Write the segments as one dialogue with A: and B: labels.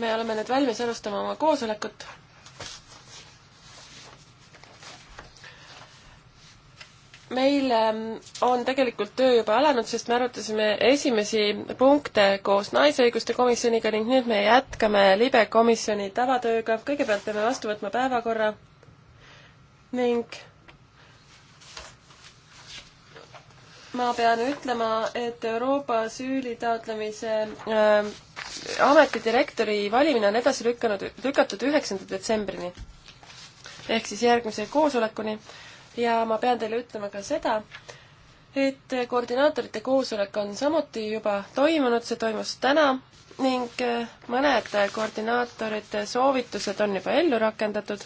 A: me oleme nüüd valmis alustama oma koosolekut. meil ähm, on tegelikult töö juba alanud, sest me arutasime esimesi punkte koos Naisõiguste komisjoniga ning nüüd me jätkame libe komisjoni tavatööga. kõigepealt peame vastu võtma päevakorra ning ma pean ütlema, et Euroopa süülitaotlemise ähm, ameti direktori valimine on edasi lükanud, lükatud üheksanda detsembrini ehk siis järgmise koosolekuni ja ma pean teile ütlema ka seda, et koordinaatorite koosolek on samuti juba toimunud, see toimus täna ning eh, mõned koordinaatorite soovitused on juba ellu rakendatud.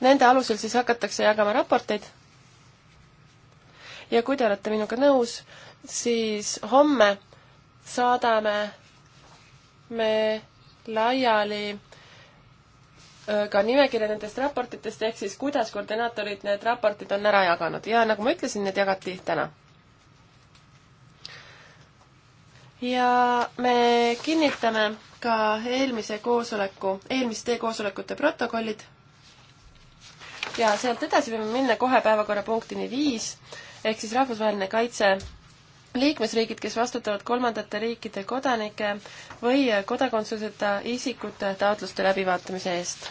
A: Nende alusel siis hakatakse jagama raporteid. ja kui te olete minuga nõus, siis homme saadame me laiali äh, ka nimekirja nendest raportitest, ehk siis kuidas koordinaatorid need raportid on ära jaganud ja nagu ma ütlesin, need jagati täna. ja me kinnitame ka eelmise koosoleku, eelmiste koosolekute protokollid ja sealt edasi võime minna kohe päevakorrapunktini viis, ehk siis rahvusvaheline kaitse liikmesriigid, kes vastutavad kolmandate riikide kodanike või kodakondsuseta isikute taotluste läbivaatamise eest.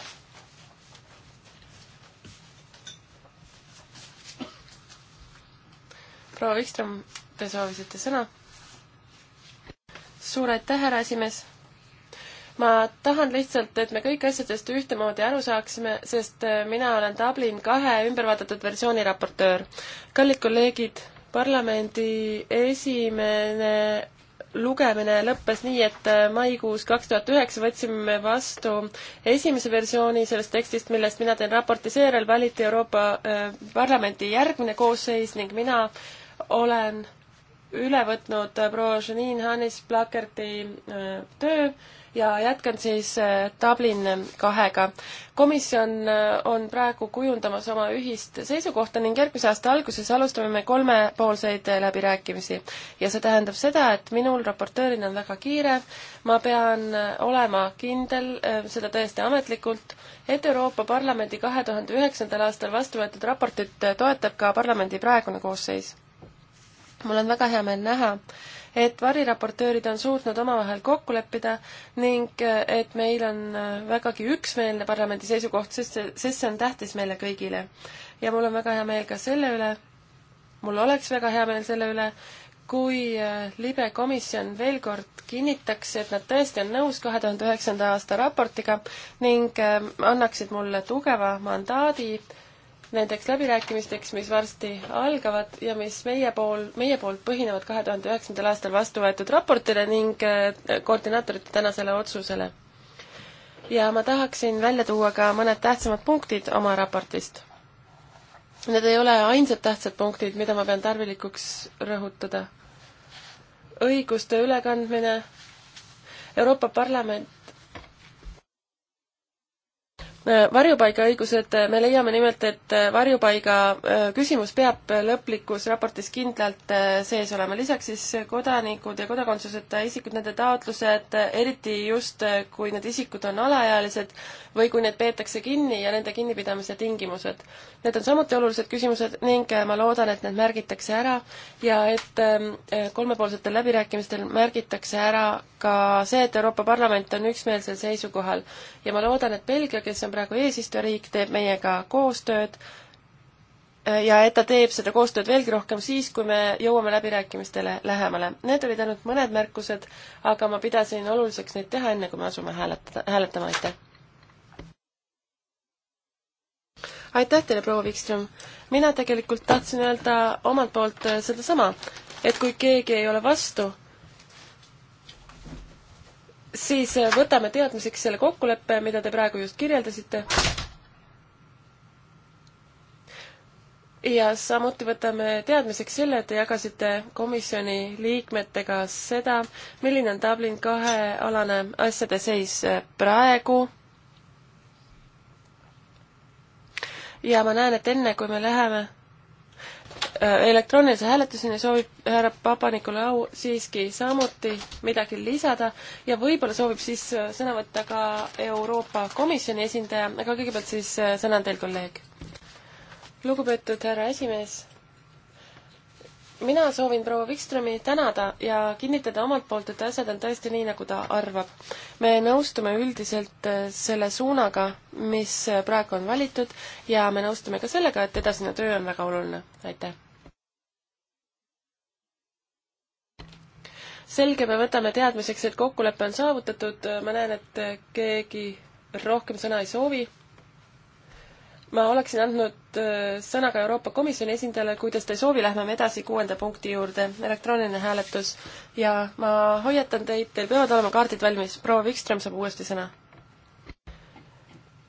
A: proua Vikström, te soovisite sõna? suur aitäh, härra esimees! ma tahan lihtsalt, et me kõik asjadest ühtemoodi aru saaksime, sest mina olen Dublin kahe ümbervaadatud versiooni raportöör. kallid kolleegid parlamendi esimene lugemine lõppes nii, et maikuus kaks tuhat üheksa võtsime vastu esimese versiooni sellest tekstist, millest mina teen raporti, seejärel valiti Euroopa äh, Parlamendi järgmine koosseis ning mina olen üle võtnud proua Janine Hannes Plakerti äh, töö ja jätkan siis äh, Dublin kahega. komisjon äh, on praegu kujundamas oma ühist seisukohta ning järgmise aasta alguses alustame me kolmepoolseid äh, läbirääkimisi. ja see tähendab seda, et minul raportöörina on väga kiire, ma pean olema kindel, seda täiesti ametlikult, et Euroopa Parlamendi kahe tuhande üheksandal aastal vastu võetud raportit toetab ka parlamendi praegune koosseis. mul on väga hea meel näha, et variraportöörid on suutnud omavahel kokku leppida ning äh, et meil on äh, vägagi üksmeelne parlamendi seisukoht, sest see, sest see on tähtis meile kõigile. ja mul on väga hea meel ka selle üle, mul oleks väga hea meel selle üle, kui äh, libe komisjon veel kord kinnitaks, et nad tõesti on nõus kahe tuhande üheksanda aasta raportiga ning annaksid mulle tugeva mandaadi nendeks läbirääkimisteks, mis varsti algavad ja mis meie pool, meie poolt põhinevad kahe tuhande üheksandal aastal vastu võetud raportile ning äh, koordinaatorite tänasele otsusele. ja ma tahaksin välja tuua ka mõned tähtsamad punktid oma raportist. Need ei ole ainsad tähtsad punktid, mida ma pean tarvilikuks rõhutada. õiguste ülekandmine Euroopa Parlament Äh, varjupaigaõigused, äh, me leiame nimelt, et äh, varjupaiga küsimus peab lõplikus raportis kindlalt sees olema. lisaks siis kodanikud ja kodakondsuseta isikud, nende taotlused, eriti just, kui need isikud on alaealised või kui neid peetakse kinni ja nende kinnipidamise tingimused. Need on samuti olulised küsimused ning ma loodan, et need märgitakse ära ja et ähm, kolmepoolsetel läbirääkimistel märgitakse ära ka see, et Euroopa Parlament on üksmeelsel seisukohal. ja ma loodan, et Belgia, kes on praegu eesistujariik, teeb meiega koostööd äh, ja et ta teeb seda koostööd veelgi rohkem siis, kui me jõuame läbirääkimistele lähemale. Need olid ainult mõned märkused, aga ma pidasin oluliseks neid teha, enne kui me asume hääletada, hääletama, aitäh! aitäh teile, proua Wikström! mina tegelikult tahtsin öelda omalt poolt äh, sedasama, et kui keegi ei ole vastu, siis äh, võtame teadmiseks selle kokkuleppe, mida te praegu just kirjeldasite. ja samuti võtame teadmiseks selle, et te jagasite komisjoni liikmetega seda, milline on Dublin kahe alane asjade seis äh, praegu. ja ma näen, et enne kui me läheme Äh, elektroonilise hääletuseni soovib härra Papa-Nikolau siiski samuti midagi lisada ja võib-olla soovib siis äh, sõna võtta ka Euroopa Komisjoni esindaja, aga kõigepealt siis äh, sõna on teil, kolleeg. lugupeetud härra esimees, mina soovin proua Wikströmi tänada ja kinnitada omalt poolt, et asjad on tõesti nii, nagu ta arvab. me nõustume üldiselt selle suunaga, mis praegu on valitud ja me nõustume ka sellega, et edasine töö on väga oluline. aitäh! selge, me võtame teadmiseks, et kokkulepe on saavutatud, ma näen, et keegi rohkem sõna ei soovi. ma oleksin andnud äh, sõna ka Euroopa Komisjoni esindajale, kui te seda ei soovi, lähme me edasi kuuenda punkti juurde, elektrooniline hääletus. ja ma hoiatan teid, teil peavad olema kaardid valmis, proua Wikström saab uuesti sõna.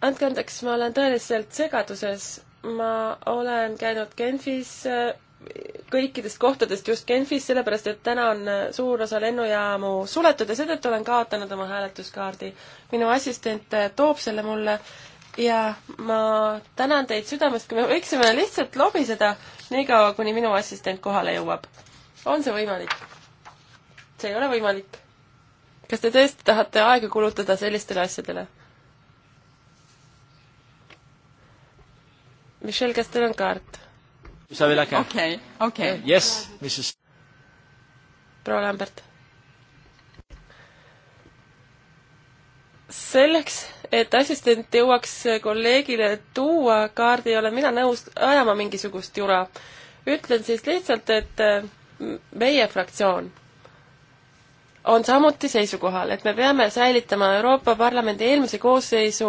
A: andke andeks, ma olen tõeliselt segaduses ma olen käinud Genfis äh, kõikidest kohtadest just Genfis, sellepärast et täna on äh, suur osa lennujaamu suletud ja seetõttu olen kaotanud oma hääletuskaardi. minu assistent äh, toob selle mulle ja ma tänan teid südamest, kui me võiksime lihtsalt lobiseda niikaua, kuni minu assistent kohale jõuab. on see võimalik? see ei ole võimalik. kas te tõesti tahate aega kulutada sellistele asjadele? Michelle, kas teil on kaart? okei, okei. Yes, Mrs. proua Lambert. selleks, et assistent jõuaks kolleegile tuua kaardi, olen mina nõus ajama mingisugust jura. ütlen siis lihtsalt, et äh, meie fraktsioon on samuti seisukohal, et me peame säilitama Euroopa Parlamendi eelmise koosseisu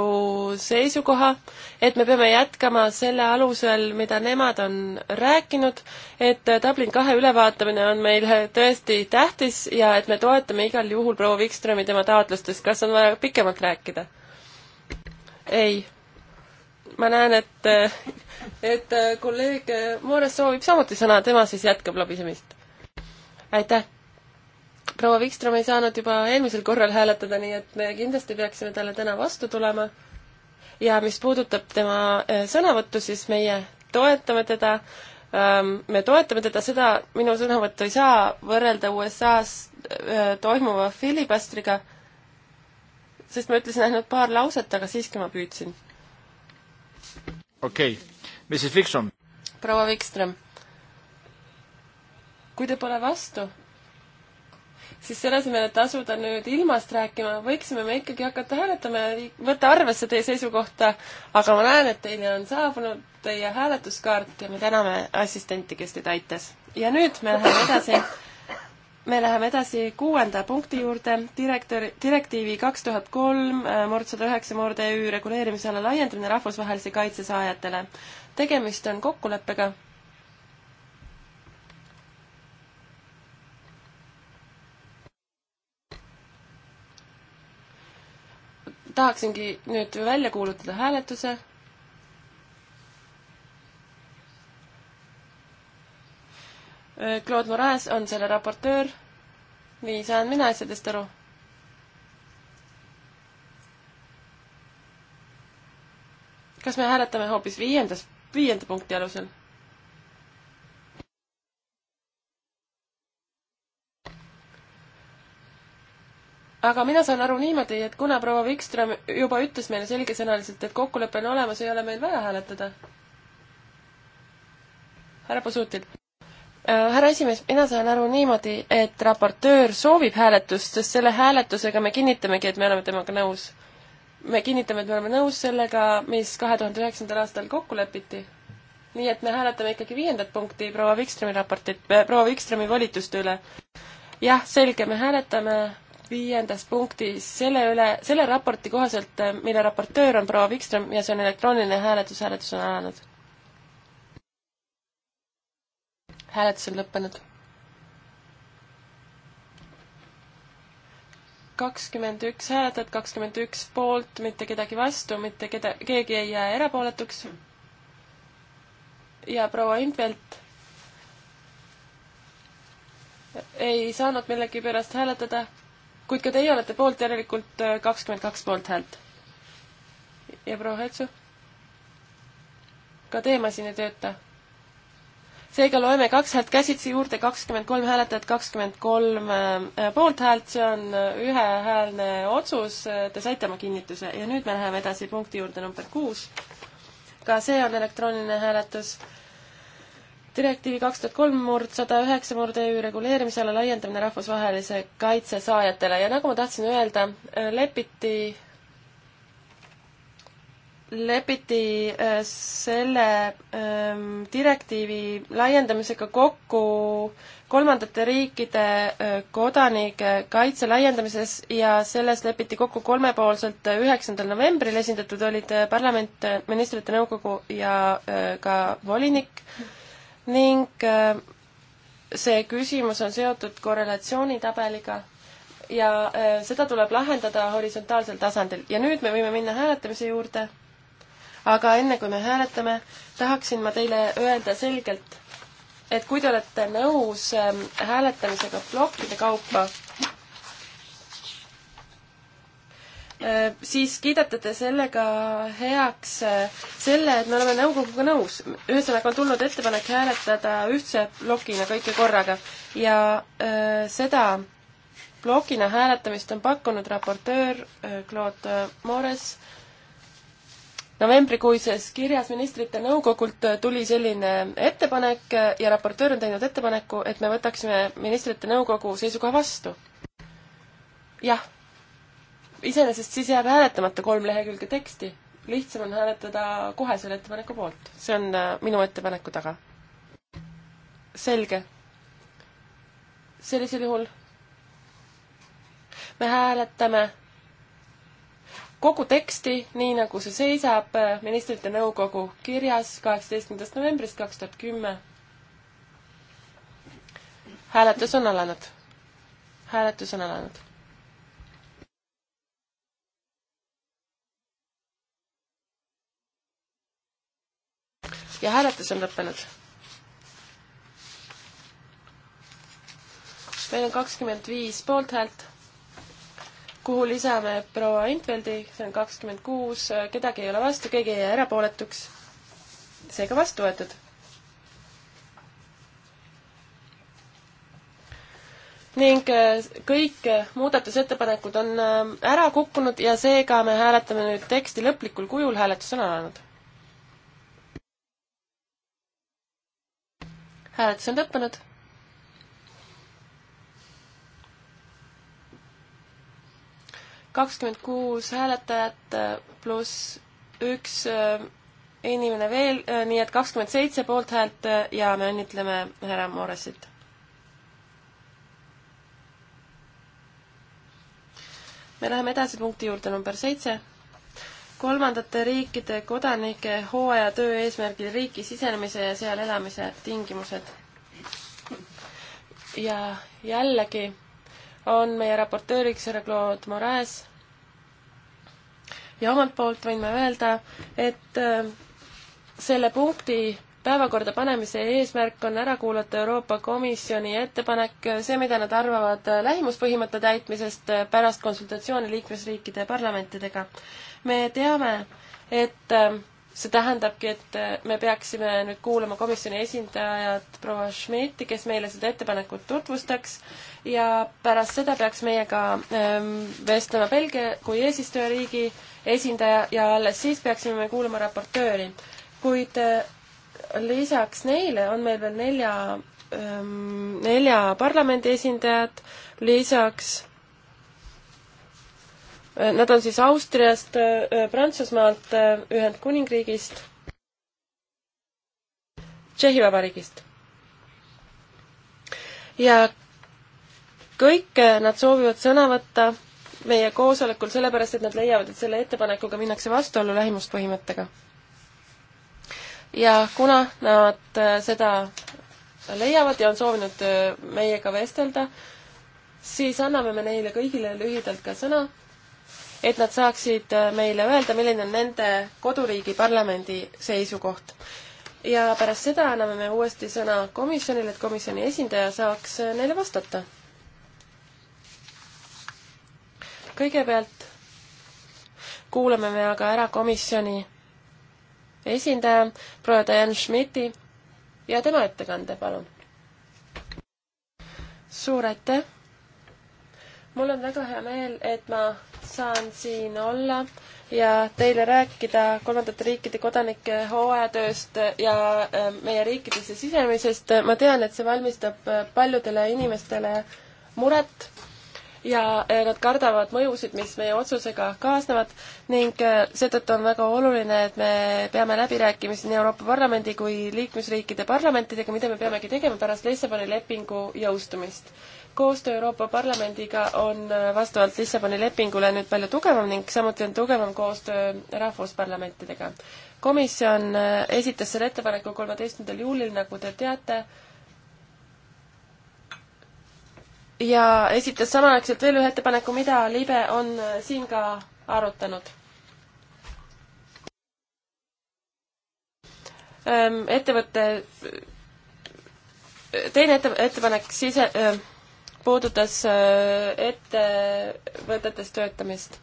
A: seisukoha, et me peame jätkama selle alusel, mida nemad on rääkinud, et Dublin kahe ülevaatamine on meile tõesti tähtis ja et me toetame igal juhul proua Wikströmi tema taotlustest, kas on vaja pikemalt rääkida? ei. ma näen, et, et kolleeg Moores soovib samuti sõna, tema siis jätkab lobisemist. aitäh proua Vikström ei saanud juba eelmisel korral hääletada, nii et me kindlasti peaksime talle täna vastu tulema. ja mis puudutab tema äh, sõnavõttu, siis meie toetame teda, ähm, me toetame teda, seda minu sõnavõttu ei saa võrrelda USA-s äh, toimuva filibastriga, sest ma ütlesin ainult paar lauset, aga siiski ma püüdsin.
B: okei okay., Mrs Vikström.
A: proua Vikström, kui te pole vastu siis selle asemel, et asuda nüüd ilmast rääkima, võiksime me ikkagi hakata hääletama ja võtta arvesse teie seisukohta, aga ma näen, et teile on saabunud teie hääletuskaart ja me täname assistenti, kes teid aitas. ja nüüd me läheme edasi, me läheme edasi kuuenda punkti juurde, direktor, direktiivi kaks tuhat kolm, äh, murd sada üheksa, murd EÜ reguleerimisala laiendamine rahvusvahelise kaitse saajatele. tegemist on kokkuleppega tahaksingi nüüd välja kuulutada hääletuse. Claude Moraes on selle raportöör või saan mina asjadest aru? kas me hääletame hoopis viiendas, viienda punkti alusel? aga mina saan aru niimoodi, et kuna proua Wikström juba ütles meile selgesõnaliselt, et kokkulepe on olemas, ei ole meil vaja hääletada. härra Posutil. Äh, härra esimees, mina saan aru niimoodi, et raportöör soovib hääletust, sest selle hääletusega me kinnitamegi, et me oleme temaga nõus. me kinnitame, et me oleme nõus sellega, mis kahe tuhande üheksandal aastal kokku lepiti. nii et me hääletame ikkagi viiendat punkti proua Wikströmi raportit, äh, proua Wikströmi volituste üle. jah, selge, me hääletame viiendas punktis selle üle, selle raporti kohaselt, mille raportöör on proua Wikström ja see on elektrooniline hääletus, hääletus on alanud. hääletus on lõppenud. kakskümmend üks hääletajat, kakskümmend üks poolt, mitte kedagi vastu, mitte keda, keegi ei jää erapooletuks. ja proua Impelt ei saanud millegipärast hääletada kuid ka teie olete poolt, järelikult äh, kakskümmend kaks poolthäält. ja proua Hetsu? ka teie masin ei tööta. seega loeme kaks häält käsitsi juurde, kakskümmend kolm hääletajat, kakskümmend kolm äh, äh, poolthäält, see on ühehäälne otsus, te saite oma kinnituse ja nüüd me läheme edasi punkti juurde number kuus. ka see on elektrooniline hääletus direktiivi kaks tuhat kolm murd sada üheksa murd EÜ reguleerimisala laiendamine rahvusvahelise kaitse saajatele ja nagu ma tahtsin öelda, lepiti, lepiti äh, selle ähm, direktiivi laiendamisega kokku kolmandate riikide äh, kodanike kaitse laiendamises ja selles lepiti kokku kolmepoolselt üheksandal novembril, esindatud olid äh, parlament, ministrite nõukogu ja ka volinik mm, -hmm ning äh, see küsimus on seotud korrelatsioonitabeliga ja äh, seda tuleb lahendada horisontaalsel tasandil. ja nüüd me võime minna hääletamise juurde. aga enne kui me hääletame, tahaksin ma teile öelda selgelt, et kui te olete nõus ähm, hääletamisega plokkide kaupa, Äh, siis kiidate te sellega heaks äh, selle, et me oleme nõukoguga nõus. ühesõnaga on tulnud ettepanek hääletada ühtse plokina kõike korraga ja äh, seda plokina hääletamist on pakkunud raportöör äh, Claude Mores. novembrikuises kirjas ministrite nõukogult äh, tuli selline ettepanek ja raportöör on teinud ettepaneku, et me võtaksime ministrite nõukogu seisukoha vastu. jah iseenesest siis jääb hääletamata kolm lehekülge teksti. lihtsam on hääletada kohe selle ettepaneku poolt. see on äh, minu ettepaneku taga. selge. sellisel juhul me hääletame kogu teksti, nii nagu see seisab äh, ministrite nõukogu kirjas kaheksateistkümnendast novembrist kaks tuhat kümme. hääletus on alanud. hääletus on alanud ja hääletus on lõppenud. meil on kakskümmend viis poolthäält, kuhu lisame proua Intveldi, see on kakskümmend kuus, kedagi ei ole vastu, keegi ei jää erapooletuks. seega vastu võetud. ning äh, kõik muudatusettepanekud on äh, ära kukkunud ja seega me hääletame nüüd teksti lõplikul kujul, hääletus on alanud hääletus on lõppenud. kakskümmend kuus hääletajat äh, pluss üks äh, inimene veel, äh, nii et kakskümmend seitse poolthäält ja me õnnitleme härra Mooresit me läheme edasi punkti juurde number seitse kolmandate riikide kodanike hooajatöö eesmärgil riiki sisenemise ja seal elamise tingimused. ja jällegi on meie raportööriks härra Claude Moraes. ja omalt poolt võin ma öelda, et äh, selle punkti päevakorda panemise eesmärk on ära kuulata Euroopa Komisjoni ettepanek, see, mida nad arvavad lähimuspõhimõtte täitmisest pärast konsultatsiooni liikmesriikide parlamentidega. me teame, et see tähendabki, et me peaksime nüüd kuulama komisjoni esindajat proua Schmidti, kes meile seda ettepanekut tutvustaks ja pärast seda peaks meiega ehm, vestlema Belgia kui eesistujariigi esindaja ja alles siis peaksime me kuulama raportööri. kuid lisaks neile on meil veel nelja, ähm, nelja parlamendi esindajat, lisaks äh, Nad on siis Austriast, äh, Prantsusmaalt, äh, Ühendkuningriigist, Tšehhi Vabariigist. ja kõik nad soovivad sõna võtta meie koosolekul, sellepärast et nad leiavad, et selle ettepanekuga minnakse vastuollu lähimuspõhimõttega ja kuna nad äh, seda leiavad ja on soovinud äh, meiega vestelda, siis anname me neile kõigile lühidalt ka sõna, et nad saaksid äh, meile öelda, milline on nende koduriigi parlamendi seisukoht. ja pärast seda anname me uuesti sõna komisjonile, et komisjoni esindaja saaks neile vastata. kõigepealt kuulame me aga ära komisjoni esindaja, proua Diane Schmidti ja tema ettekande, palun. suur aitäh! mul on väga hea meel, et ma saan siin olla ja teile rääkida kolmandate riikide kodanike hooajatööst ja äh, meie riikidesse sisenemisest. ma tean, et see valmistab äh, paljudele inimestele muret ja äh, nad kardavad mõjusid, mis meie otsusega kaasnevad ning äh, seetõttu on väga oluline, et me peame läbirääkimisi nii Euroopa Parlamendi kui liikmesriikide parlamentidega, mida me peamegi tegema pärast Lissaboni lepingu jõustumist. koostöö Euroopa Parlamendiga on äh, vastavalt Lissaboni lepingule nüüd palju tugevam ning samuti on tugevam koostöö rahvusparlamentidega. komisjon esitas selle ettepaneku kolmeteistkümnendal juulil, nagu te teate ja esitas samaaegselt veel ühe ettepaneku, mida libe on äh, siin ka arutanud. Ähm, ettevõtte, äh, teine ette, ettepanek sise, äh, puudutas ettevõtetes töötamist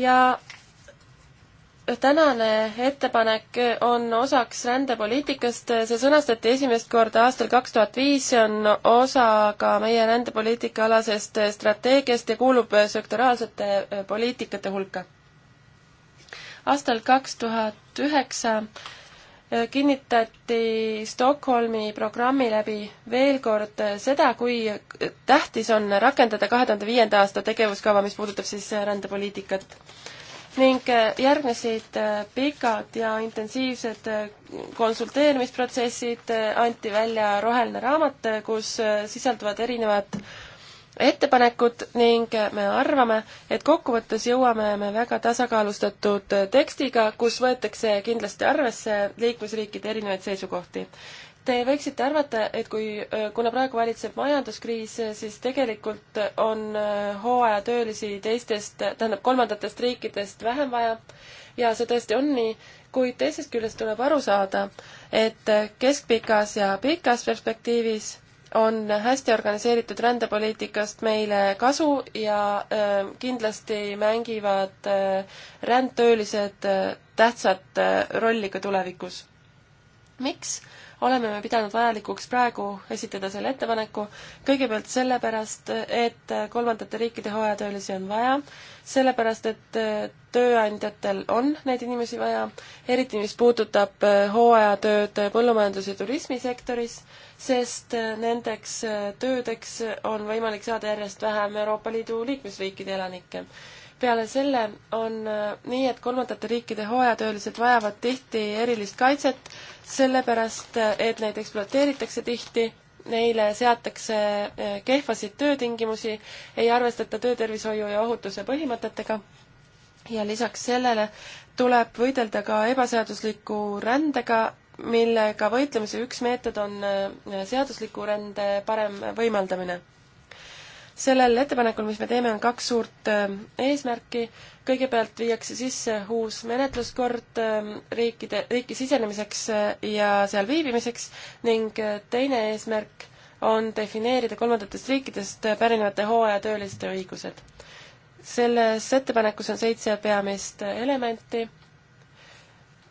A: ja tänane ettepanek on osaks rändepoliitikast, see sõnastati esimest korda aastal kaks tuhat viis, see on osa ka meie rändepoliitika alasest strateegiast ja kuulub sektoraalsete poliitikate hulka. aastal kaks tuhat üheksa kinnitati Stockholmi programmi läbi veel kord seda, kui tähtis on rakendada kahe tuhande viienda aasta tegevuskava, mis puudutab siis rändepoliitikat ning äh, järgnesid äh, pikad ja intensiivsed äh, konsulteerimisprotsessid, anti välja roheline raamat, kus sisalduvad erinevad ettepanekud ning me arvame, et kokkuvõttes jõuame me väga tasakaalustatud tekstiga, kus võetakse kindlasti arvesse liikmesriikide erinevaid seisukohti. Te võiksite arvata, et kui, äh, kuna praegu valitseb majanduskriis, äh, siis tegelikult äh, on hooajatöölisi teistest, tähendab kolmandatest riikidest vähem vaja ja see tõesti on nii, kuid teisest küljest tuleb aru saada, et keskpikas ja pikas perspektiivis on hästi organiseeritud rändepoliitikast meile kasu ja äh, kindlasti mängivad äh, rändtöölised äh, tähtsat rolli ka tulevikus. miks? oleme me pidanud vajalikuks praegu esitada selle ettepaneku, kõigepealt sellepärast, et kolmandate riikide hooajatöölisi on vaja, sellepärast, et äh, tööandjatel on neid inimesi vaja, eriti mis puudutab äh, hooajatööd põllumajandus- ja turismisektoris, sest äh, nendeks töödeks on võimalik saada järjest vähem Euroopa Liidu liikmesriikide elanikke peale selle on äh, nii, et kolmandate riikide hooajatöölised vajavad tihti erilist kaitset, sellepärast äh, et neid ekspluateeritakse tihti, neile seatakse äh, kehvasid töötingimusi, ei arvestata töötervishoiu ja ohutuse põhimõtetega ja lisaks sellele tuleb võidelda ka ebaseadusliku rändega, millega võitlemise üks meetod on seadusliku rände parem võimaldamine sellel ettepanekul, mis me teeme, on kaks suurt ähm, eesmärki. kõigepealt viiakse sisse uus menetluskord ähm, riikide, riiki sisenemiseks äh, ja seal viibimiseks ning äh, teine eesmärk on defineerida kolmandatest riikidest äh, pärinevate hooajatööliste õigused. selles ettepanekus on seitse peamist elementi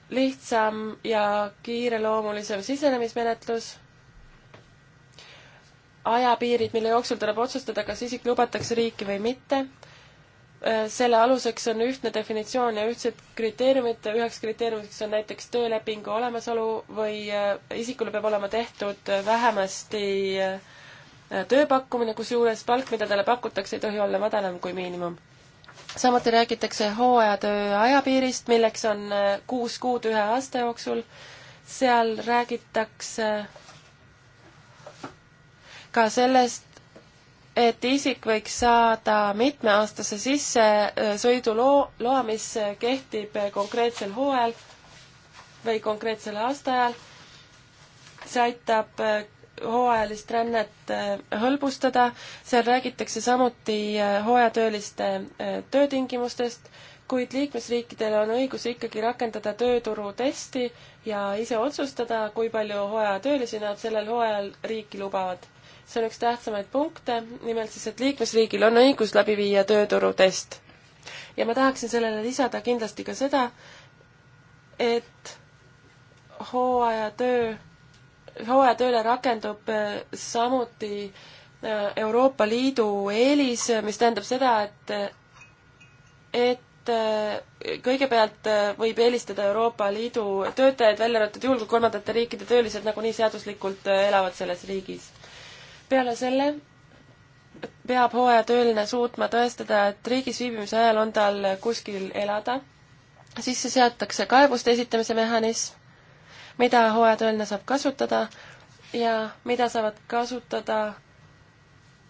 A: lihtsam ja kiireloomulisem sisenemismenetlus ajapiirid, mille jooksul tuleb otsustada, kas isik lubatakse riiki või mitte. Äh, selle aluseks on ühtne definitsioon ja ühtsed kriteeriumid, üheks kriteeriumiks on näiteks töölepingu olemasolu või äh, isikule peab olema tehtud äh, vähemasti tööpakkumine, kusjuures palk, mida talle pakutakse, ei tohi olla madalam kui miinimum. samuti räägitakse hooajatöö ajapiirist, milleks on kuus kuud ühe aasta jooksul. seal räägitakse ka sellest, et isik võiks saada mitmeaastase sissesõiduloo, äh, loa, mis äh, kehtib äh, konkreetsel hooajal või konkreetsel aastaajal. see aitab hooajalist rännet hõlbustada, seal räägitakse samuti hooajatööliste töötingimustest, kuid liikmesriikidel on õigus ikkagi rakendada tööturutesti ja ise otsustada, kui palju hooajatöölisi nad sellel hooajal riiki lubavad see on üks tähtsamaid punkte, nimelt siis, et liikmesriigil on õigus läbi viia tööturutest. ja ma tahaksin sellele lisada kindlasti ka seda, et hooajatöö, hooajatööle rakendub äh, samuti äh, Euroopa Liidu eelis, mis tähendab seda, et, et äh, kõigepealt võib eelistada Euroopa Liidu töötajaid, välja arvatud juhul, kui kolmandate riikide töölised nagunii seaduslikult elavad selles riigis peale selle peab hooajatööline suutma tõestada, et riigis viibimise ajal on tal kuskil elada, sisse seatakse kaebuste esitamise mehhanism, mida hooajatööline saab kasutada ja mida saavad kasutada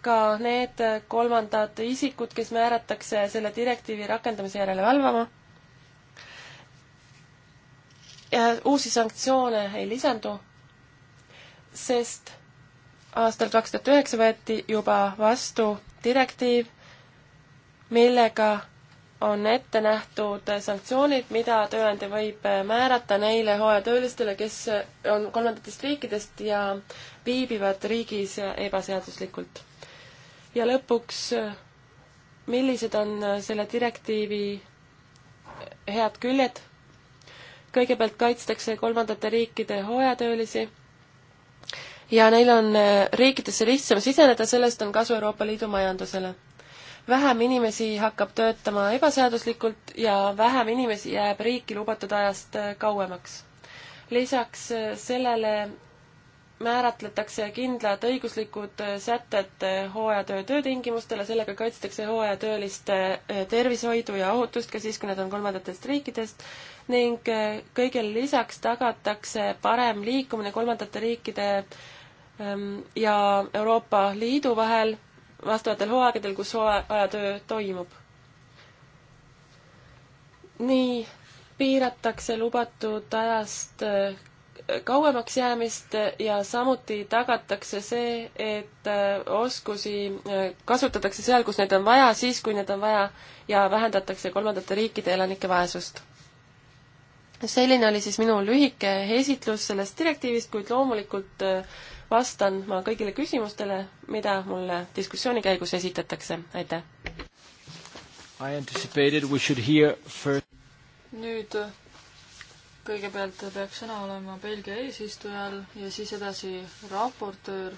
A: ka need kolmandad isikud, kes määratakse selle direktiivi rakendamise järele valvama. uusi sanktsioone ei lisandu, sest aastal kaks tuhat üheksa võeti juba vastu direktiiv, millega on ette nähtud sanktsioonid, mida tööandja võib määrata neile hooajatöölistele, kes on kolmandatest riikidest ja viibivad riigis ebaseaduslikult. ja lõpuks, millised on selle direktiivi head küljed? kõigepealt kaitstakse kolmandate riikide hooajatöölisi ja neil on äh, riikidesse lihtsam siseneda, sellest on kasu Euroopa Liidu majandusele. vähem inimesi hakkab töötama ebaseaduslikult ja vähem inimesi jääb riiki lubatud ajast äh, kauemaks. lisaks äh, sellele määratletakse kindlad õiguslikud sätted hooajatöö töötingimustele, sellega kaitstakse hooajatööliste tervishoidu ja ohutust ka siis, kui nad on kolmandatest riikidest ning kõigele lisaks tagatakse parem liikumine kolmandate riikide Ehm, ja Euroopa Liidu vahel vastavatel hooaegadel, kus hooajatöö toimub. nii piiratakse lubatud ajast eh, kauemaks jäämist ja samuti tagatakse see, et eh, oskusi eh, kasutatakse seal, kus neid on vaja, siis kui neid on vaja ja vähendatakse kolmandate riikide elanike vaesust. selline oli siis minu lühike esitlus sellest direktiivist, kuid loomulikult vastan ma kõigile küsimustele, mida mulle diskussiooni käigus esitatakse, aitäh!
B: nüüd kõigepealt peaks sõna olema Belgia eesistujal ja siis edasi raportöör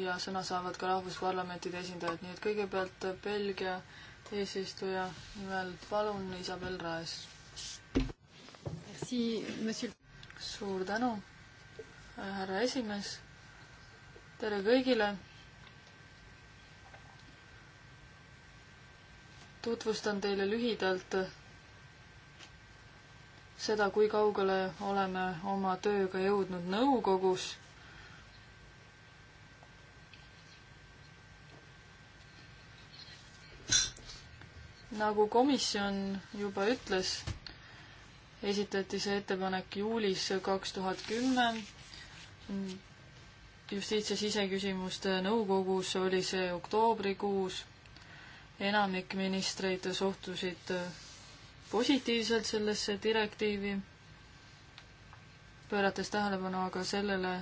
B: ja sõna saavad ka rahvusparlamentide esindajad, nii et kõigepealt Belgia eesistuja nimel palun, Isabel Raes. suur tänu, härra esimees tere kõigile. tutvustan teile lühidalt seda, kui kaugele oleme oma tööga jõudnud nõukogus. nagu komisjon juba ütles, esitati see ettepanek juulis kaks tuhat kümme justiits- ja siseküsimuste nõukogus oli see oktoobrikuus. enamik ministreid suhtusid äh, positiivselt sellesse direktiivi, pöörates tähelepanu aga sellele,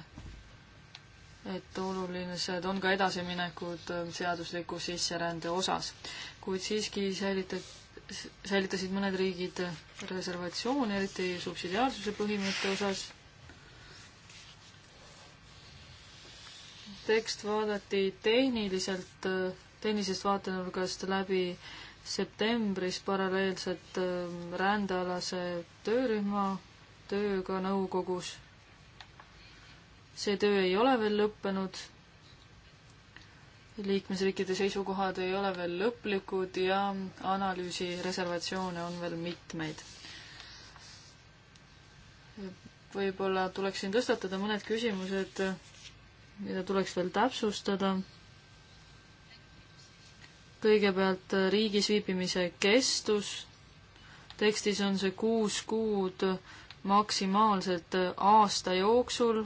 B: et olulised on ka edasiminekud äh, seadusliku sisserände osas. kuid siiski säilitati säilitasid mõned riigid äh, reservatsiooni, eriti subsidiaarsuse põhimõtte osas tekst vaadati tehniliselt, tehnilisest vaatenurgast läbi septembris paralleelselt ähm, rändealase töörühma tööga nõukogus. see töö ei ole veel lõppenud. liikmesriikide seisukohad ei ole veel lõplikud ja analüüsi reservatsioone on veel mitmeid võib-olla tuleks siin tõstatada mõned küsimused mida tuleks veel täpsustada. kõigepealt äh, riigis viibimise kestus. tekstis on see kuus kuud maksimaalselt äh, aasta jooksul.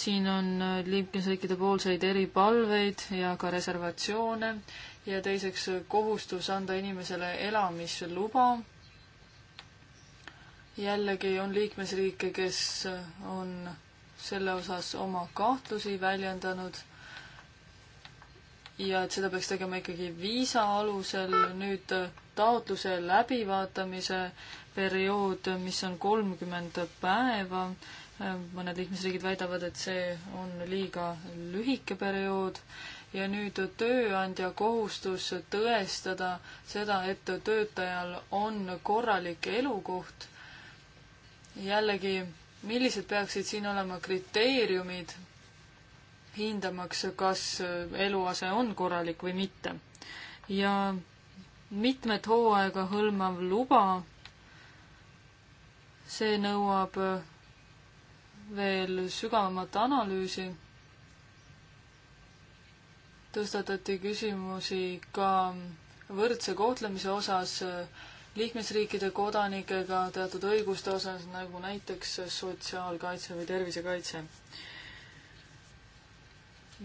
B: siin on äh, liikmesriikide poolseid eripalveid ja ka reservatsioone ja teiseks kohustus anda inimesele elamisluba jällegi on liikmesriike, kes on selle osas oma kahtlusi väljendanud ja et seda peaks tegema ikkagi viisa alusel, nüüd taotluse läbivaatamise periood, mis on kolmkümmend päeva, mõned liikmesriigid väidavad, et see on liiga lühike periood, ja nüüd tööandja kohustus tõestada seda, et töötajal on korralik elukoht jällegi, millised peaksid siin olema kriteeriumid, hindamaks, kas eluase on korralik või mitte. ja mitmet hooaega hõlmav luba, see nõuab veel sügavamat analüüsi. tõstatati küsimusi ka võrdse kohtlemise osas liikmesriikide kodanikega teatud õiguste osas, nagu näiteks sotsiaalkaitse või tervisekaitse.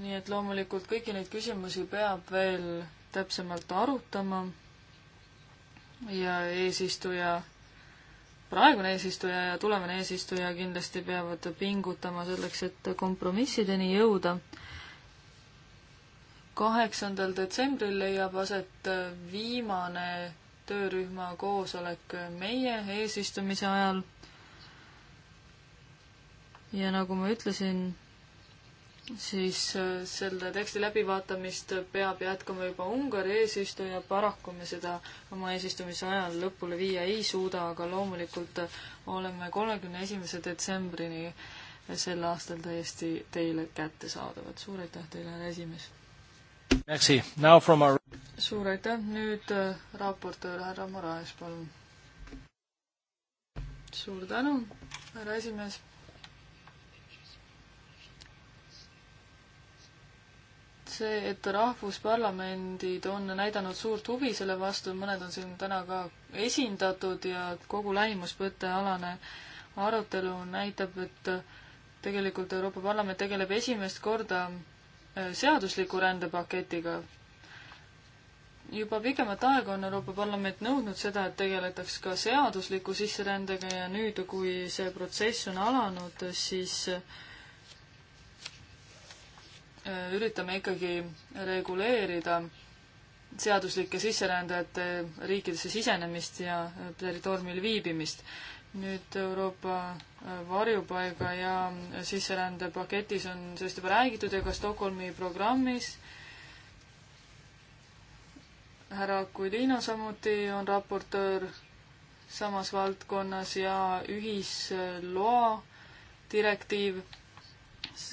B: nii et loomulikult kõiki neid küsimusi peab veel täpsemalt arutama ja eesistuja, praegune eesistuja ja tulevane eesistuja kindlasti peavad pingutama selleks, et kompromissideni jõuda kaheksandal detsembril leiab aset viimane töörühma koosolek meie eesistumise ajal. ja nagu ma ütlesin, siis äh, selle teksti läbivaatamist peab jätkama juba Ungari eesistuja, paraku me seda oma eesistumise ajal lõpule viia ei suuda, aga loomulikult äh, oleme kolmekümne esimese detsembrini sel aastal täiesti teile kättesaadavad. suur aitäh teile, härra esimees! Our... suur aitäh, nüüd äh, raportöör härra Moraes, palun. suur tänu, härra esimees see, et rahvusparlamendid on näidanud suurt huvi selle vastu, mõned on siin täna ka esindatud ja kogu lähimuspõttealane arutelu näitab, et tegelikult Euroopa Parlament tegeleb esimest korda Äh, seadusliku rändepaketiga. juba pikemat aega on Euroopa Parlament nõudnud seda, et tegeletaks ka seadusliku sisserändega ja nüüd, kui see protsess on alanud, siis äh, üritame ikkagi reguleerida seaduslike sisserändajate riikidesse sisenemist ja äh, territooriumil viibimist. nüüd Euroopa varjupaiga ja sisserände paketis on sellest juba räägitud ja ka Stockholmi programmis. härra Kulino samuti on raportöör samas valdkonnas ja ühisloa direktiiv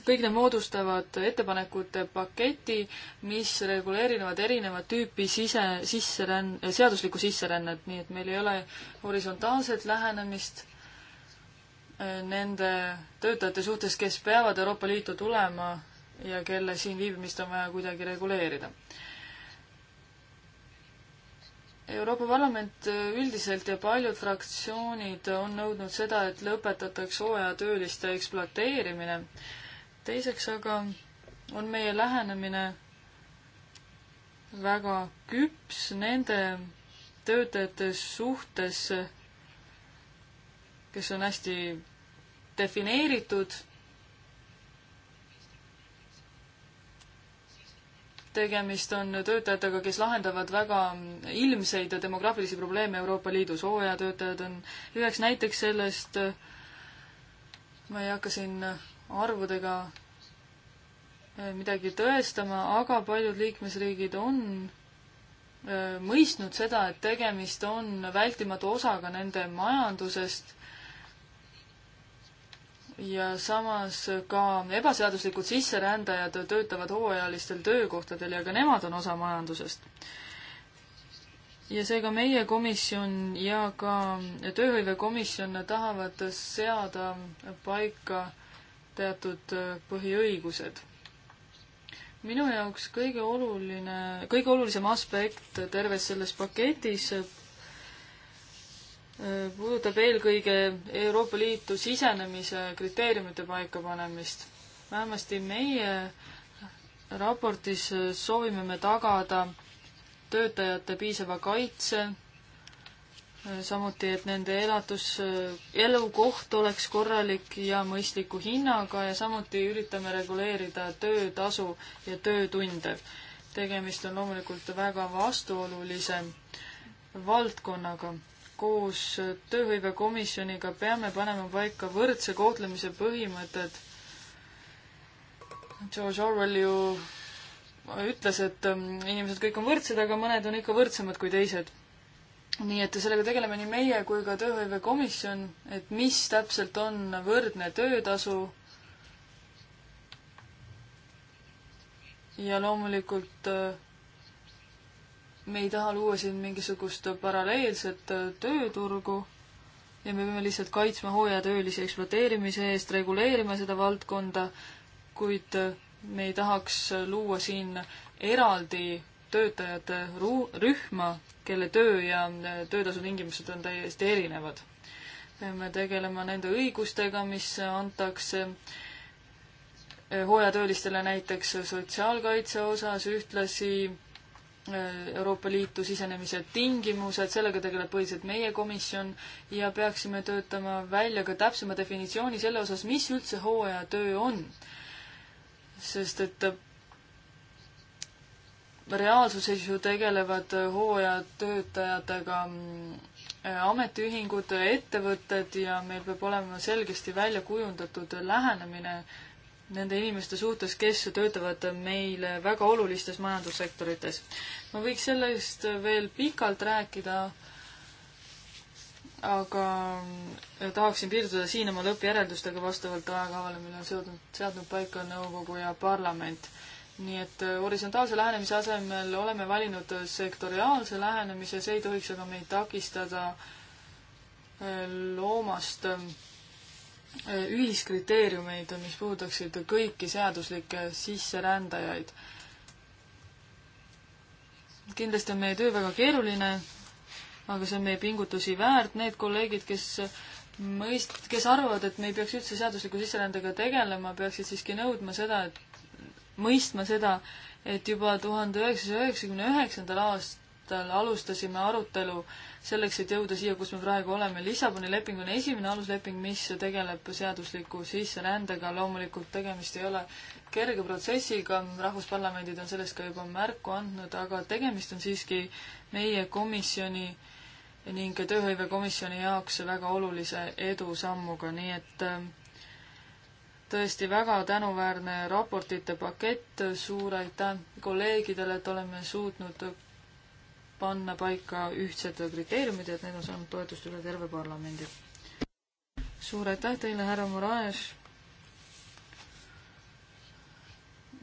B: kõik need moodustavad ettepanekute paketi, mis reguleerivad erinevat tüüpi sise, sisseränn-, seaduslikku sisserännet, nii et meil ei ole horisontaalset lähenemist nende töötajate suhtes, kes peavad Euroopa Liitu tulema ja kelle siin viibimist on vaja kuidagi reguleerida. Euroopa Parlament üldiselt ja paljud fraktsioonid on nõudnud seda, et lõpetataks hooajatööliste ekspluateerimine. teiseks aga on meie lähenemine väga küps nende töötajate suhtes, kes on hästi defineeritud. tegemist on töötajatega, kes lahendavad väga ilmseid demograafilisi probleeme Euroopa Liidus. hooajatöötajad on üheks näiteks sellest, ma ei hakka siin arvudega midagi tõestama, aga paljud liikmesriigid on äh, mõistnud seda, et tegemist on vältimatu osaga nende majandusest ja samas ka ebaseaduslikud sisserändajad töötavad hooajalistel töökohtadel ja ka nemad on osa majandusest. ja seega meie komisjon ja ka tööhõivekomisjon tahavad seada paika teatud põhiõigused. minu jaoks kõige oluline, kõige olulisem aspekt terves selles paketis puudutab eelkõige Euroopa Liitu sisenemise kriteeriumite paikapanemist. vähemasti meie raportis soovime me tagada töötajate piisava kaitse, samuti, et nende elatus, elukoht oleks korralik ja mõistliku hinnaga ja samuti üritame reguleerida töötasu ja töötunde. tegemist on loomulikult väga vastuolulise valdkonnaga koos tööhõivekomisjoniga peame panema paika võrdse kohtlemise põhimõtted. George Orwell ju ütles, et ähm, inimesed kõik on võrdsed, aga mõned on ikka võrdsemad kui teised. nii et sellega tegeleme nii meie kui ka tööhõivekomisjon, et mis täpselt on võrdne töötasu. ja loomulikult äh, me ei taha luua siin mingisugust paralleelset äh, tööturgu ja me peame lihtsalt kaitsma hooajatöölise ekspluateerimise eest, reguleerima seda valdkonda, kuid äh, me ei tahaks äh, luua siin eraldi töötajate ru-, rühma, kelle töö ja töötasu tingimused on täiesti erinevad. peame tegelema nende õigustega, mis antakse hooajatöölistele näiteks sotsiaalkaitse osas, ühtlasi Euroopa Liitu sisenemise tingimused, sellega tegeleb põhiliselt meie komisjon ja peaksime töötama välja ka täpsema definitsiooni selle osas, mis üldse hooajatöö on. sest et reaalsuses ju tegelevad hooajatöötajatega äh, ametiühingud, ettevõtted ja meil peab olema selgesti välja kujundatud lähenemine äh, nende inimeste suhtes, kes töötavad meil väga olulistes majandussektorites. ma võiks sellest veel pikalt rääkida, aga äh, tahaksin piirduda siin oma lõppjäreldustega vastavalt ajakavale, mille on seadnud, seadnud paika nõukogu ja parlament. nii et äh, horisontaalse lähenemise asemel oleme valinud sektoriaalse lähenemise, see ei tohiks aga meid takistada äh, loomast äh, Äh, ühiskriteeriumeid, mis puudutaksid kõiki seaduslikke sisserändajaid. kindlasti on meie töö väga keeruline, aga see on meie pingutusi väärt, need kolleegid, kes mõist-, kes arvavad, et me ei peaks üldse seadusliku sisserändega tegelema, peaksid siiski nõudma seda, et mõistma seda, et juba tuhande üheksasaja üheksakümne üheksandal aast-, aastal alustasime arutelu selleks, et jõuda siia, kus me praegu oleme. Lissaboni leping on esimene alusleping, mis tegeleb seadusliku sisserändega. loomulikult tegemist ei ole kerge protsessiga, rahvusparlamendid on sellest ka juba märku andnud, aga tegemist on siiski meie komisjoni ning tööhõivekomisjoni jaoks väga olulise edusammuga, nii et ähm, tõesti väga tänuväärne raportite pakett, suur aitäh kolleegidele, et oleme suutnud panna paika ühtsed kriteeriumid, et need on saanud toetust üle terve parlamendi. suur aitäh teile, härra Moraes.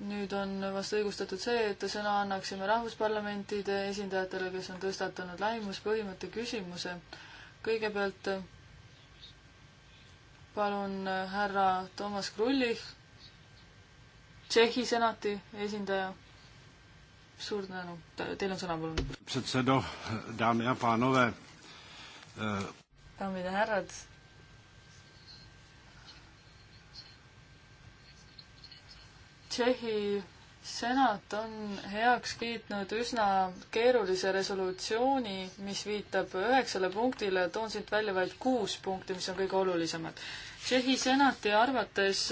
B: nüüd on vast õigustatud see, et sõna annaksime rahvusparlamentide esindajatele, kes on tõstatanud lähimuspõhimõtte küsimuse. kõigepealt palun härra Toomas Krullich, Tšehhi senati esindaja suur tänu, teil on sõna,
C: palun. daamid
B: ja eh, härrad. Tšehhi senat on heaks kiitnud üsna keerulise resolutsiooni, mis viitab üheksale punktile, toon siit välja vaid kuus punkti, mis on kõige olulisemad. Tšehhi senati arvates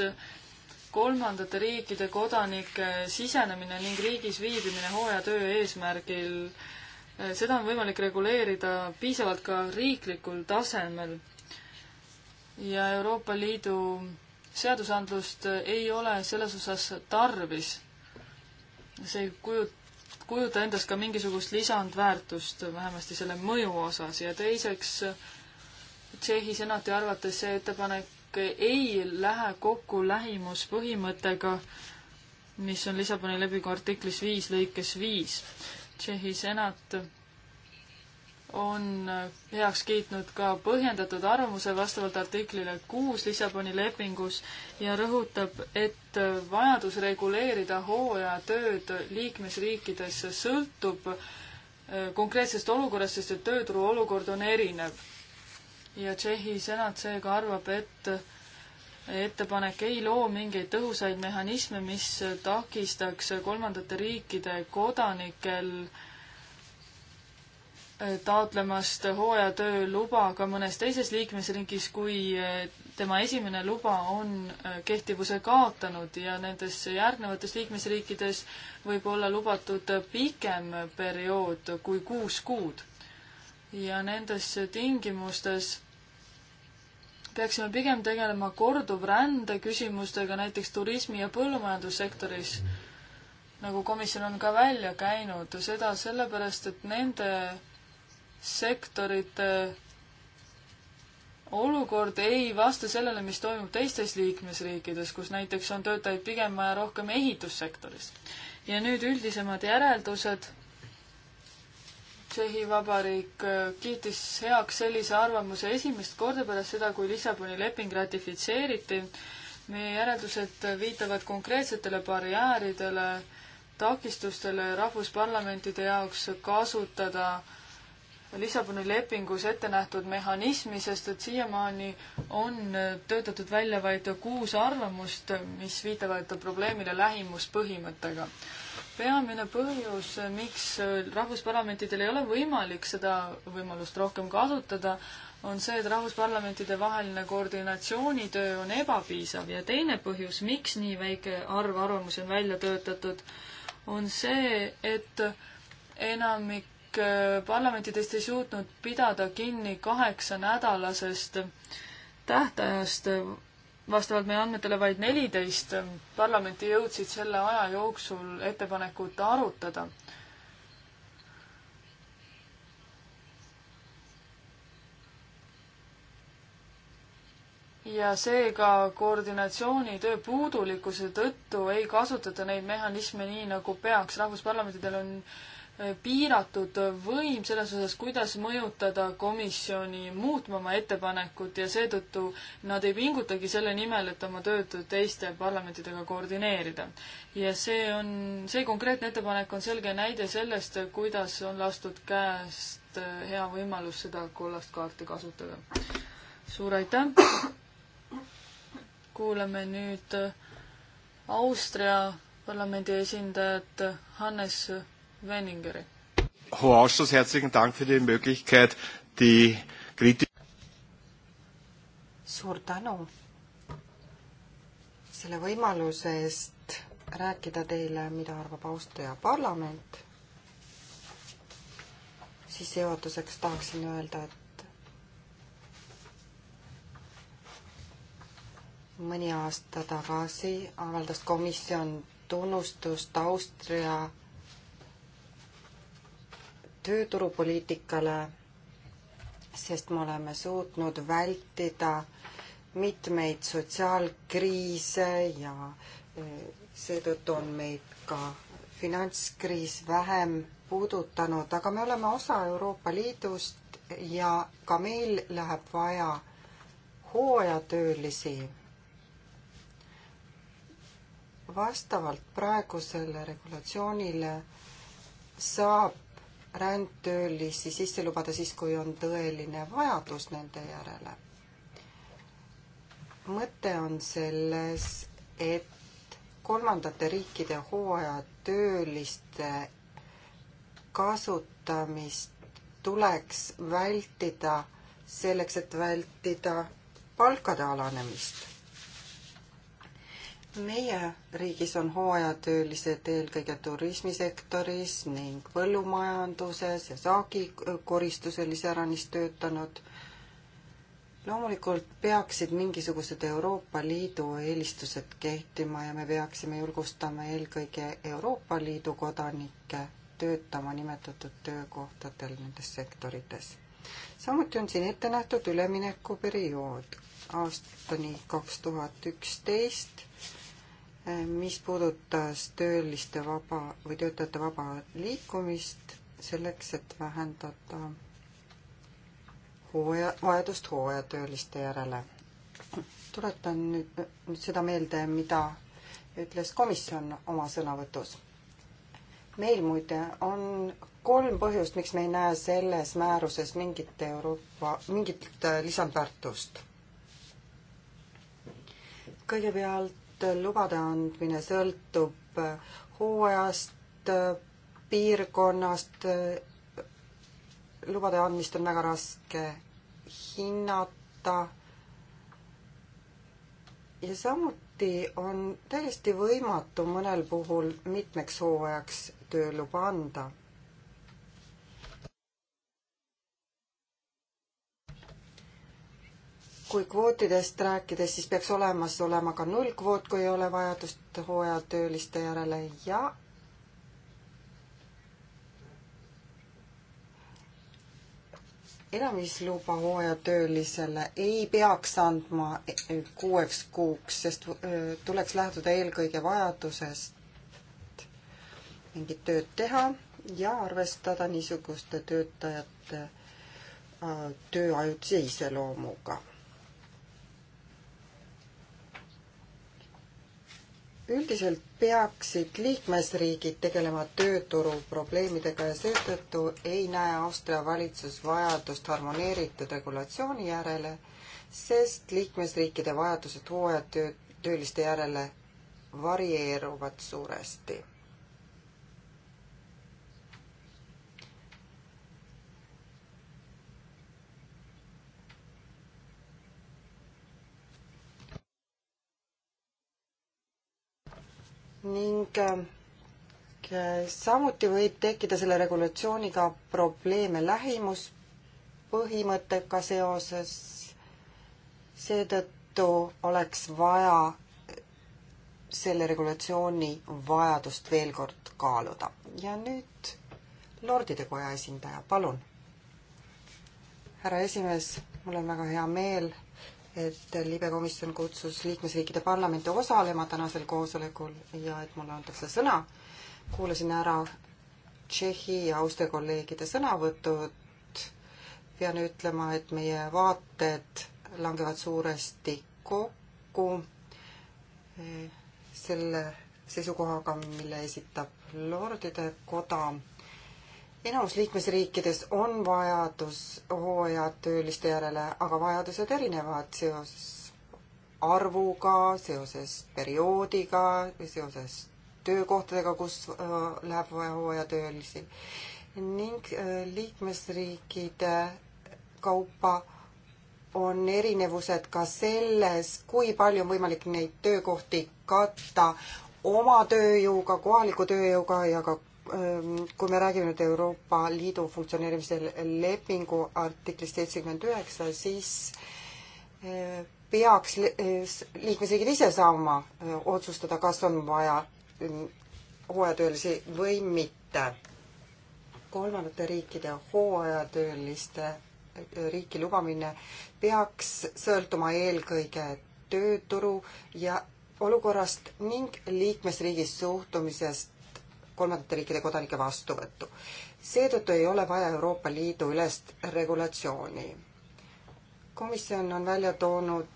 B: kolmandate riikide kodanike sisenemine ning riigis viibimine hooajatöö eesmärgil, seda on võimalik reguleerida piisavalt ka riiklikul tasemel. ja Euroopa Liidu seadusandlust ei ole selles osas tarvis. see ei kujuta kujuta endast ka mingisugust lisandväärtust, vähemasti selle mõju osas ja teiseks Tšehhi senati arvates see ettepanek ettepanek ei lähe kokku lähimuspõhimõttega, mis on Lissaboni lepingu artiklis viis lõikes viis. Tšehhi senat on heaks kiitnud ka põhjendatud arvamuse vastavalt artiklile kuus Lissaboni lepingus ja rõhutab, et vajadus reguleerida hooajatööd liikmesriikides sõltub eh, konkreetsest olukorrast, sest et tööturu olukord on erinev ja Tšehhi senat seega arvab, et ettepanek ei loo mingeid tõhusaid mehhanisme, mis takistaks kolmandate riikide kodanikel taotlemast hooajatööluba ka mõnes teises liikmesriigis, kui tema esimene luba on kehtivuse kaotanud ja nendes järgnevates liikmesriikides võib olla lubatud pikem periood kui kuus kuud. ja nendes tingimustes peaksime pigem tegelema korduvrände küsimustega näiteks turismi- ja põllumajandussektoris, nagu komisjon on ka välja käinud, seda sellepärast, et nende sektorite olukord ei vasta sellele, mis toimub teistes liikmesriikides, kus näiteks on töötajaid pigem vaja rohkem ehitussektoris. ja nüüd üldisemad järeldused Tšehhi Vabariik äh, kiitis heaks sellise arvamuse esimest korda pärast seda, kui Lissaboni leping ratifitseeriti. meie järeldused viitavad konkreetsetele barjääridele, takistustele rahvusparlamentide jaoks kasutada Lissaboni lepingus ette nähtud mehhanismi, sest et siiamaani on töötatud välja vaid kuus arvamust, mis viitavad probleemile lähimuspõhimõttega peamine põhjus, miks rahvusparlamentidel ei ole võimalik seda võimalust rohkem kasutada, on see, et rahvusparlamentide vaheline koordinatsioonitöö on ebapiisav ja teine põhjus, miks nii väike arv arvamusi on välja töötatud, on see, et enamik parlamentidest ei suutnud pidada kinni kaheksanädalasest tähtajast vastavalt meie andmetele vaid neliteist parlamenti jõudsid selle aja jooksul ettepanekut arutada. ja seega koordinatsioonitöö puudulikkuse tõttu ei kasutata neid mehhanisme nii, nagu peaks. rahvusparlamentidel on äh, piiratud võim selles osas, kuidas mõjutada komisjoni muutma oma ettepanekut ja seetõttu nad ei pingutagi selle nimel, et oma tööd teiste parlamentidega koordineerida. ja see on, see konkreetne ettepanek on selge näide sellest, kuidas on lastud käest hea võimalus seda kollast kaarti kasutada. suur aitäh! kuulame nüüd Austria parlamendi esindajat Hannes Weiningere.
A: Hoher Ausschuss, herzlichen Dank für die Möglichkeit, die Kritik.
B: suur tänu
C: selle võimaluse eest rääkida teile, mida arvab austaja parlament. sissejuhatuseks tahaksin öelda, et mõni aasta tagasi avaldas komisjon tunnustust Austria tööturupoliitikale, sest me oleme suutnud vältida mitmeid sotsiaalkriise ja eh, seetõttu on meid ka finantskriis vähem puudutanud, aga me oleme osa Euroopa Liidust ja ka meil läheb vaja hooajatöölisi vastavalt praegusele regulatsioonile saab rändtöölisi sisse lubada siis, kui on tõeline vajadus nende järele. mõte on selles, et kolmandate riikide hooajatööliste kasutamist tuleks vältida selleks, et vältida palkade alanemist meie riigis on hooajatöölised eelkõige turismisektoris ning põllumajanduses ja saagikoristusel iseäranis töötanud. loomulikult peaksid mingisugused Euroopa Liidu eelistused kehtima ja me peaksime julgustama eelkõige Euroopa Liidu kodanikke töötama nimetatud töökohtadel nendes sektorites. samuti on siin ette nähtud üleminekuperiood aastani kaks tuhat üksteist mis puudutas tööliste vaba või töötajate vaba liikumist selleks, et vähendada hooaja, vajadust hooajatööliste järele. tuletan nüüd, nüüd seda meelde, mida ütles komisjon oma sõnavõtus. meil muide on kolm põhjust, miks me ei näe selles määruses mingit Euroopa, mingit äh, lisandväärtust. kõigepealt lubade andmine sõltub hooajast, piirkonnast, lubade andmist on väga raske hinnata ja samuti on täiesti võimatu mõnel puhul mitmeks hooajaks tööluba anda kui kvootidest rääkides, siis peaks olemas olema ka nullkvoot, kui ei ole vajadust hooajatööliste järele ja elamisluba hooajatöölisele ei peaks andma kuueks kuuks, sest äh, tuleks lähtuda eelkõige vajadusest mingit tööd teha ja arvestada niisuguste töötajate äh, töö ajutise iseloomuga üldiselt peaksid liikmesriigid tegelema tööturu probleemidega ja seetõttu ei näe Austria valitsus vajadust harmoneeritud regulatsiooni järele, sest liikmesriikide vajadused hooajatööliste järele varieeruvad suuresti. ning äh, samuti võib tekkida selle regulatsiooniga probleeme lähimuspõhimõttega seoses. seetõttu oleks vaja selle regulatsiooni vajadust veel kord kaaluda. ja nüüd Lordide Koja esindaja, palun. härra esimees, mul on väga hea meel et libekomisjon kutsus liikmesriikide parlamente osalema tänasel koosolekul ja et mulle antakse sõna. kuulasin ära Tšehhi ja Austria kolleegide sõnavõtud. pean ütlema, et meie vaated langevad suuresti kokku eh, selle seisukohaga, mille esitab Lordide Koda enamus liikmesriikides on vajadus hooajatööliste järele, aga vajadused erinevad seoses arvuga, seoses perioodiga, seoses töökohtadega, kus äh, läheb vaja hooajatöölisi ning äh, liikmesriikide kaupa on erinevused ka selles, kui palju on võimalik neid töökohti katta oma tööjõuga, kohaliku tööjõuga ja ka Ehm, kui me räägime nüüd Euroopa Liidu funktsioneerimise lepingu artiklist seitsekümmend üheksa, siis eh, peaks eh, liikmesriigid ise saama eh, otsustada, kas on vaja mm, hooajatöölisi või mitte. kolmandate riikide hooajatööliste riiki lubamine peaks sõltuma eelkõige tööturu ja olukorrast ning liikmesriigi suhtumisest kolmandate riikide kodanike vastuvõttu. seetõttu ei ole vaja Euroopa Liidu ülest regulatsiooni. komisjon on välja toonud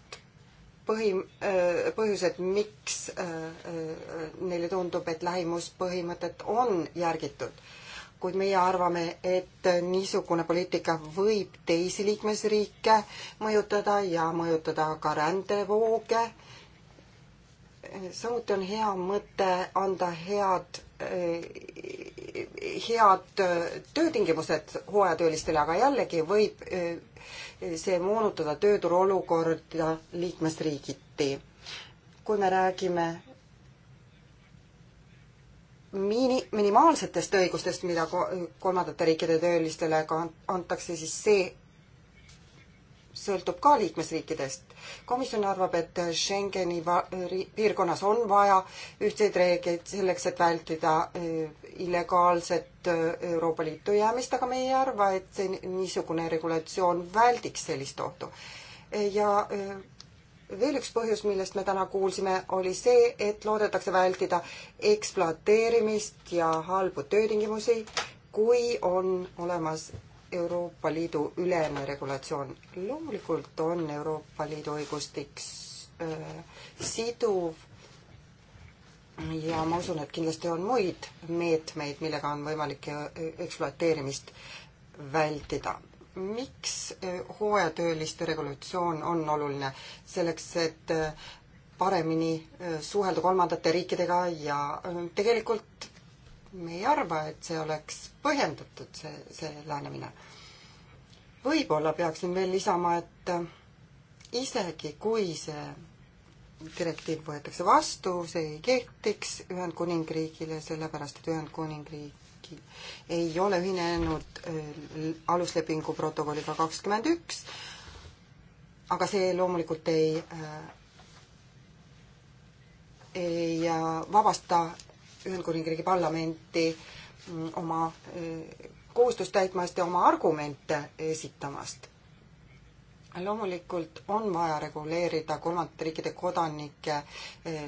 C: põhi, äh, põhjused, miks äh, äh, neile tundub, et lähimuspõhimõtet on järgitud. kuid meie arvame, et niisugune poliitika võib teisi liikmesriike mõjutada ja mõjutada ka rändevooge samuti on hea mõte anda head Äh, head äh, töötingimused hooajatöölistele, aga jällegi võib äh, see moonutada tööturu olukorda liikmesriigiti. kui me räägime mini-, minimaalsetest õigustest, mida kolmandate riikide töölistele ka antakse, siis see sõltub ka liikmesriikidest komisjon arvab, et Schengeni piirkonnas on vaja ühtseid reegleid selleks, et vältida äh, illegaalset äh, Euroopa Liitu jäämist, aga me ei arva, et see niisugune regulatsioon väldiks sellist ohtu. ja äh, veel üks põhjus, millest me täna kuulsime, oli see, et loodetakse vältida ekspluateerimist ja halbu töötingimusi, kui on olemas Euroopa Liidu ülene regulatsioon. loomulikult on Euroopa Liidu õigustik äh, siduv ja ma usun, et kindlasti on muid meetmeid, millega on võimalik äh, ekspluateerimist vältida. miks äh, hooajatööliste regulatsioon on oluline? selleks, et äh, paremini suhelda kolmandate riikidega ja tegelikult me ei arva, et see oleks põhjendatud, see, see lähenemine. võib-olla peaksin veel lisama, et äh, isegi kui see direktiiv võetakse vastu, see ei kehtiks Ühendkuningriigile, sellepärast et Ühendkuningriik ei ole ühinenud äh, aluslepingu protokolliga kakskümmend üks, aga see loomulikult ei äh, ei vabasta Ühendkuningriigi parlamenti mm, oma eh, kohustust täitmast ja oma argumente esitamast. loomulikult on vaja reguleerida kolmandate riikide kodanike eh,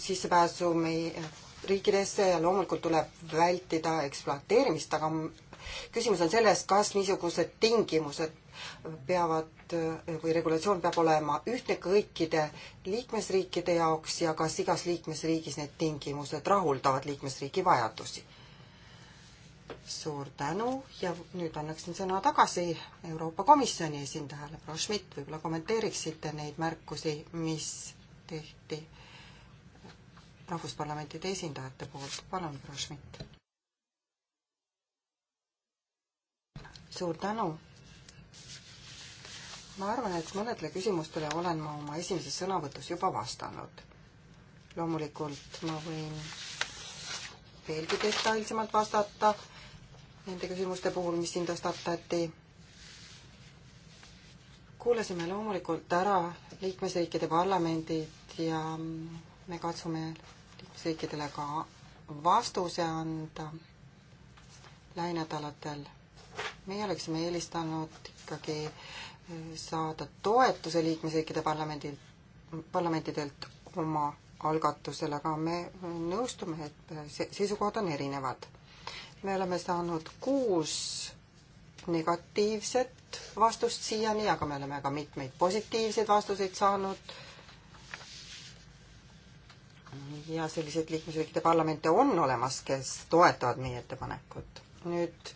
C: sissepääsu meie riikidesse ja loomulikult tuleb vältida ekspluateerimist, aga küsimus on selles, kas niisugused tingimused peavad või regulatsioon peab olema ühtne kõikide liikmesriikide jaoks ja kas igas liikmesriigis need tingimused rahuldavad liikmesriigi vajadusi. suur tänu ja nüüd annaksin sõna tagasi Euroopa Komisjoni esindajale, proua Schmidt, võib-olla kommenteeriksite neid märkusi, mis tehti rahvusparlamentide esindajate poolt, palun, proua Schmidt. suur tänu ma arvan, et mõnedele küsimustele olen ma oma esimeses sõnavõtus juba vastanud. loomulikult ma võin veelgi detailsemalt vastata nende küsimuste puhul, mis siin tõstatati. kuulasime loomulikult ära liikmesriikide parlamendid ja me katsume liikmesriikidele ka vastuse anda lähinädalatel. meie oleksime eelistanud ikkagi saada toetuse liikmesriikide parlamendilt, parlamentidelt oma algatusele, aga me nõustume, et seisukohad on erinevad. me oleme saanud kuus negatiivset vastust siiani, aga me oleme ka mitmeid positiivseid vastuseid saanud. ja selliseid liikmesriikide parlamente on olemas, kes toetavad meie ettepanekut. nüüd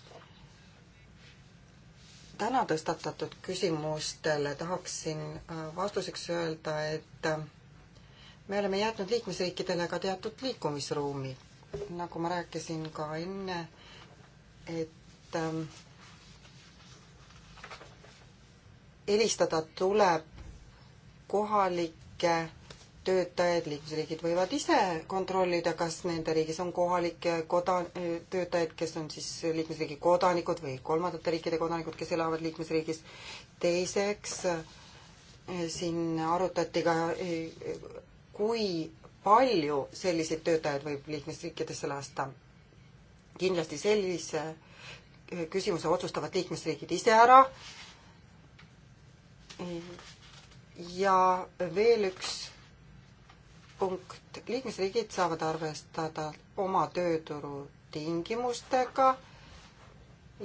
C: täna tõstatatud küsimustele tahaksin äh, vastuseks öelda, et äh, me oleme jätnud liikmesriikidele ka teatud liikumisruumi. nagu ma rääkisin ka enne, et äh, helistada tuleb kohalikke töötajaid, liikmesriigid võivad ise kontrollida, kas nende riigis on kohalikke koda-, töötajaid, kes on siis liikmesriigi kodanikud või kolmandate riikide kodanikud, kes elavad liikmesriigis. teiseks, eh, siin arutati ka, eh, kui palju selliseid töötajaid võib liikmesriikidesse lasta. kindlasti sellise eh, küsimuse otsustavad liikmesriigid ise ära. ja veel üks punkt, liikmesriigid saavad arvestada oma tööturu tingimustega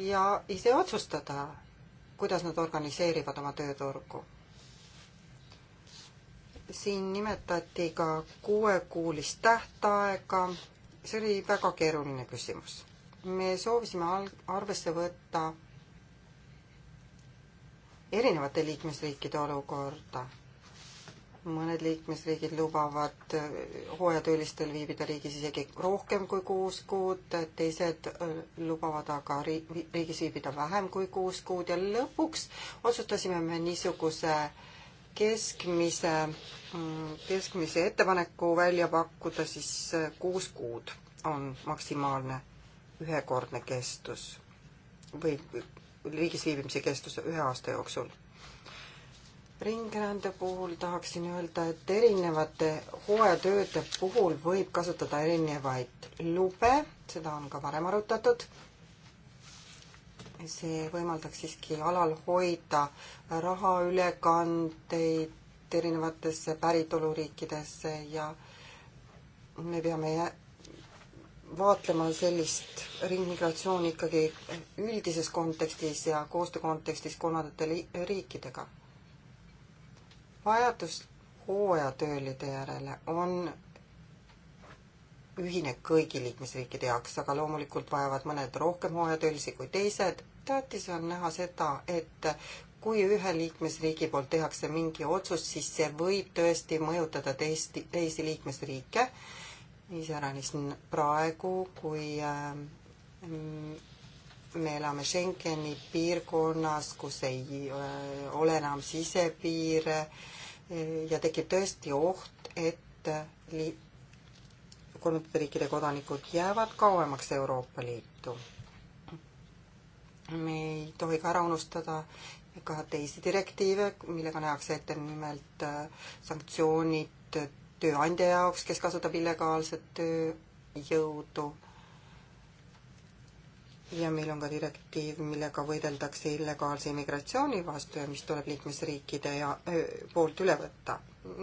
C: ja ise otsustada, kuidas nad organiseerivad oma tööturgu. siin nimetati ka kuuekuulist tähtaega, see oli väga keeruline küsimus. me soovisime arvesse võtta erinevate liikmesriikide olukorda mõned liikmesriigid lubavad äh, hooajatöölistel viibida riigis isegi rohkem kui kuus kuud, teised äh, lubavad aga riigis viibida vähem kui kuus kuud ja lõpuks otsustasime me niisuguse keskmise, mm, keskmise ettepaneku välja pakkuda, siis äh, kuus kuud on maksimaalne ühekordne kestus või riigis viibimise kestus ühe aasta jooksul ringrände puhul tahaksin öelda, et erinevate hooajatööde puhul võib kasutada erinevaid lube, seda on ka varem arutatud. see võimaldaks siiski alal hoida rahaülekandeid erinevatesse päritoluriikidesse ja me peame vaatlema sellist ringmigratsiooni ikkagi üldises kontekstis ja koostöö kontekstis kolmandate riikidega vajadus hooajatöölide järele on ühine kõigi liikmesriikide jaoks, aga loomulikult vajavad mõned rohkem hooajatöölisi kui teised. tähtis on näha seda, et kui ühe liikmesriigi poolt tehakse mingi otsus, siis see võib tõesti mõjutada teist, teisi liikmesriike, iseäranis praegu, kui ähm, me elame Schengeni piirkonnas, kus ei äh, ole enam sisepiire äh,, ja tekib tõesti oht, et li-, kolmandate riikide kodanikud jäävad kauemaks Euroopa Liitu. me ei tohi ka ära unustada ka teisi direktiive, millega nähakse ette nimelt äh, sanktsioonid tööandja jaoks, kes kasutab illegaalset tööjõudu ja meil on ka direktiiv, millega võideldakse illegaalse immigratsiooni vastu ja mis tuleb liikmesriikide ja öö, poolt üle võtta.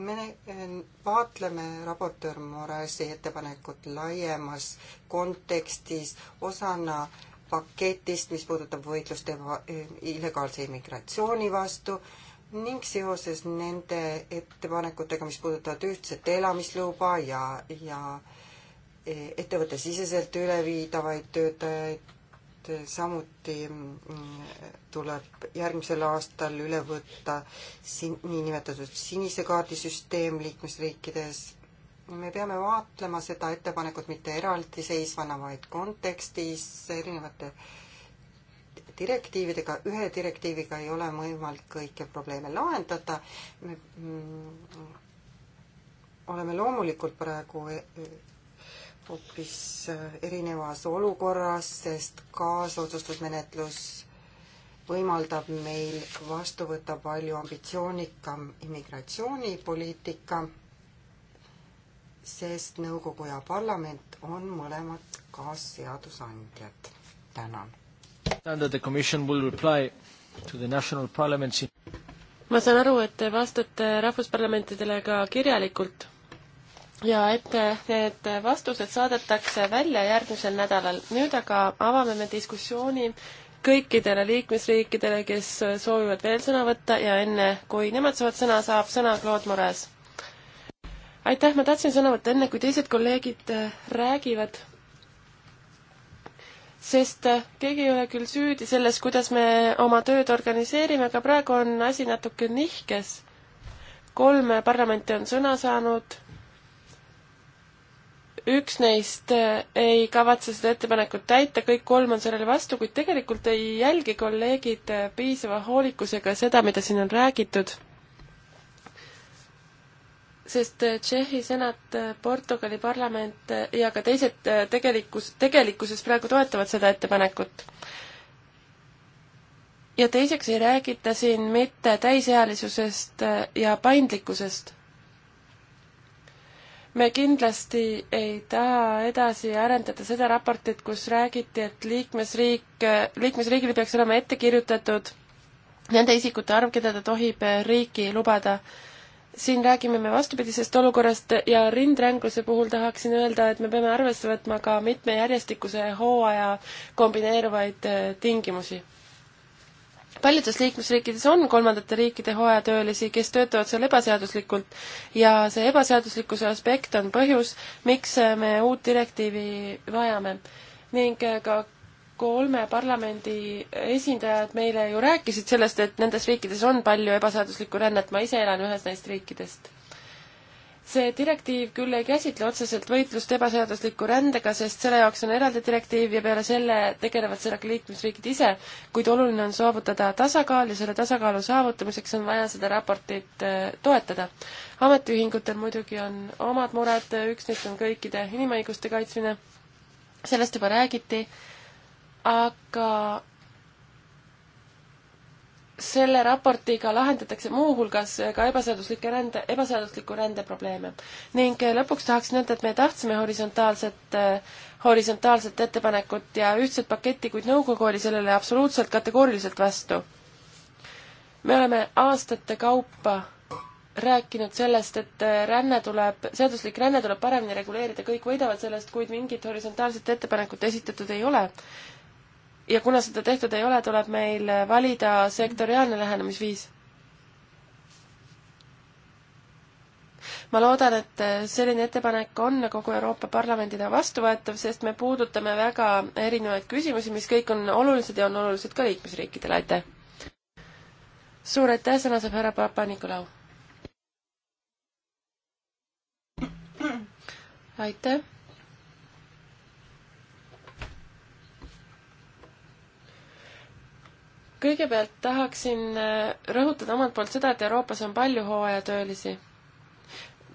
C: me vaatleme raportöör Morasi ettepanekut laiemas kontekstis osana paketist, mis puudutab võitlust illegaalse immigratsiooni vastu ning seoses nende ettepanekutega, mis puudutavad ühtset elamisluba ja, ja e-, ettevõttesiseselt üle viidavaid töötajaid samuti mm, tuleb järgmisel aastal üle võtta sin-, niinimetatud sinise kaardi süsteem liikmesriikides. me peame vaatlema seda ettepanekut mitte eraldiseisvana, vaid kontekstis erinevate direktiividega, ühe direktiiviga ei ole võimalik kõiki probleeme lahendada. me mm, oleme loomulikult praegu e, e, hoopis äh, erinevas olukorras, sest kaasotsustusmenetlus võimaldab meil vastu võtta palju ambitsioonikam immigratsioonipoliitika, sest nõukogu ja parlament on mõlemad kaasseadusandjad.
A: tänan. ma saan aru, et te vastate rahvusparlamentidele ka kirjalikult ja et need vastused saadetakse välja järgmisel nädalal. nüüd aga avame me diskussiooni kõikidele liikmesriikidele, kes soovivad veel sõna võtta ja enne, kui nemad saavad sõna, saab sõna Claude Mores. aitäh, ma tahtsin sõna võtta enne, kui teised kolleegid äh, räägivad, sest äh, keegi ei ole küll süüdi selles, kuidas me oma tööd organiseerime, aga praegu on asi natuke nihkes. kolm parlamenti on sõna saanud, üks neist äh, ei kavatse seda ettepanekut täita, kõik kolm on sellele vastu, kuid tegelikult ei jälgi kolleegid äh, piisava hoolikusega seda, mida siin on räägitud. sest äh, Tšehhi senat, Portugali parlament ja ka teised tegelikkus, tegelikkuses praegu toetavad seda ettepanekut. ja teiseks ei räägita siin mitte täisealisusest ja paindlikkusest me kindlasti ei taha edasi arendada seda raportit, kus räägiti, et liikmesriik, liikmesriigil peaks olema ette kirjutatud nende isikute arv, keda ta tohib riiki lubada. siin räägime me vastupidisest olukorrast ja rindrängluse puhul tahaksin öelda, et me peame arvesse võtma ka mitme järjestikuse hooaja kombineeruvaid eh, tingimusi paljudes liikmesriikides on kolmandate riikide hooajatöölisi, kes töötavad seal ebaseaduslikult ja see ebaseaduslikkuse aspekt on põhjus, miks me uut direktiivi vajame. ning äh, ka kolme parlamendi esindajad meile ju rääkisid sellest, et nendes riikides on palju ebaseaduslikku rännet, ma ise elan ühes neist riikidest see direktiiv küll ei käsitle otseselt võitlust ebaseadusliku rändega, sest selle jaoks on eraldi direktiiv ja peale selle tegelevad sellega liikmesriigid ise, kuid oluline on saavutada tasakaal ja selle tasakaalu saavutamiseks on vaja seda raportit äh, toetada. ametiühingutel muidugi on omad mured, üks neist on kõikide inimõiguste kaitsmine, sellest juba räägiti, aga selle raportiga lahendatakse muuhulgas ka ebaseaduslike rände, ebaseadusliku rände probleeme. ning lõpuks tahaksin öelda, et me tahtsime horisontaalset, horisontaalset ettepanekut ja ühtset paketti, kuid nõukogu oli sellele absoluutselt kategooriliselt vastu. me oleme aastate kaupa rääkinud sellest, et ränne tuleb, seaduslik ränne tuleb paremini reguleerida, kõik võidavad sellest, kuid mingit horisontaalset ettepanekut esitatud ei ole ja kuna seda tehtud ei ole, tuleb meil valida sektoriaalne lähenemisviis. ma loodan, et selline ettepanek on kogu Euroopa Parlamendile vastuvõetav, sest me puudutame väga erinevaid küsimusi, mis kõik on olulised ja on olulised ka liikmesriikidele, aitäh! suur aitäh, sõna saab härra Papa-Nikolau. aitäh! kõigepealt tahaksin äh, rõhutada omalt poolt seda, et Euroopas on palju hooajatöölisi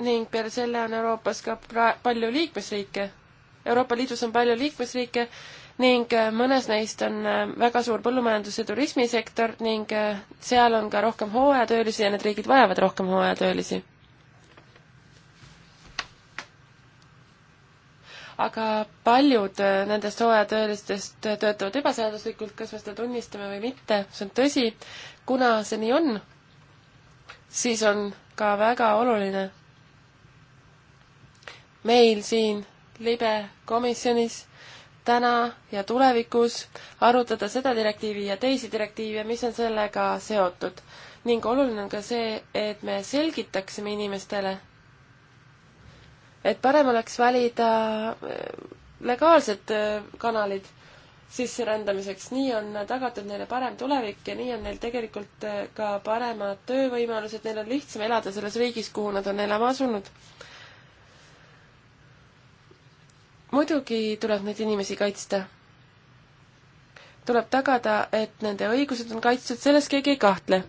A: ning peale selle on Euroopas ka pra-, palju liikmesriike. Euroopa Liidus on palju liikmesriike ning äh, mõnes neist on äh, väga suur põllumajandus- ja turismisektor ning seal on ka rohkem hooajatöölisi ja need riigid vajavad rohkem hooajatöölisi aga paljud äh, nendest hooajatöölistest töötavad ebaseaduslikult, kas me seda tunnistame või mitte, see on tõsi. kuna see nii on, siis on ka väga oluline meil siin libe komisjonis täna ja tulevikus arutada seda direktiivi ja teisi direktiive, mis on sellega seotud. ning oluline on ka see, et me selgitaksime inimestele, et parem oleks valida äh, legaalsed äh, kanalid sisserändamiseks, nii on tagatud neile parem tulevik ja nii on neil tegelikult äh, ka paremad töövõimalused, neil on lihtsam elada selles riigis, kuhu nad on elama asunud. muidugi tuleb neid inimesi kaitsta. tuleb tagada, et nende õigused on kaitstud, selles keegi ei kahtle.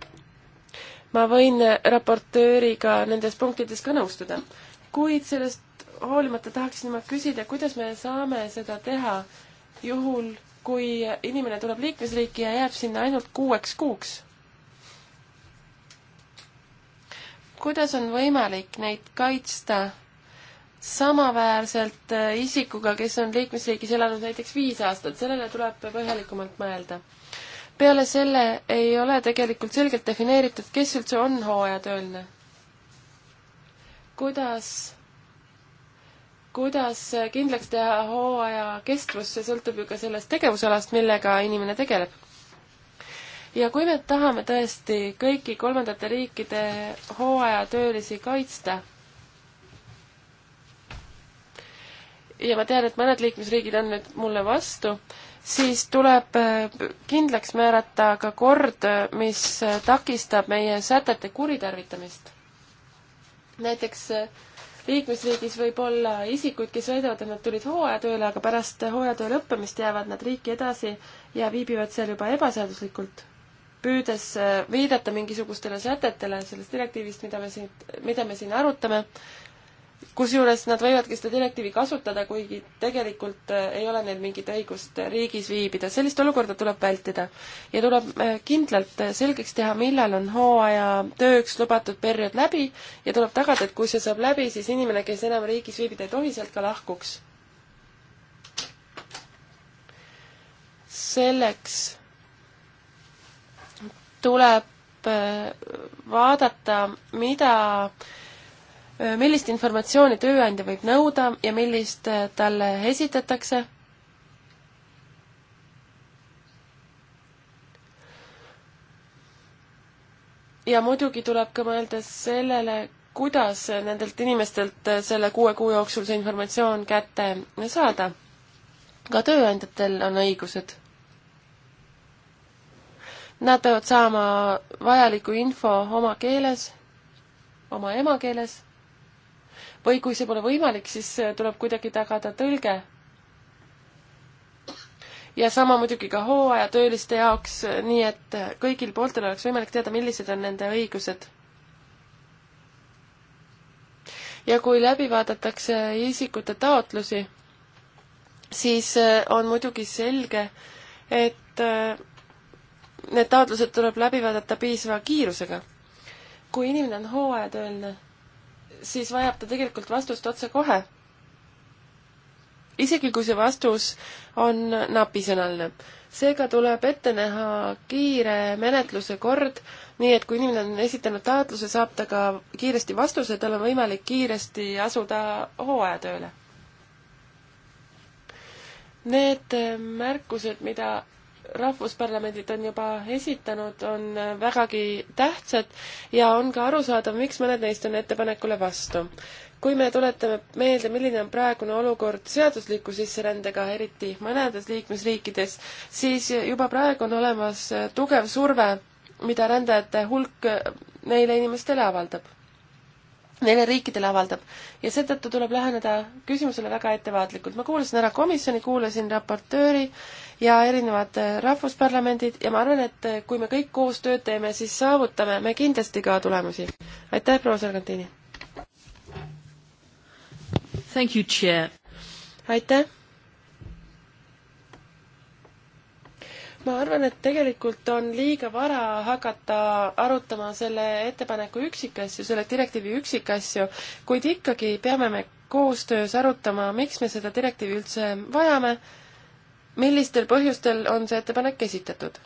A: ma võin raportööriga nendes punktides ka nõustuda, kuid sellest hoolimata tahaksin ma küsida, kuidas me saame seda teha juhul, kui inimene tuleb liikmesriiki ja jääb sinna ainult kuueks kuuks? kuidas on võimalik neid kaitsta samaväärselt isikuga, kes on liikmesriigis elanud näiteks viis aastat, sellele tuleb põhjalikumalt mõelda. peale selle ei ole tegelikult selgelt defineeritud, kes üldse on hooajatööline. kuidas kuidas kindlaks teha hooaja kestvus, see sõltub ju ka sellest tegevusalast, millega inimene tegeleb. ja kui me tahame tõesti kõiki kolmandate riikide hooajatöölisi kaitsta, ja ma tean, et mõned liikmesriigid on nüüd mulle vastu, siis tuleb äh, kindlaks määrata ka kord, mis takistab meie sätete kuritarvitamist. näiteks äh, liikmesriigis võib olla isikuid, kes väidavad, et nad tulid hooajatööle, aga pärast hooajatöö lõppemist jäävad nad riiki edasi ja viibivad seal juba ebaseaduslikult, püüdes äh, viidata mingisugustele sätetele sellest direktiivist, mida me siin, mida me siin arutame kusjuures nad võivadki seda direktiivi kasutada, kuigi tegelikult äh, ei ole neil mingit õigust riigis viibida. sellist olukorda tuleb vältida ja tuleb äh, kindlalt äh, selgeks teha, millal on hooaja tööks lubatud periood läbi ja tuleb tagada, et kui see saab läbi, siis inimene, kes enam riigis viibida ei tohi, sealt ka lahkuks. selleks tuleb vaadata, mida äh, Äh, millist informatsiooni tööandja võib nõuda ja millist äh, talle esitatakse. ja muidugi tuleb ka mõelda sellele, kuidas nendelt inimestelt äh, selle kuue kuu jooksul see informatsioon kätte saada. ka tööandjatel on õigused Nad peavad saama vajaliku info oma keeles, oma emakeeles või kui see pole võimalik, siis äh, tuleb kuidagi tagada tõlge. ja sama muidugi ka hooajatööliste jaoks, äh, nii et äh, kõigil pooltel oleks võimalik teada, millised on nende õigused. ja kui läbi vaadatakse isikute taotlusi, siis on muidugi selge, et need taotlused tuleb läbi vaadata piisava kiirusega. kui inimene on hooajatööline siis vajab ta tegelikult vastust otsekohe. isegi kui see vastus on napisõnaline. seega tuleb ette näha kiire menetluse kord, nii et kui inimene on esitanud taotluse, saab ta ka kiiresti vastuse, tal on võimalik kiiresti asuda hooajatööle. Need märkused, mida rahvusparlamendid on juba esitanud, on vägagi tähtsad ja on ka arusaadav, miks mõned neist on ettepanekule vastu. kui me tuletame meelde, milline on praegune olukord seadusliku sisserändega, eriti mõnedes liikmesriikides, siis juba praegu on olemas tugev surve, mida rändajate hulk neile inimestele avaldab neile riikidele avaldab. ja seetõttu tuleb läheneda küsimusele väga ettevaatlikult. ma kuulasin ära komisjoni, kuulasin raportööri ja erinevad äh, rahvusparlamendid ja ma arvan, et äh, kui me kõik koos tööd teeme, siis saavutame me kindlasti ka tulemusi. aitäh, proua Sargentini! aitäh! ma arvan, et tegelikult on liiga vara hakata arutama selle ettepaneku üksikasju, selle direktiivi üksikasju, kuid ikkagi peame me koostöös arutama, miks me seda direktiivi üldse vajame, millistel põhjustel on see ettepanek esitatud.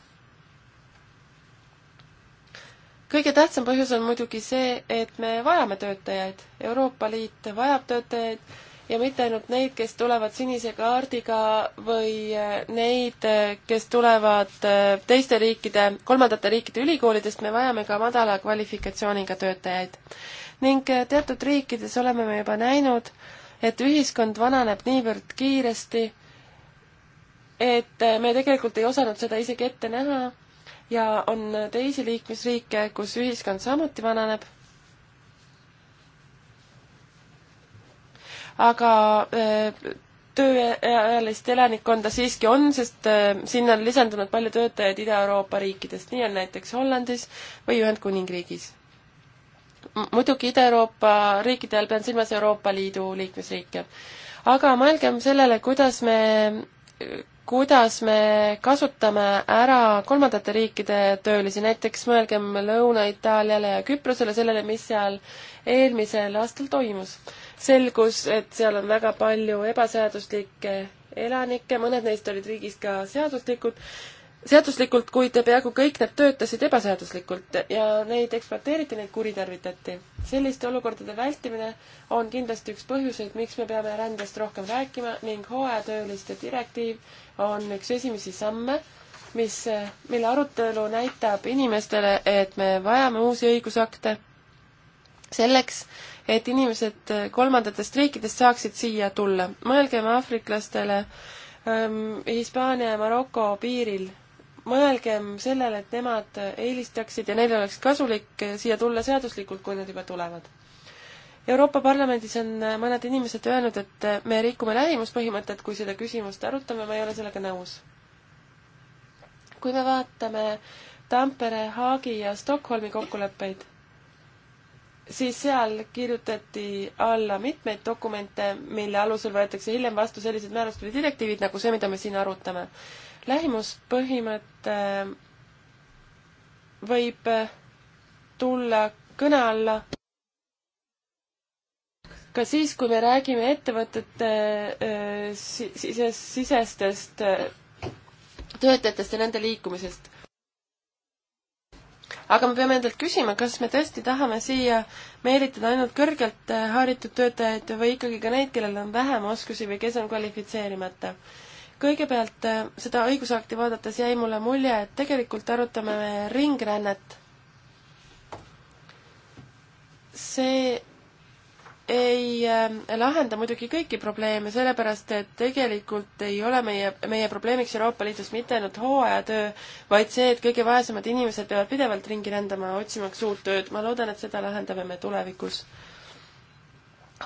A: kõige tähtsam põhjus on muidugi see, et me vajame töötajaid, Euroopa Liit vajab töötajaid ja mitte ainult neid, kes tulevad sinise kaardiga või äh, neid, äh, kes tulevad äh, teiste riikide, kolmandate riikide ülikoolidest, me vajame ka madala kvalifikatsiooniga töötajaid. ning teatud riikides oleme me juba näinud, et ühiskond vananeb niivõrd kiiresti, et me tegelikult ei osanud seda isegi ette näha ja on teisi liikmesriike, kus ühiskond samuti vananeb aga äh, tööealist elanikkonda siiski on, sest äh, sinna on lisandunud palju töötajaid Ida-Euroopa riikidest, nii on näiteks Hollandis või Ühendkuningriigis. muidugi Ida-Euroopa riikide all pean silmas Euroopa Liidu liikmesriike. aga mõelgem sellele, kuidas me kuidas me kasutame ära kolmandate riikide töölisi, näiteks mõelgem Lõuna-Itaaliale ja Küprosele, sellele, mis seal eelmisel aastal toimus. selgus, et seal on väga palju ebaseaduslikke elanikke, mõned neist olid riigis ka seaduslikud seaduslikult, kuid peaaegu kõik need töötasid ebaseaduslikult ja neid ekspluateeriti, neid kuritarvitati. selliste olukordade vältimine on kindlasti üks põhjuseid, miks me peame rändest rohkem rääkima ning hooajatööliste direktiiv on üks esimesi samme, mis, mille arutelu näitab inimestele, et me vajame uusi õigusakte selleks, et inimesed kolmandatest riikidest saaksid siia tulla. mõelgem aafriklastele ähm, Hispaania ja Maroko piiril mõelgem sellele, et nemad eelistaksid ja neil oleks kasulik siia tulla seaduslikult, kui nad juba tulevad. Euroopa Parlamendis on mõned inimesed öelnud, et me rikume lähimuspõhimõtet, kui seda küsimust arutame, ma ei ole sellega nõus. kui me vaatame Tampere, Haagi ja Stockholmi kokkuleppeid, siis seal kirjutati alla mitmeid dokumente, mille alusel võetakse hiljem vastu sellised määrused või direktiivid, nagu see, mida me siin arutame lähimuspõhimõte võib tulla kõne alla ka siis, kui me räägime ettevõtete äh, sises, sisestest äh, töötajatest ja nende liikumisest. aga me peame endalt küsima, kas me tõesti tahame siia meelitada ainult kõrgelt haritud äh, töötajaid või ikkagi ka neid, kellel on vähem oskusi või kes on kvalifitseerimata kõigepealt äh, seda õigusakti vaadates jäi mulle mulje, et tegelikult arutame me ringrännet. see ei äh, lahenda muidugi kõiki probleeme, sellepärast et tegelikult ei ole meie, meie probleemiks Euroopa Liidus mitte ainult hooajatöö, vaid see, et kõige vaesemad inimesed peavad pidevalt ringi rändama, otsimaks uut tööd. ma loodan, et seda lahendame me tulevikus.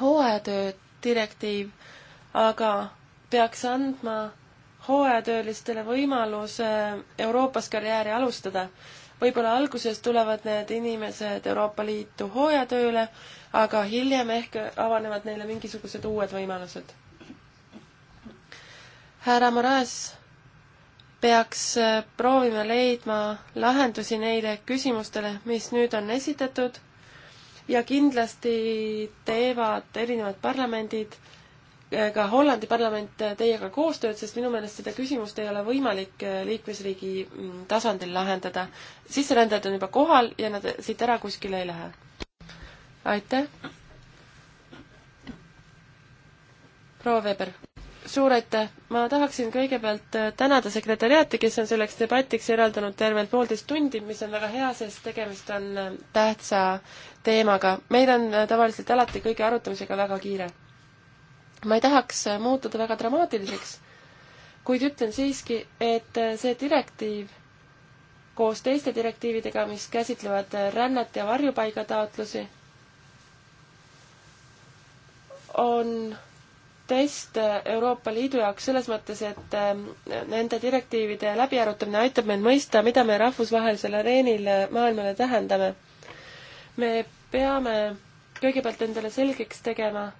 A: hooajatöö direktiiv aga peaks andma hooajatöölistele võimaluse Euroopas karjääri alustada. võib-olla alguses tulevad need inimesed Euroopa Liitu hooajatööle, aga hiljem ehk avanevad neile mingisugused uued võimalused. härra Moraes peaks äh, proovima leidma lahendusi neile küsimustele, mis nüüd on esitatud ja kindlasti teevad erinevad parlamendid ka Hollandi parlament teiega koostööd, sest minu meelest seda küsimust ei ole võimalik äh, liikmesriigi mm, tasandil lahendada. sisserändajad on juba kohal ja nad siit ära kuskile ei lähe. aitäh. proua Weber. suur aitäh. ma tahaksin kõigepealt äh, tänada sekretäriaati, kes on selleks debatiks eraldanud tervelt poolteist tundi, mis on väga hea, sest tegemist on äh, tähtsa teemaga. meil on tavaliselt alati kõige arutamisega väga kiire ma ei tahaks muutuda väga dramaatiliseks, kuid ütlen siiski, et see direktiiv koos teiste direktiividega, mis käsitlevad rännet ja varjupaigataotlusi, on test Euroopa Liidu jaoks selles mõttes, et ähm, nende direktiivide läbiarutamine aitab meil mõista, mida me rahvusvahelisel areenil maailmale tähendame. me peame kõigepealt endale selgeks tegema,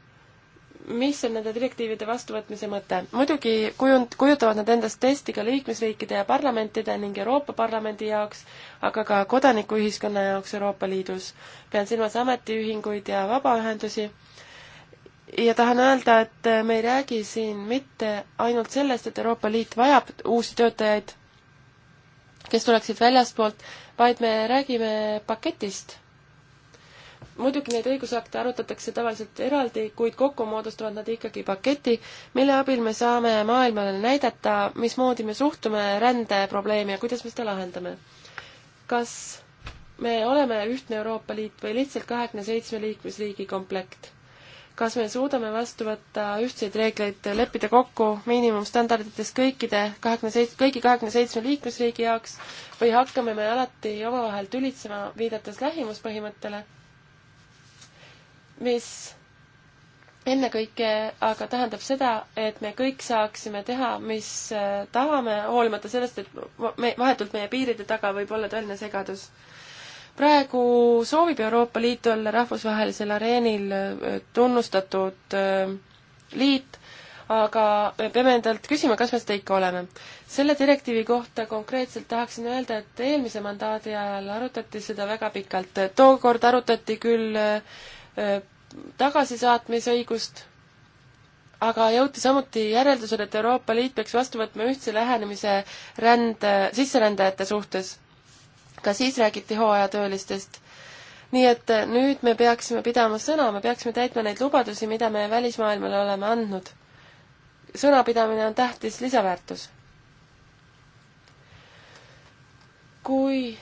A: mis on nende direktiivide vastuvõtmise mõte? muidugi kujund, kujutavad nad endast testi ka liikmesriikide ja parlamentide ning Euroopa Parlamendi jaoks, aga ka kodanikuühiskonna jaoks Euroopa Liidus. pean silmas ametiühinguid ja vabaühendusi. ja tahan öelda, et me ei räägi siin mitte ainult sellest, et Euroopa Liit vajab uusi töötajaid, kes tuleksid väljaspoolt, vaid me räägime paketist muidugi neid õigusakte arutatakse tavaliselt eraldi, kuid kokku moodustavad nad ikkagi paketi, mille abil me saame maailmale näidata, mismoodi me suhtume rändeprobleemi ja kuidas me seda lahendame. kas me oleme ühtne Euroopa Liit või lihtsalt kahekümne seitsme liikmesriigi komplekt? kas me suudame vastu võtta ühtseid reegleid, leppida kokku miinimumstandardites kõikide kahekümne seitsme, kõigi kahekümne seitsme liikmesriigi jaoks või hakkame me alati omavahel tülitsema, viidates lähimuspõhimõttele mis ennekõike aga tähendab seda, et me kõik saaksime teha, mis äh, tahame, hoolimata sellest, et me, vahetult meie piiride taga võib olla tõeline segadus. praegu soovib Euroopa Liit olla rahvusvahelisel areenil äh, tunnustatud äh, liit, aga me peame endalt küsima, kas me seda ikka oleme. selle direktiivi kohta konkreetselt tahaksin öelda, et eelmise mandaadi ajal arutati seda väga pikalt. tookord arutati küll äh, Äh, tagasisaatmisõigust, aga jõuti samuti järeldusele, et Euroopa Liit peaks vastu võtma ühtse lähenemise rände, sisserändajate suhtes. ka siis räägiti hooajatöölistest. nii et äh, nüüd me peaksime pidama sõna, me peaksime täitma neid lubadusi, mida me välismaailmale oleme andnud. sõnapidamine on tähtis lisaväärtus. kui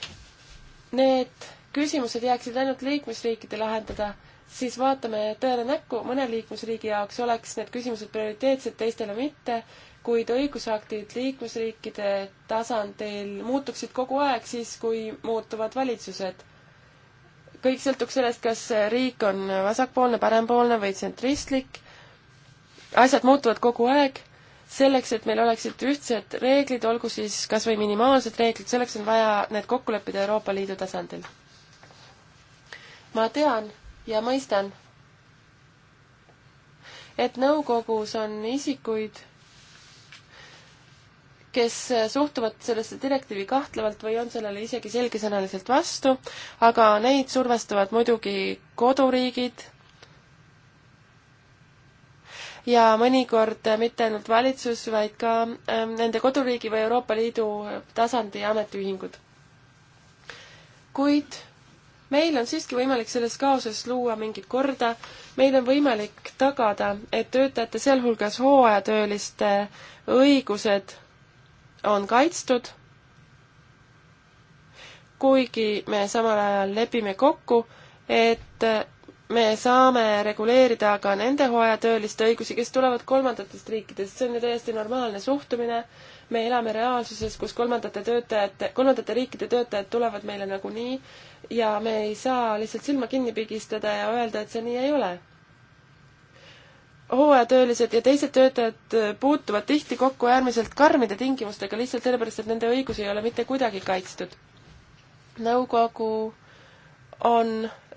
A: need küsimused jääksid ainult liikmesriikide lahendada siis vaatame tõele näkku, mõne liikmesriigi jaoks oleks need küsimused prioriteetsed, teistele mitte, kuid õigusaktid liikmesriikide tasandil muutuksid kogu aeg siis, kui muutuvad valitsused. kõik sõltub sellest, kas riik on vasakpoolne, parempoolne või tsentristlik, asjad muutuvad kogu aeg, selleks, et meil oleksid ühtsed reeglid, olgu siis kas või minimaalsed reeglid, selleks on vaja need kokku leppida Euroopa Liidu tasandil. ma tean ja mõistan, et nõukogus on isikuid, kes suhtuvad sellesse direktiivi kahtlevalt või on sellele isegi selgesõnaliselt vastu, aga neid survestavad muidugi koduriigid ja mõnikord mitte ainult valitsus, vaid ka ähm, nende koduriigi või Euroopa Liidu tasandi ametiühingud. kuid meil on siiski võimalik selles kaoses luua mingit korda, meil on võimalik tagada, et töötajate, sealhulgas hooajatööliste õigused on kaitstud, kuigi me samal ajal lepime kokku, et me saame reguleerida ka nende hooajatööliste õigusi, kes tulevad kolmandatest riikidest, see on ju täiesti normaalne suhtumine me elame reaalsuses, kus kolmandate töötajate, kolmandate riikide töötajad tulevad meile nagunii ja me ei saa lihtsalt silma kinni pigistada ja öelda, et see nii ei ole. hooajatöölised ja teised töötajad puutuvad tihti kokku äärmiselt karmide tingimustega lihtsalt sellepärast, et nende õigusi ei ole mitte kuidagi kaitstud. nõukogu on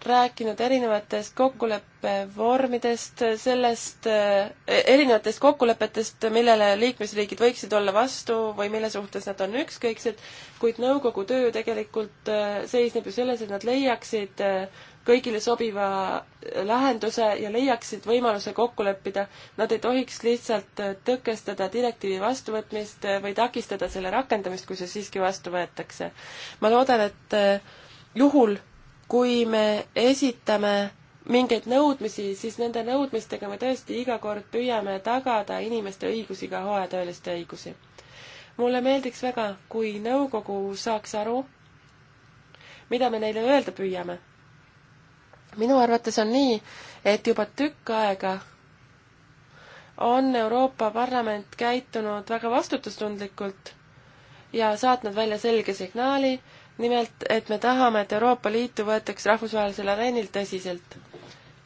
A: rääkinud erinevatest kokkuleppevormidest, sellest, eh, erinevatest kokkulepetest, millele liikmesriigid võiksid olla vastu või mille suhtes nad on ükskõiksed, kuid nõukogu töö tegelikult eh, seisneb ju selles, et nad leiaksid eh, kõigile sobiva lahenduse ja leiaksid võimaluse kokku leppida. Nad ei tohiks lihtsalt tõkestada direktiivi vastuvõtmist või takistada selle rakendamist, kui see siiski vastu võetakse. ma loodan, et juhul, kui me esitame mingeid nõudmisi, siis nende nõudmistega me tõesti iga kord püüame tagada inimeste õigusi, ka hooajatööliste õigusi. mulle meeldiks väga, kui nõukogu saaks aru, mida me neile öelda püüame. minu arvates on nii, et juba tükk aega on Euroopa Parlament käitunud väga vastutustundlikult ja saatnud välja selge signaali, nimelt, et me tahame, et Euroopa Liitu võetaks rahvusvahelisel areenil tõsiselt.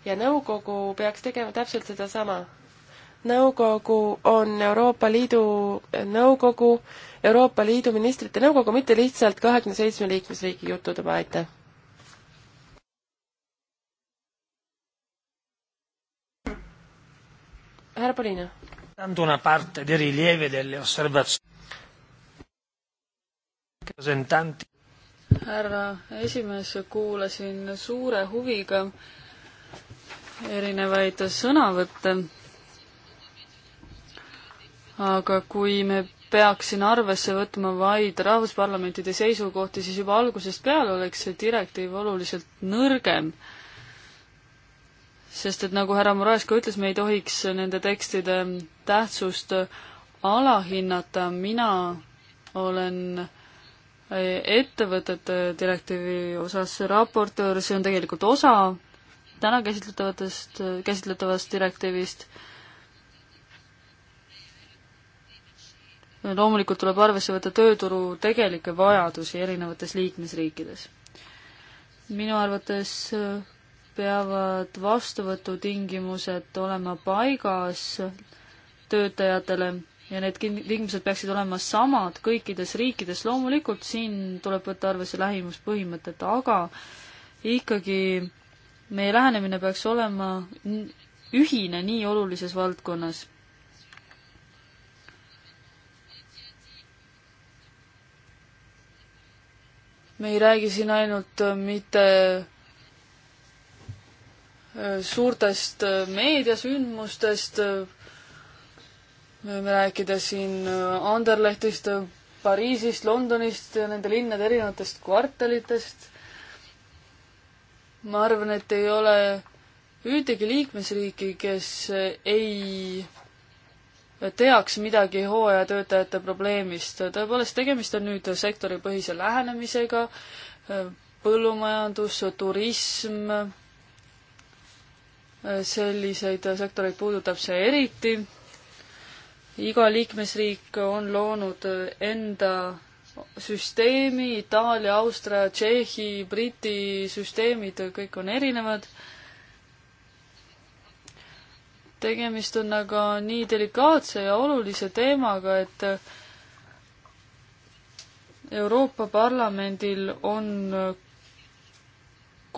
A: ja nõukogu peaks tegema täpselt sedasama. nõukogu on Euroopa Liidu nõukogu, Euroopa Liidu ministrite nõukogu, mitte lihtsalt kahekümne seitsme liikmesriigi jututuba, aitäh! härra Polina.
B: Tanto una parte dei rilievi e delle osservazioni presentanti härra esimees, kuulasin suure huviga erinevaid sõnavõtte. aga kui me peaksin arvesse võtma vaid rahvusparlamentide seisukohti, siis juba algusest peale oleks see direktiiv oluliselt nõrgem. sest et nagu härra Moraes ka ütles, me ei tohiks nende tekstide tähtsust alahinnata, mina olen ettevõtete direktiivi osas raportöör, see on tegelikult osa täna käsitletavatest, käsitletavast direktiivist. loomulikult tuleb arvesse võtta tööturu tegelikke vajadusi erinevates liikmesriikides. minu arvates peavad vastuvõtutingimused olema paigas töötajatele ja need tingimused peaksid olema samad kõikides riikides. loomulikult siin tuleb võtta arvesse lähimuspõhimõtet, aga ikkagi meie lähenemine peaks olema ühine nii olulises valdkonnas. me ei räägi siin ainult äh, mitte äh, suurtest äh, meediasündmustest, me võime rääkida siin äh, Anderlehtist, äh, Pariisist, Londonist, nende linnade erinevatest kvartalitest. ma arvan, et ei ole ühtegi liikmesriiki, kes äh, ei teaks midagi hooajatöötajate probleemist. tõepoolest, tegemist on nüüd sektoripõhise lähenemisega, põllumajandus, turism, selliseid sektoreid puudutab see eriti iga liikmesriik on loonud enda süsteemi, Itaalia, Austria, Tšehhi, Briti süsteemid, kõik on erinevad. tegemist on aga nii delikaatse ja olulise teemaga, et Euroopa Parlamendil on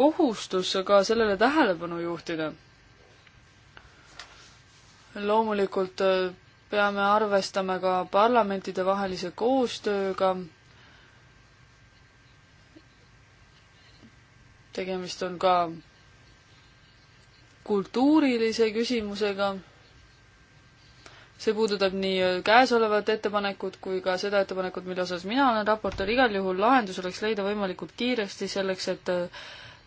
B: kohustus ka sellele tähelepanu juhtida. loomulikult peame arvestama ka parlamentidevahelise koostööga. tegemist on ka kultuurilise küsimusega. see puudutab nii käesolevat ettepanekut kui ka seda ettepanekut, mille osas mina olen raportöör, igal juhul lahendus oleks leida võimalikult kiiresti selleks, et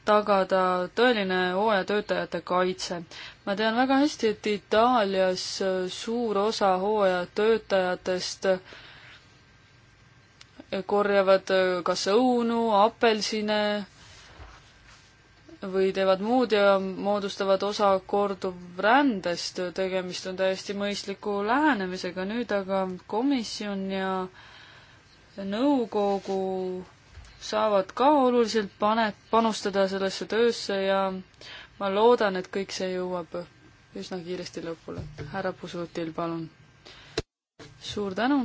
B: tagada tõeline hooajatöötajate kaitse. ma tean väga hästi, et Itaalias suur osa hooajatöötajatest korjavad kas õunu, apelsine või teevad muud ja moodustavad osa korduvrändest, tegemist on täiesti mõistliku lähenemisega, nüüd aga komisjon ja nõukogu saavad ka oluliselt pane-, panustada sellesse töösse ja ma loodan, et kõik see jõuab üsna kiiresti lõpule. härra Pusutil, palun. suur tänu.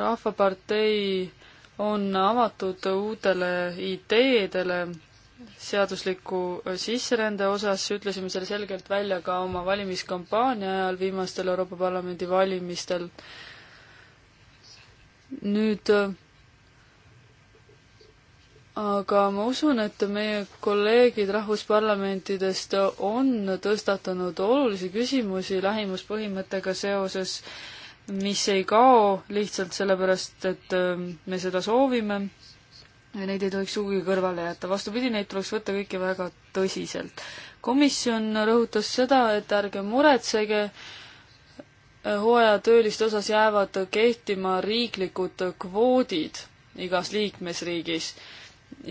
B: rahvapartei on avatud uutele ideedele seadusliku äh, sisserände osas, ütlesime selle selgelt välja ka oma valimiskampaania ajal viimastel Euroopa Parlamendi valimistel. nüüd äh, aga ma usun, et meie kolleegid rahvusparlamentidest on tõstatanud olulisi küsimusi lähimuspõhimõttega seoses, mis ei kao lihtsalt sellepärast, et äh, me seda soovime neid ei tohiks sugugi kõrvale jätta, vastupidi, neid tuleks võtta kõiki väga tõsiselt. komisjon rõhutas seda, et ärge muretsege, hooajatööliste osas jäävad kehtima riiklikud kvoodid igas liikmesriigis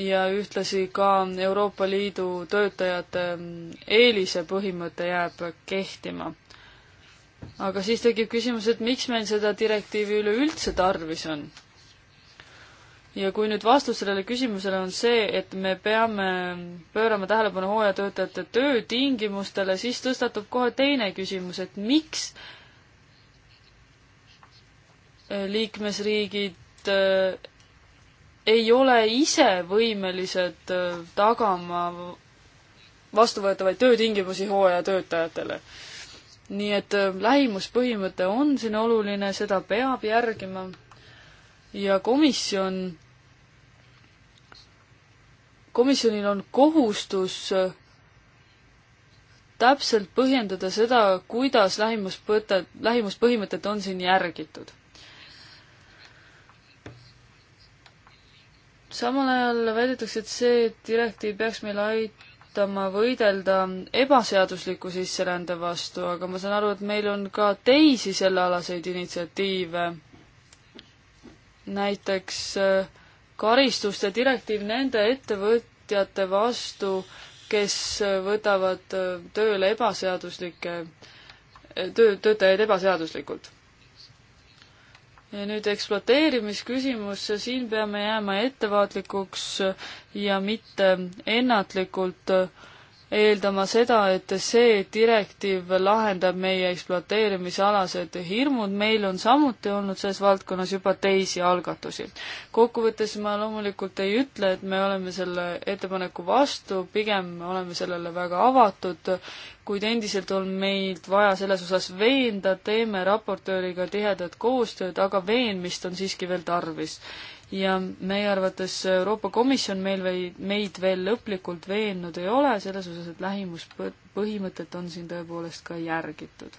B: ja ühtlasi ka Euroopa Liidu töötajate eelise põhimõte jääb kehtima. aga siis tekib küsimus, et miks meil seda direktiivi üleüldse tarvis on ja kui nüüd vastus sellele küsimusele on see, et me peame pöörama tähelepanu hooajatöötajate töötingimustele, siis tõstatub kohe teine küsimus, et miks liikmesriigid äh, ei ole ise võimelised äh, tagama vastuvõetavaid töötingimusi hooajatöötajatele. nii et äh, lähimuspõhimõte on siin oluline, seda peab järgima ja komisjon komisjonil on kohustus täpselt põhjendada seda, kuidas lähimuspõte, lähimuspõhimõtet on siin järgitud. samal ajal väidetakse, et see direktiiv peaks meil aitama võidelda ebaseadusliku sisserände vastu, aga ma saan aru, et meil on ka teisi sellealaseid initsiatiive. näiteks äh, karistuste direktiiv nende ettevõtjate vastu, kes võtavad äh, tööle ebaseaduslikke, äh, töö, töötajaid ebaseaduslikult. ja nüüd ekspluateerimisküsimus, siin peame jääma ettevaatlikuks ja mitte ennatlikult äh, eeldama seda, et see direktiiv lahendab meie ekspluateerimisalased hirmud, meil on samuti olnud selles valdkonnas juba teisi algatusi. kokkuvõttes ma loomulikult ei ütle, et me oleme selle ettepaneku vastu, pigem oleme sellele väga avatud, kuid endiselt on meilt vaja selles osas veenda, teeme raportööriga tihedat koostööd, aga veenmist on siiski veel tarvis ja meie arvates Euroopa Komisjon meil või meid veel lõplikult veennud ei ole selles osas, et lähimuspõhimõtet on siin tõepoolest ka järgitud.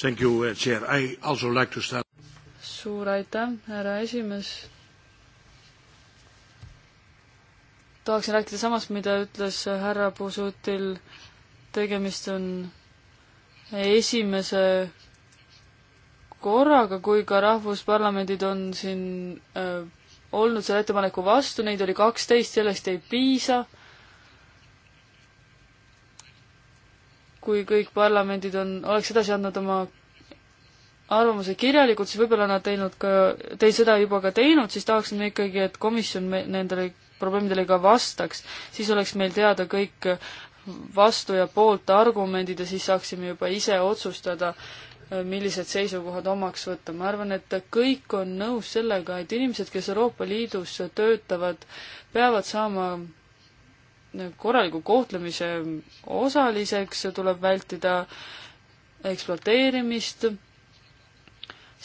C: Thank you, uh, chair, I
A: also like to start.
B: suur aitäh, härra esimees. tahaksin rääkida samast, mida ütles härra Puusutil. tegemist on esimese korraga kui ka rahvusparlamendid on siin öö, olnud selle ettepaneku vastu, neid oli kaksteist, sellest ei piisa. kui kõik parlamendid on, oleks edasi andnud oma arvamuse kirjalikult, siis võib-olla nad teinud ka, teil seda juba ka teinud, siis tahaksime ikkagi, et komisjon me, nendele probleemidele ka vastaks, siis oleks meil teada kõik vastu ja poolt argumendid ja siis saaksime juba ise otsustada äh, millised seisukohad omaks võtta. ma arvan, et kõik on nõus sellega, et inimesed, kes Euroopa Liidus töötavad, peavad saama korraliku kohtlemise osaliseks, tuleb vältida ekspluateerimist.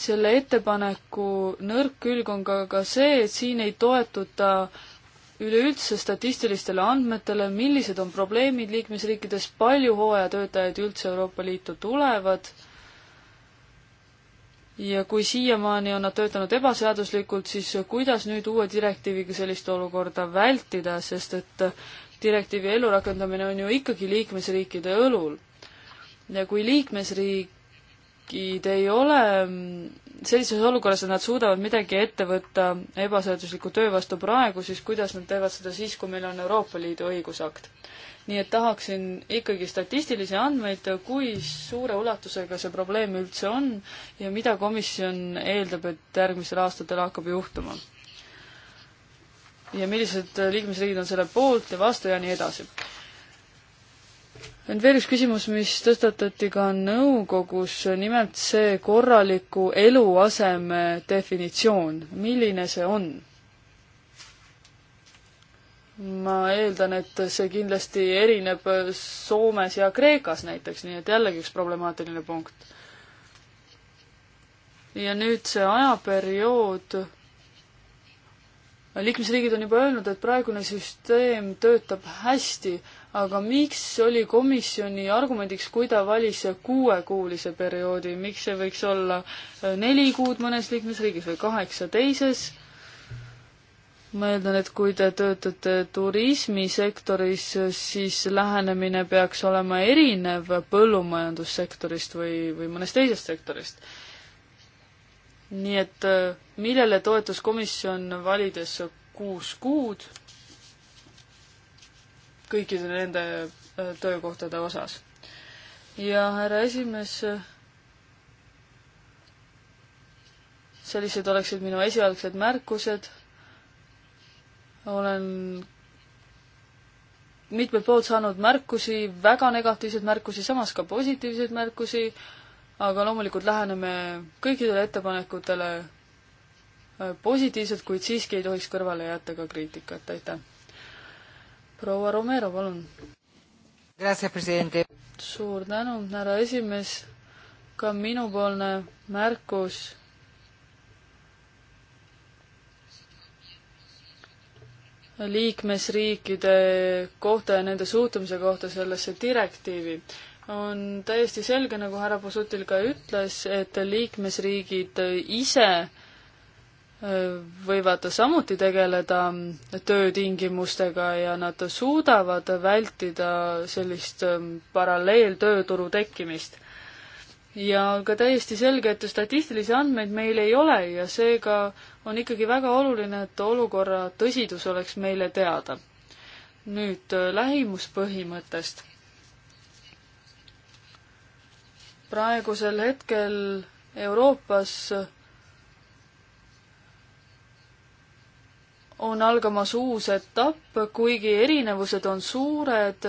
B: selle ettepaneku nõrk külg on ka, ka see, et siin ei toetuta üleüldse statistilistele andmetele, millised on probleemid liikmesriikides, palju hooajatöötajaid üldse Euroopa Liitu tulevad ja kui siiamaani on nad töötanud ebaseaduslikult, siis kuidas nüüd uue direktiiviga sellist olukorda vältida, sest et direktiivi ellurakendamine on ju ikkagi liikmesriikide õlul. ja kui liikmesriik riigid ei ole sellises olukorras, et nad suudavad midagi ette võtta ebaseadusliku töö vastu praegu, siis kuidas nad teevad seda siis, kui meil on Euroopa Liidu õigusakt? nii et tahaksin ikkagi statistilisi andmeid, kui suure ulatusega see probleem üldse on ja mida komisjon eeldab, et järgmistel aastatel hakkab juhtuma. ja millised liikmesriigid on selle poolt ja vastu ja nii edasi on veel üks küsimus, mis tõstatati ka nõukogus, nimelt see korraliku eluaseme definitsioon, milline see on? ma eeldan, et see kindlasti erineb Soomes ja Kreekas näiteks, nii et jällegi üks problemaatiline punkt. ja nüüd see ajaperiood, liikmesriigid on juba öelnud, et praegune süsteem töötab hästi aga miks oli komisjoni argumendiks, kui ta valis kuuekuulise perioodi, miks see võiks olla äh, neli kuud mõnes liikmesriigis või kaheksa teises? ma eeldan, et kui te töötate turismisektoris, siis lähenemine peaks olema erinev põllumajandussektorist või, või mõnest teisest sektorist. nii et äh, millele toetus komisjon, valides kuus kuud kõikide nende äh, töökohtade osas. ja härra esimees, äh, sellised oleksid minu esialgsed märkused. olen mitmelt poolt saanud märkusi, väga negatiivseid märkusi, samas ka positiivseid märkusi, aga loomulikult läheneme kõikidele ettepanekutele äh, positiivselt, kuid siiski ei tohiks kõrvale jätta ka kriitikat, aitäh! proua Romero, palun. suur tänu, härra esimees. ka minupoolne märkus liikmesriikide kohta ja nende suhtumise kohta sellesse direktiivi. on täiesti selge, nagu härra Posutil ka ütles, et liikmesriigid ise võivad samuti tegeleda töötingimustega ja nad suudavad vältida sellist ähm, paralleeltööturu tekkimist. ja on ka täiesti selge, et statistilisi andmeid meil ei ole ja seega on ikkagi väga oluline, et olukorra tõsidus oleks meile teada. nüüd äh, lähimuspõhimõttest. praegusel hetkel Euroopas on algamas uus etapp, kuigi erinevused on suured,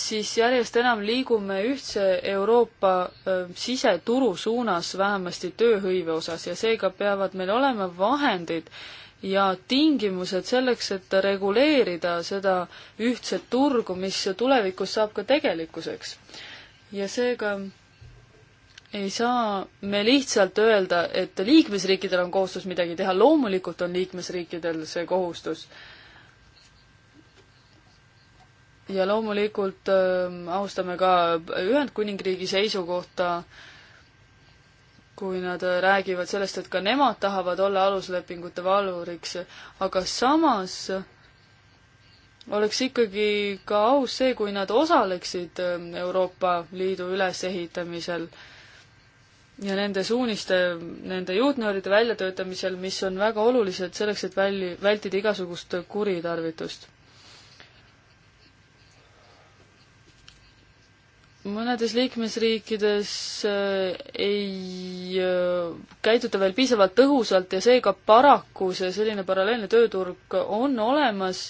B: siis järjest enam liigume ühtse Euroopa siseturu suunas, vähemasti tööhõive osas, ja seega peavad meil olema vahendid ja tingimused selleks, et reguleerida seda ühtset turgu, mis tulevikus saab ka tegelikkuseks. ja seega ei saa me lihtsalt öelda, et liikmesriikidel on kohustus midagi teha, loomulikult on liikmesriikidel see kohustus. ja loomulikult äh, austame ka Ühendkuningriigi seisukohta, kui nad räägivad sellest, et ka nemad tahavad olla aluslepingute valvuriks, aga samas oleks ikkagi ka aus see, kui nad osaleksid ähm, Euroopa Liidu ülesehitamisel äh, ja nende suuniste, nende juutnööride väljatöötamisel, mis on väga olulised selleks, et väli, vältida igasugust kuritarvitust. mõnedes liikmesriikides äh, ei äh, käiduta veel piisavalt tõhusalt ja seega paraku see selline paralleelne tööturg on olemas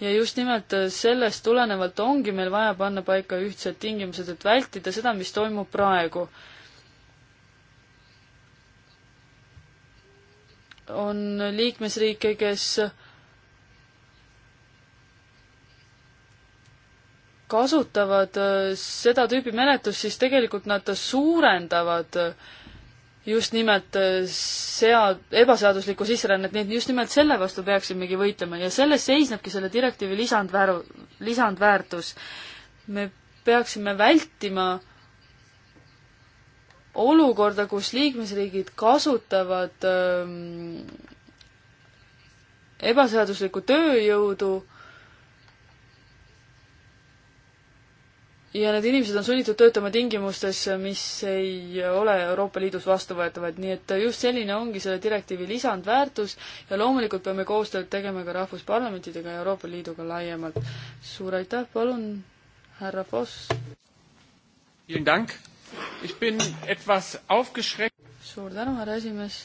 B: ja just nimelt äh, sellest tulenevalt ongi meil vaja panna paika ühtsed tingimused, et vältida seda, mis toimub praegu on liikmesriike, kes kasutavad äh, seda tüüpi menetlust, siis tegelikult nad suurendavad äh, just nimelt äh, sea-, ebaseaduslikku sisserännet, nii et just nimelt selle vastu peaksimegi võitlema ja selles seisnebki selle direktiivi lisandvääru, lisandväärtus. me peaksime vältima äh, olukorda, kus liikmesriigid kasutavad ähm, ebaseaduslikku tööjõudu ja need inimesed on sunnitud töötama tingimustes, mis ei ole Euroopa Liidus vastuvõetavad, nii et just selline ongi selle direktiivi lisandväärtus ja loomulikult peame koostööd tegema ka rahvusparlamentidega ja Euroopa Liiduga laiemalt. suur aitäh, palun, härra Foss! Ich bin etwas aufgeschreckt. suur tänu, härra esimees.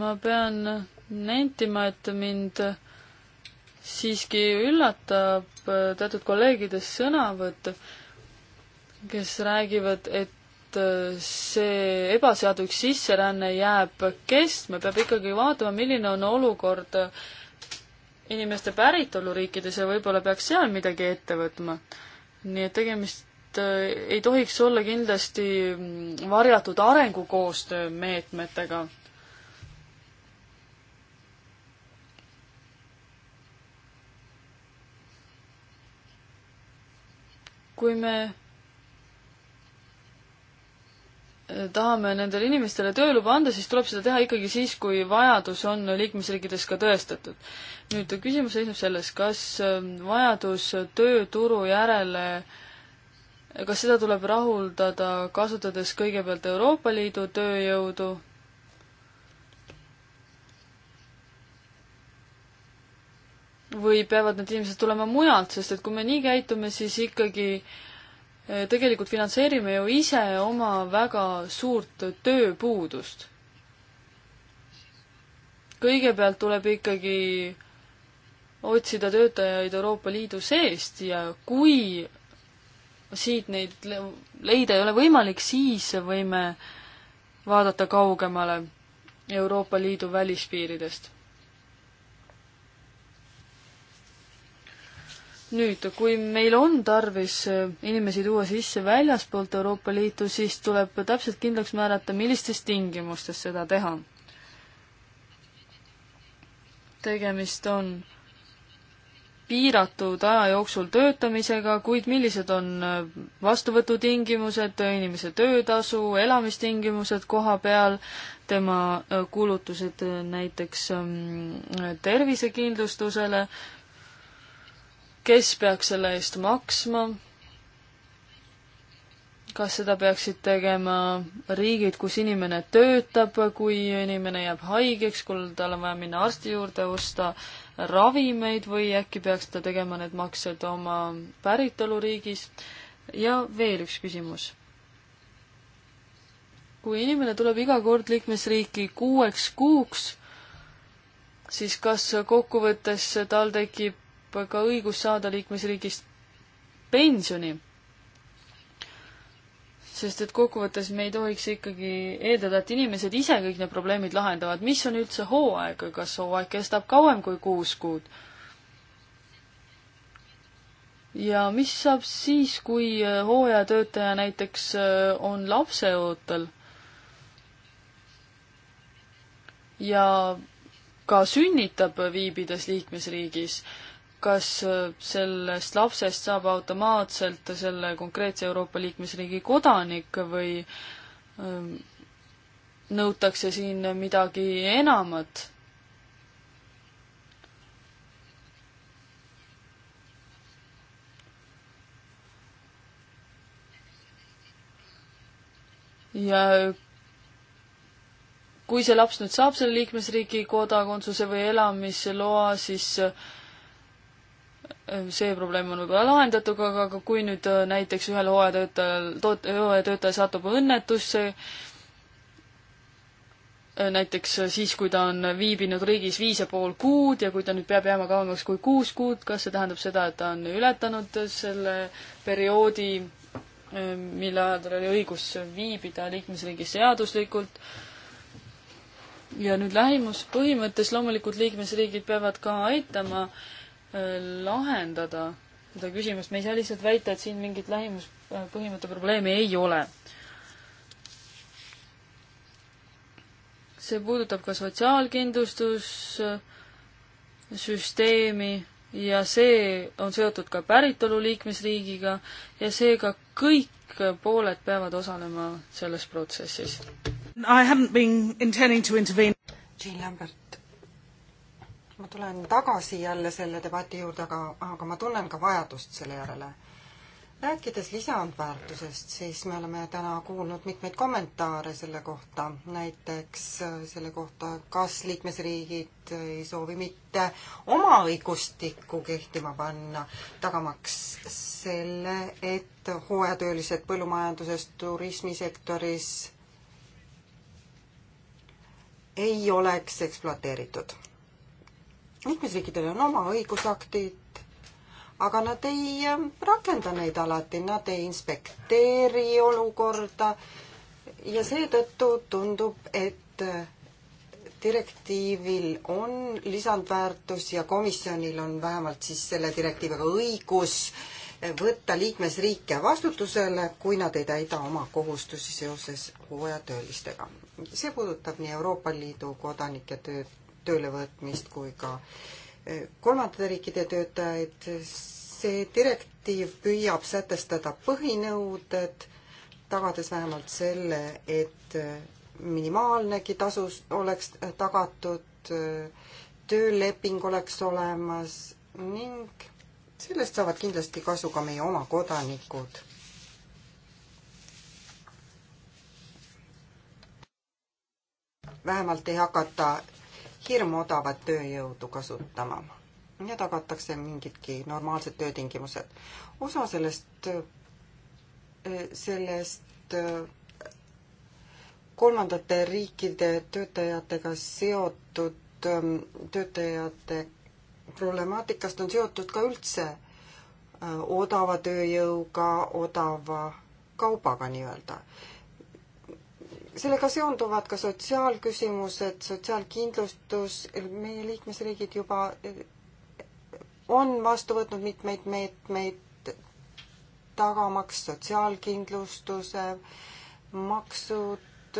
B: ma pean nentima, et mind siiski üllatab teatud kolleegidest sõnavõtt, kes räägivad, et see ebaseaduslik sisseränne jääb kestma, peab ikkagi vaatama, milline on olukord äh, inimeste päritoluriikides ja võib-olla peaks seal midagi ette võtma. nii et tegemist äh, ei tohiks olla kindlasti mm, varjatud arengukoostöö meetmetega. kui me tahame nendele inimestele tööluba anda, siis tuleb seda teha ikkagi siis, kui vajadus on liikmesriikides ka tõestatud. nüüd küsimus seisneb selles, kas ähm, vajadus tööturu järele, kas seda tuleb rahuldada, kasutades kõigepealt Euroopa Liidu tööjõudu, või peavad need inimesed tulema mujalt, sest et kui me nii käitume, siis ikkagi äh, tegelikult finantseerime ju ise oma väga suurt tööpuudust. kõigepealt tuleb ikkagi otsida töötajaid Euroopa Liidu seest ja kui siit neid leida ei ole võimalik, siis võime vaadata kaugemale Euroopa Liidu välispiiridest nüüd, kui meil on tarvis äh, inimesi tuua sisse väljaspoolt Euroopa Liitu, siis tuleb täpselt kindlaks määrata, millistes tingimustes seda teha. tegemist on piiratud aja jooksul töötamisega, kuid millised on äh, vastuvõtutingimused, inimese töötasu, elamistingimused koha peal, tema äh, kulutused näiteks ähm, tervisekindlustusele, kes peaks selle eest maksma? kas seda peaksid tegema riigid, kus inimene töötab, kui inimene jääb haigeks, kui tal on vaja minna arsti juurde, osta ravimeid või äkki peaks ta tegema need maksed oma päritoluriigis? ja veel üks küsimus kui inimene tuleb iga kord liikmesriiki kuueks kuuks, siis kas kokkuvõttes tal tekib tekib ka õigus saada liikmesriigist pensioni. sest et kokkuvõttes me ei tohiks ikkagi eeldada, et inimesed ise kõik need probleemid lahendavad. mis on üldse hooaeg, kas hooaeg kestab kauem kui kuus kuud? ja mis saab siis, kui äh, hooajatöötaja näiteks äh, on lapseootel? ja ka sünnitab viibides liikmesriigis kas äh, sellest lapsest saab automaatselt selle konkreetse Euroopa liikmesriigi kodanik või ähm, nõutakse siin midagi enamat? ja kui see laps nüüd saab selle liikmesriigi kodakondsuse või elamisloa, siis äh, Äh, see probleem on võib-olla lahendatud, aga, aga kui nüüd äh, näiteks ühel hooajatöötajal, toot-, hooajatöötaja satub õnnetusse, äh, näiteks siis, kui ta on viibinud riigis viis ja pool kuud ja kui ta nüüd peab jääma kauemaks kui kuus kuud, kas see tähendab seda, et ta on ületanud selle perioodi, mille ajal tal oli õigus viibida liikmesriigis seaduslikult, ja nüüd lähimuspõhimõttes loomulikult liikmesriigid peavad ka aitama äh, lahendada seda küsimust, me ei saa lihtsalt väita, et siin mingit lähimuspõhimõtte probleemi ei ole. see puudutab ka sotsiaalkindlustussüsteemi ja see on seotud ka päritolu liikmesriigiga ja seega kõik pooled peavad osalema selles protsessis. I haven't been intending to intervene.
C: Jean Lambert ma tulen tagasi jälle selle debati juurde, aga, aga ma tunnen ka vajadust selle järele. rääkides lisandväärtusest, siis me oleme täna kuulnud mitmeid kommentaare selle kohta, näiteks äh, selle kohta, kas liikmesriigid ei soovi mitte oma õigustikku kehtima panna, tagamaks selle, et hooajatöölised põllumajanduses, turismisektoris ei oleks ekspluateeritud liikmesriikidel on oma õigusaktid, aga nad ei ähm, rakenda neid alati, nad ei inspekteeri olukorda ja seetõttu tundub, et äh, direktiivil on lisandväärtus ja komisjonil on vähemalt siis selle direktiiviga õigus äh, võtta liikmesriike vastutusele, kui nad ei täida oma kohustusi seoses hooajatöölistega. see puudutab nii Euroopa Liidu kodanike tööd töölevõtmist kui ka eh, kolmandate riikide töötajaid. see direktiiv püüab sätestada põhinõuded, tagades vähemalt selle, et eh, minimaalnegi tasu oleks eh, tagatud, tööleping oleks olemas ning sellest saavad kindlasti kasu ka meie oma kodanikud. vähemalt ei hakata hirmuodavat tööjõudu kasutama ja tagatakse mingidki normaalsed töötingimused. osa sellest, eh, sellest eh, kolmandate riikide töötajatega seotud eh, töötajate problemaatikast on seotud ka üldse odava tööjõuga, odava kaubaga nii-öelda sellega seonduvad ka sotsiaalküsimused, sotsiaalkindlustus, meie liikmesriigid juba on vastu võtnud mitmeid meetmeid, tagamaks sotsiaalkindlustuse, maksud,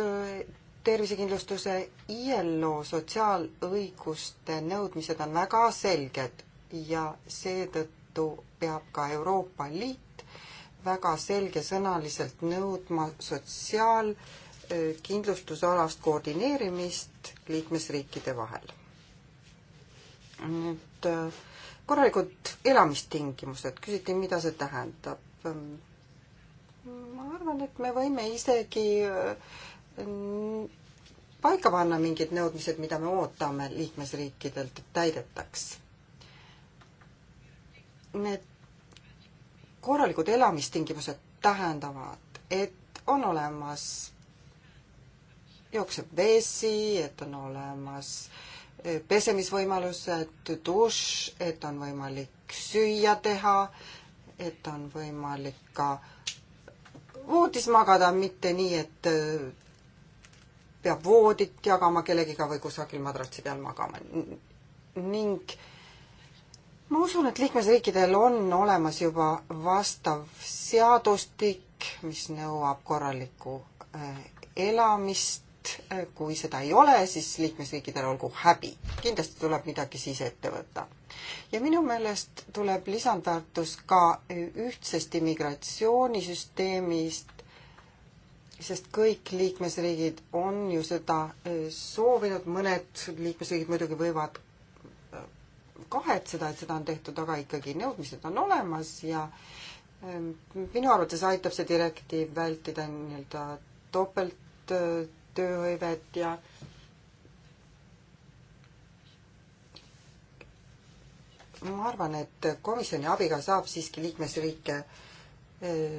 C: tervisekindlustuse, ILO sotsiaalõiguste nõudmised on väga selged ja seetõttu peab ka Euroopa Liit väga selgesõnaliselt nõudma sotsiaal- kindlustusalast koordineerimist liikmesriikide vahel. nüüd korralikud elamistingimused, küsiti, mida see tähendab. ma arvan, et me võime isegi paika panna mingid nõudmised, mida me ootame liikmesriikidelt, et täidetaks. Need korralikud elamistingimused tähendavad, et on olemas jookseb vesi, et on olemas eh, pesemisvõimalused, dušš, et on võimalik süüa teha, et on võimalik ka voodis magada, mitte nii, et eh, peab voodit jagama kellegiga või kusagil madratsi peal magama. ning ma usun, et liikmesriikidel on olemas juba vastav seadustik, mis nõuab korralikku eh, elamist, et äh, kui seda ei ole, siis liikmesriikidel olgu häbi. kindlasti tuleb midagi siis ette võtta. ja minu meelest tuleb lisandväärtus ka äh, ühtsest immigratsioonisüsteemist, sest kõik liikmesriigid on ju seda äh, soovinud, mõned liikmesriigid muidugi võivad kahetseda, et seda on tehtud, aga ikkagi nõudmised on olemas ja minu arvates aitab see direktiiv vältida nii-öelda topelt tööhõivet ja ma arvan, et komisjoni abiga saab siiski liikmesriike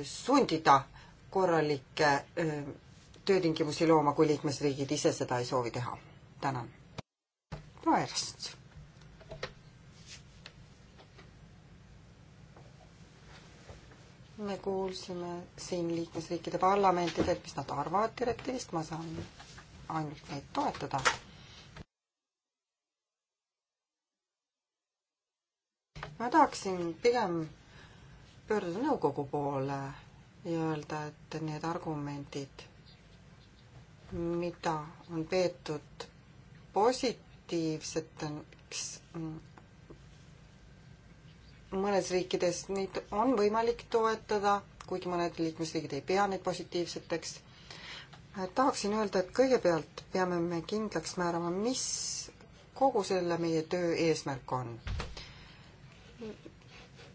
C: sundida korralikke töötingimusi looma, kui liikmesriigid ise seda ei soovi teha. tänan. Roerst. me kuulsime siin liikmesriikide parlamentidelt, mis nad arvavad direktiivist, ma saan ainult neid toetada. ma tahaksin pigem pöörduda nõukogu poole ja öelda, et need argumendid, mida on peetud positiivseteks mõnes riikides neid on võimalik toetada, kuigi mõned liikmesriigid ei pea neid positiivseteks. tahaksin öelda, et kõigepealt peame me kindlaks määrama, mis kogu selle meie töö eesmärk on.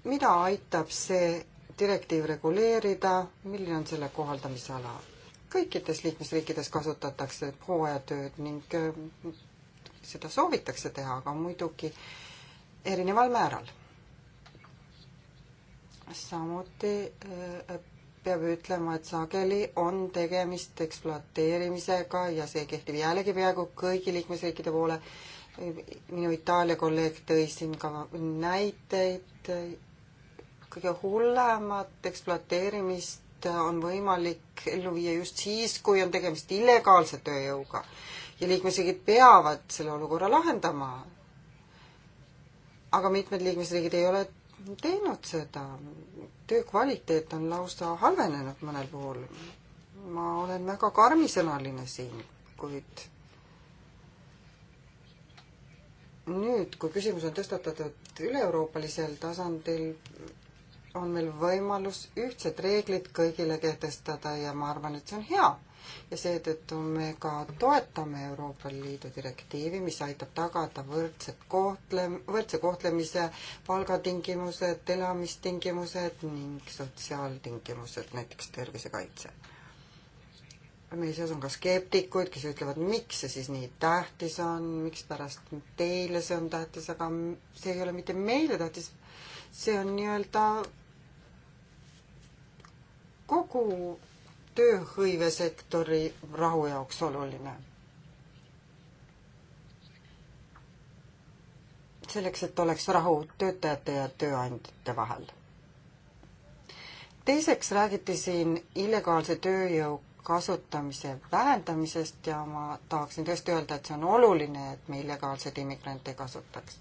C: mida aitab see direktiiv reguleerida, milline on selle kohaldamisala? kõikides liikmesriikides kasutatakse hooajatööd ning äh, seda soovitakse teha, aga muidugi erineval määral samuti äh, peab ütlema, et sageli on tegemist ekspluateerimisega ja see kehtib jällegi peaaegu kõigi liikmesriikide poole. minu Itaalia kolleeg tõi siin ka näiteid. kõige hullemat ekspluateerimist on võimalik ellu viia just siis, kui on tegemist illegaalse tööjõuga ja liikmesriigid peavad selle olukorra lahendama. aga mitmed liikmesriigid ei ole teinud seda. töö kvaliteet on lausa halvenenud mõnel puhul. ma olen väga karmisõnaline siin, kuid nüüd, kui küsimus on tõstatatud üle-euroopalisel tasandil, on meil võimalus ühtsed reeglid kõigile kehtestada ja ma arvan, et see on hea ja seetõttu me ka toetame Euroopa Liidu direktiivi, mis aitab tagada võrdset kohtle, võrdse kohtlemise, palgatingimused, elamistingimused ning sotsiaaltingimused, näiteks tervisekaitse. meie seas on ka skeptikuid, kes ütlevad, miks see siis nii tähtis on, mikspärast teile see on tähtis, aga see ei ole mitte meile tähtis, see on nii-öelda kogu tööhõivesektori rahu jaoks oluline. selleks, et oleks rahu töötajate ja tööandjate vahel. teiseks räägiti siin illegaalse tööjõu kasutamise vähendamisest ja ma tahaksin tõesti öelda, et see on oluline, et me illegaalseid immigrante ei kasutaks.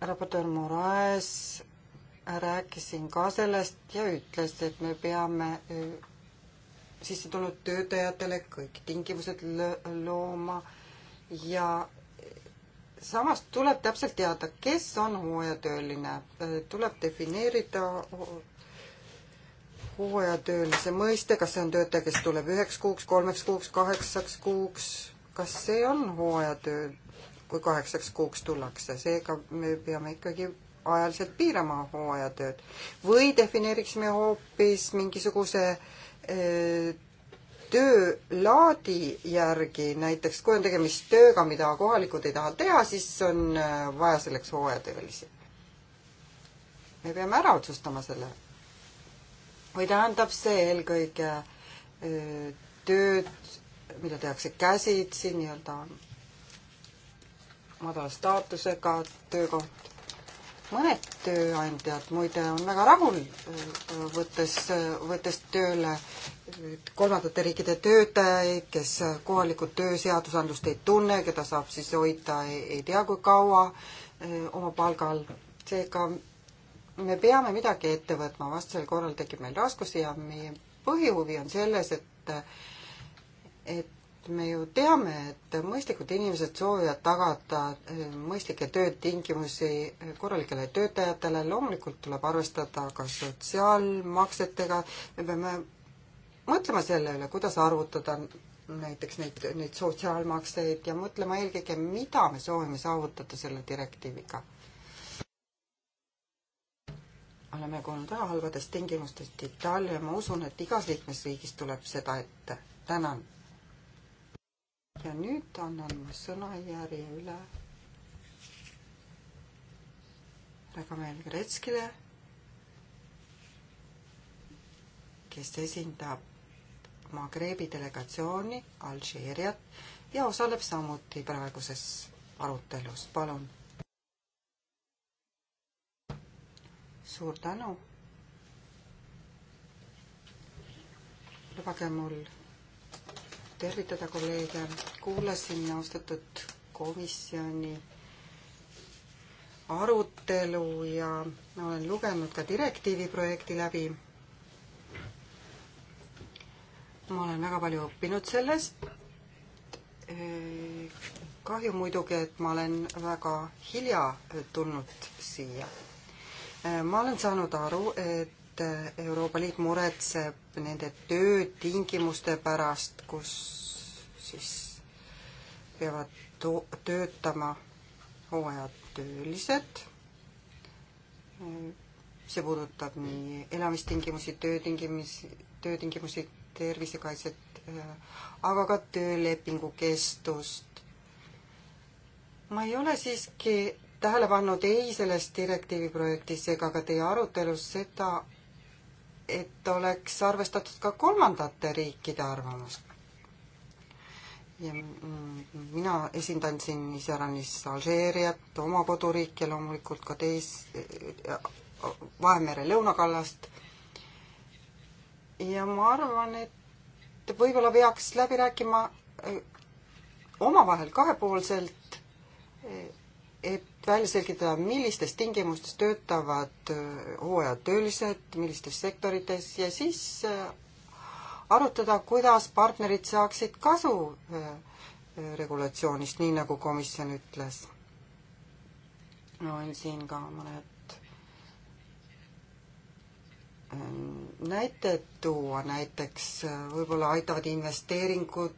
C: raportöör Moraes rääkisin ka sellest ja ütles, et me peame äh, sissetulnud töötajatele kõik tingimused looma ja samas tuleb täpselt teada, kes on hooajatööline, äh, tuleb defineerida hooajatöölise mõiste, kas see on töötaja, kes tuleb üheks kuuks, kolmeks kuuks, kaheksaks kuuks, kas see on hooajatöö, kui kaheksaks kuuks tullakse, seega me peame ikkagi ajaliselt piirama hooajatööd või defineeriksime hoopis mingisuguse eh, töölaadi järgi, näiteks kui on tegemist tööga, mida kohalikud ei taha teha, siis on eh, vaja selleks hooajatöölisi. me peame ära otsustama selle. või tähendab see eelkõige eh, tööd, mida tehakse käsitsi, nii-öelda madala staatusega töökoht mõned tööandjad muide on väga rahul, äh, võttes, võttes tööle kolmandate riikide töötajaid, kes kohalikku tööseadusandlust ei tunne, keda saab siis hoida ei, ei tea kui kaua äh, oma palgal. seega me peame midagi ette võtma, vastasel korral tekib meil raskusi ja meie põhihuvi on selles, et et me ju teame, et mõistlikud inimesed soovivad tagada eh, mõistlikke töötingimusi korralikele töötajatele, loomulikult tuleb arvestada ka sotsiaalmaksetega, me peame mõtlema selle üle, kuidas arvutada näiteks neid, neid sotsiaalmakseid ja mõtlema eelkõige, mida me soovime saavutada selle direktiiviga. oleme kuulnud väga halbadest tingimustest Itaalia, ma usun, et igas liikmesriigis tuleb seda ette. tänan ja nüüd annan ma sõnajärje üle Ragamel Gretskile, kes esindab Magrebi delegatsiooni Alžeeriat ja osaleb samuti praeguses arutelus. palun. suur tänu. lubage mul tervitada kolleege, kuulasin austatud komisjoni arutelu ja olen lugenud ka direktiivi projekti läbi. ma olen väga palju õppinud sellest. kahju muidugi, et ma olen väga hilja tulnud siia. ma olen saanud aru, et et äh, Euroopa Liit muretseb nende töötingimuste pärast, kus siis peavad to-, töötama hooajatöölised. see puudutab nii elamistingimusi, töötingimusi, töötingimusi, tervisekaitset, äh, aga ka töölepingu kestust. ma ei ole siiski tähele pannud ei selles direktiivi projektis ega ka teie arutelus seda, et oleks arvestatud ka kolmandate riikide arvamust. ja mina esindan siin iseäranis Alžeeriat, oma koduriiki ja loomulikult ka teis-, Vahemere lõunakallast. ja ma arvan, et võib-olla peaks läbi rääkima äh, omavahel kahepoolselt, äh, et välja selgitada, millistes tingimustes töötavad äh, hooajatöölised, millistes sektorites ja siis äh, arutada, kuidas partnerid saaksid kasu äh, regulatsioonist, nii nagu komisjon ütles. on siin ka mõned näited tuua, näiteks võib-olla aitavad investeeringud,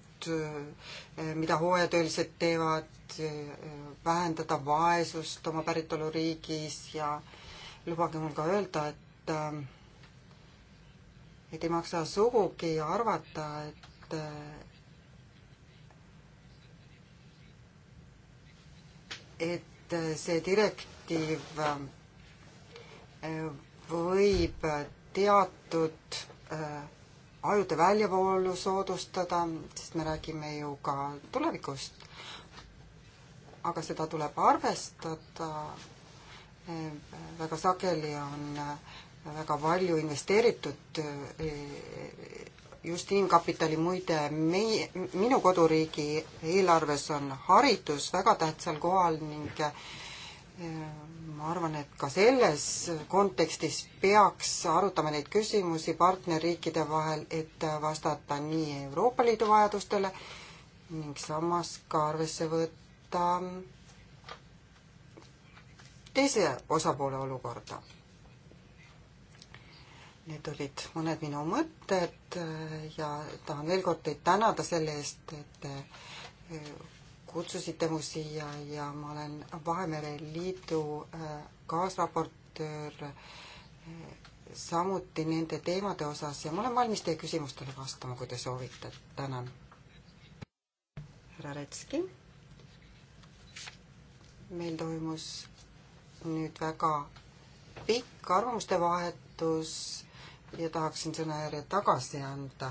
C: mida hooajatöölised teevad, Eh, vähendada vaesust oma päritoluriigis ja lubage mul ka öelda, et eh, et ei maksa sugugi arvata, et eh, et see direktiiv võib teatud ajude väljavoolu soodustada, sest me räägime ju ka tulevikust aga seda tuleb arvestada. väga sageli on väga palju investeeritud just inimkapitali, muide meie, minu koduriigi eelarves on haridus väga tähtsal kohal ning eh, ma arvan, et ka selles kontekstis peaks arutama neid küsimusi partnerriikide vahel, et vastata nii Euroopa Liidu vajadustele ning samas ka arvesse võtta vaadata teise osapoole olukorda. Need olid mõned minu mõtted ja tahan veel kord teid tänada selle eest, et te eh, kutsusite mu siia ja ma olen Vahemere Liidu eh, kaasraportöör eh, samuti nende teemade osas ja ma olen valmis teie küsimustele vastama, kui te soovite. tänan. härra Retski meil toimus nüüd väga pikk arvamuste vahetus ja tahaksin sõnajärje tagasi anda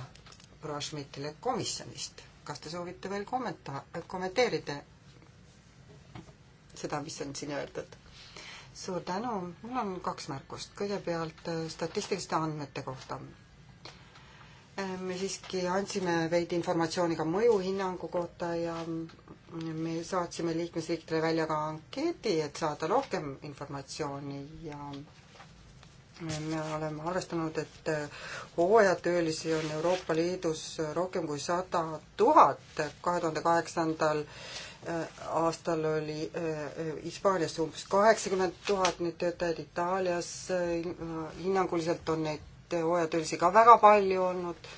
C: proua Schmidtile komisjonist. kas te soovite veel kommenta-, kommenteerida seda, mis on siin öeldud? suur tänu, mul on kaks märkust. kõigepealt äh, statistiliste andmete kohta. Äh, me siiski andsime veidi informatsiooni ka mõjuhinnangu kohta ja me saatsime liikmesriikidele välja ka ankeedi, et saada rohkem informatsiooni ja me oleme arvestanud, et äh, hooajatöölisi on Euroopa Liidus rohkem kui sada tuhat. kahe tuhande kaheksandal äh, aastal oli äh, Hispaanias umbes kaheksakümmend tuhat neid töötajaid, Itaalias hinnanguliselt on neid hooajatöölisi ka väga palju olnud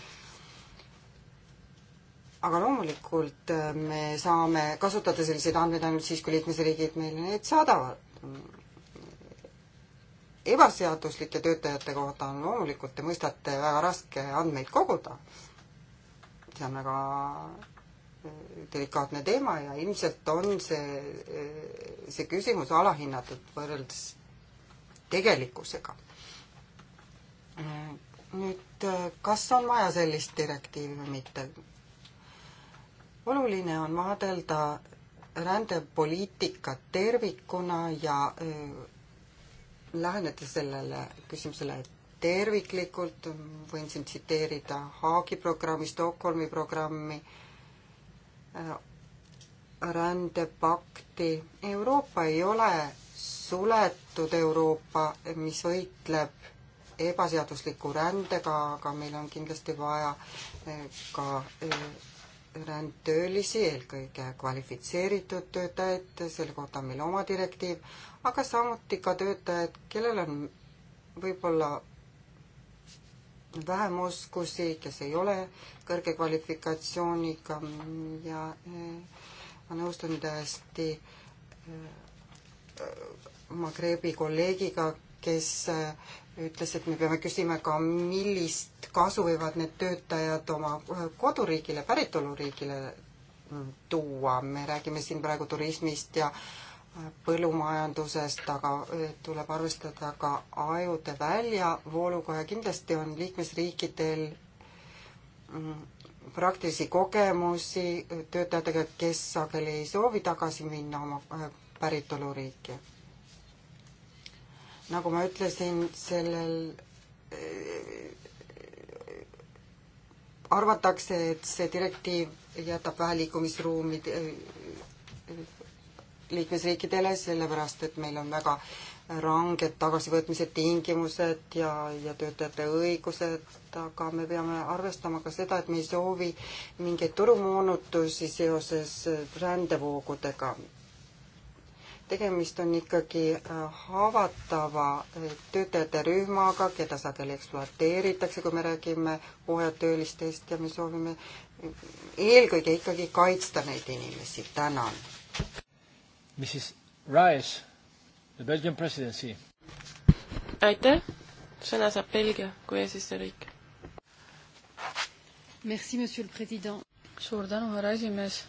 C: aga loomulikult äh, me saame kasutada selliseid andmeid ainult siis, kui liikmesriigid meile neid saadavad. ebaseaduslike töötajate kohta on loomulikult, te mõistate, väga raske andmeid koguda. see on väga äh, delikaatne teema ja ilmselt on see, äh, see küsimus alahinnatud võrreldes tegelikkusega. nüüd, kas on vaja sellist direktiivi või mitte? oluline on vaadelda rändepoliitikat tervikuna ja äh, läheneda sellele küsimusele terviklikult, võin siin tsiteerida Haagi programmi, Stockholmi programmi, äh, rändepakti. Euroopa ei ole suletud Euroopa, mis võitleb ebaseadusliku rändega, aga meil on kindlasti vaja äh, ka ränn töölisi, eelkõige kvalifitseeritud töötajaid, selle kohta on meil oma direktiiv, aga samuti ka töötajaid, kellel on võib-olla vähem oskusi, kes ei ole kõrge kvalifikatsiooniga ja eh, ma nõustun täiesti eh, Magrebi kolleegiga, kes eh, ütles, et me peame küsima ka, millist kasu võivad need töötajad oma äh, koduriigile, päritoluriigile mm, tuua, me räägime siin praegu turismist ja äh, põllumajandusest, aga äh, tuleb arvestada ka ajude väljavooluga ja kindlasti on liikmesriikidel mm, praktilisi kogemusi töötajatega, kes sageli ei soovi tagasi minna oma päritoluriiki nagu ma ütlesin, sellel arvatakse, et see direktiiv jätab vähe liikumisruumi eh, liikmesriikidele, sellepärast et meil on väga ranged tagasivõtmise tingimused ja, ja töötajate õigused, aga me peame arvestama ka seda, et me ei soovi mingeid turumoonutusi seoses rändevoogudega tegemist on ikkagi äh, haavatava äh, töötajate rühmaga, keda sageli ekspluateeritakse, kui me räägime hooajatöölistest ja me soovime äh, eelkõige ikkagi kaitsta
A: neid inimesi. tänan. Mrs Rice, the
B: Belgian presidency.
A: aitäh, sõna saab Belgia kui eesistujariik.
B: Merci, monsieur le president. suur tänu, härra esimees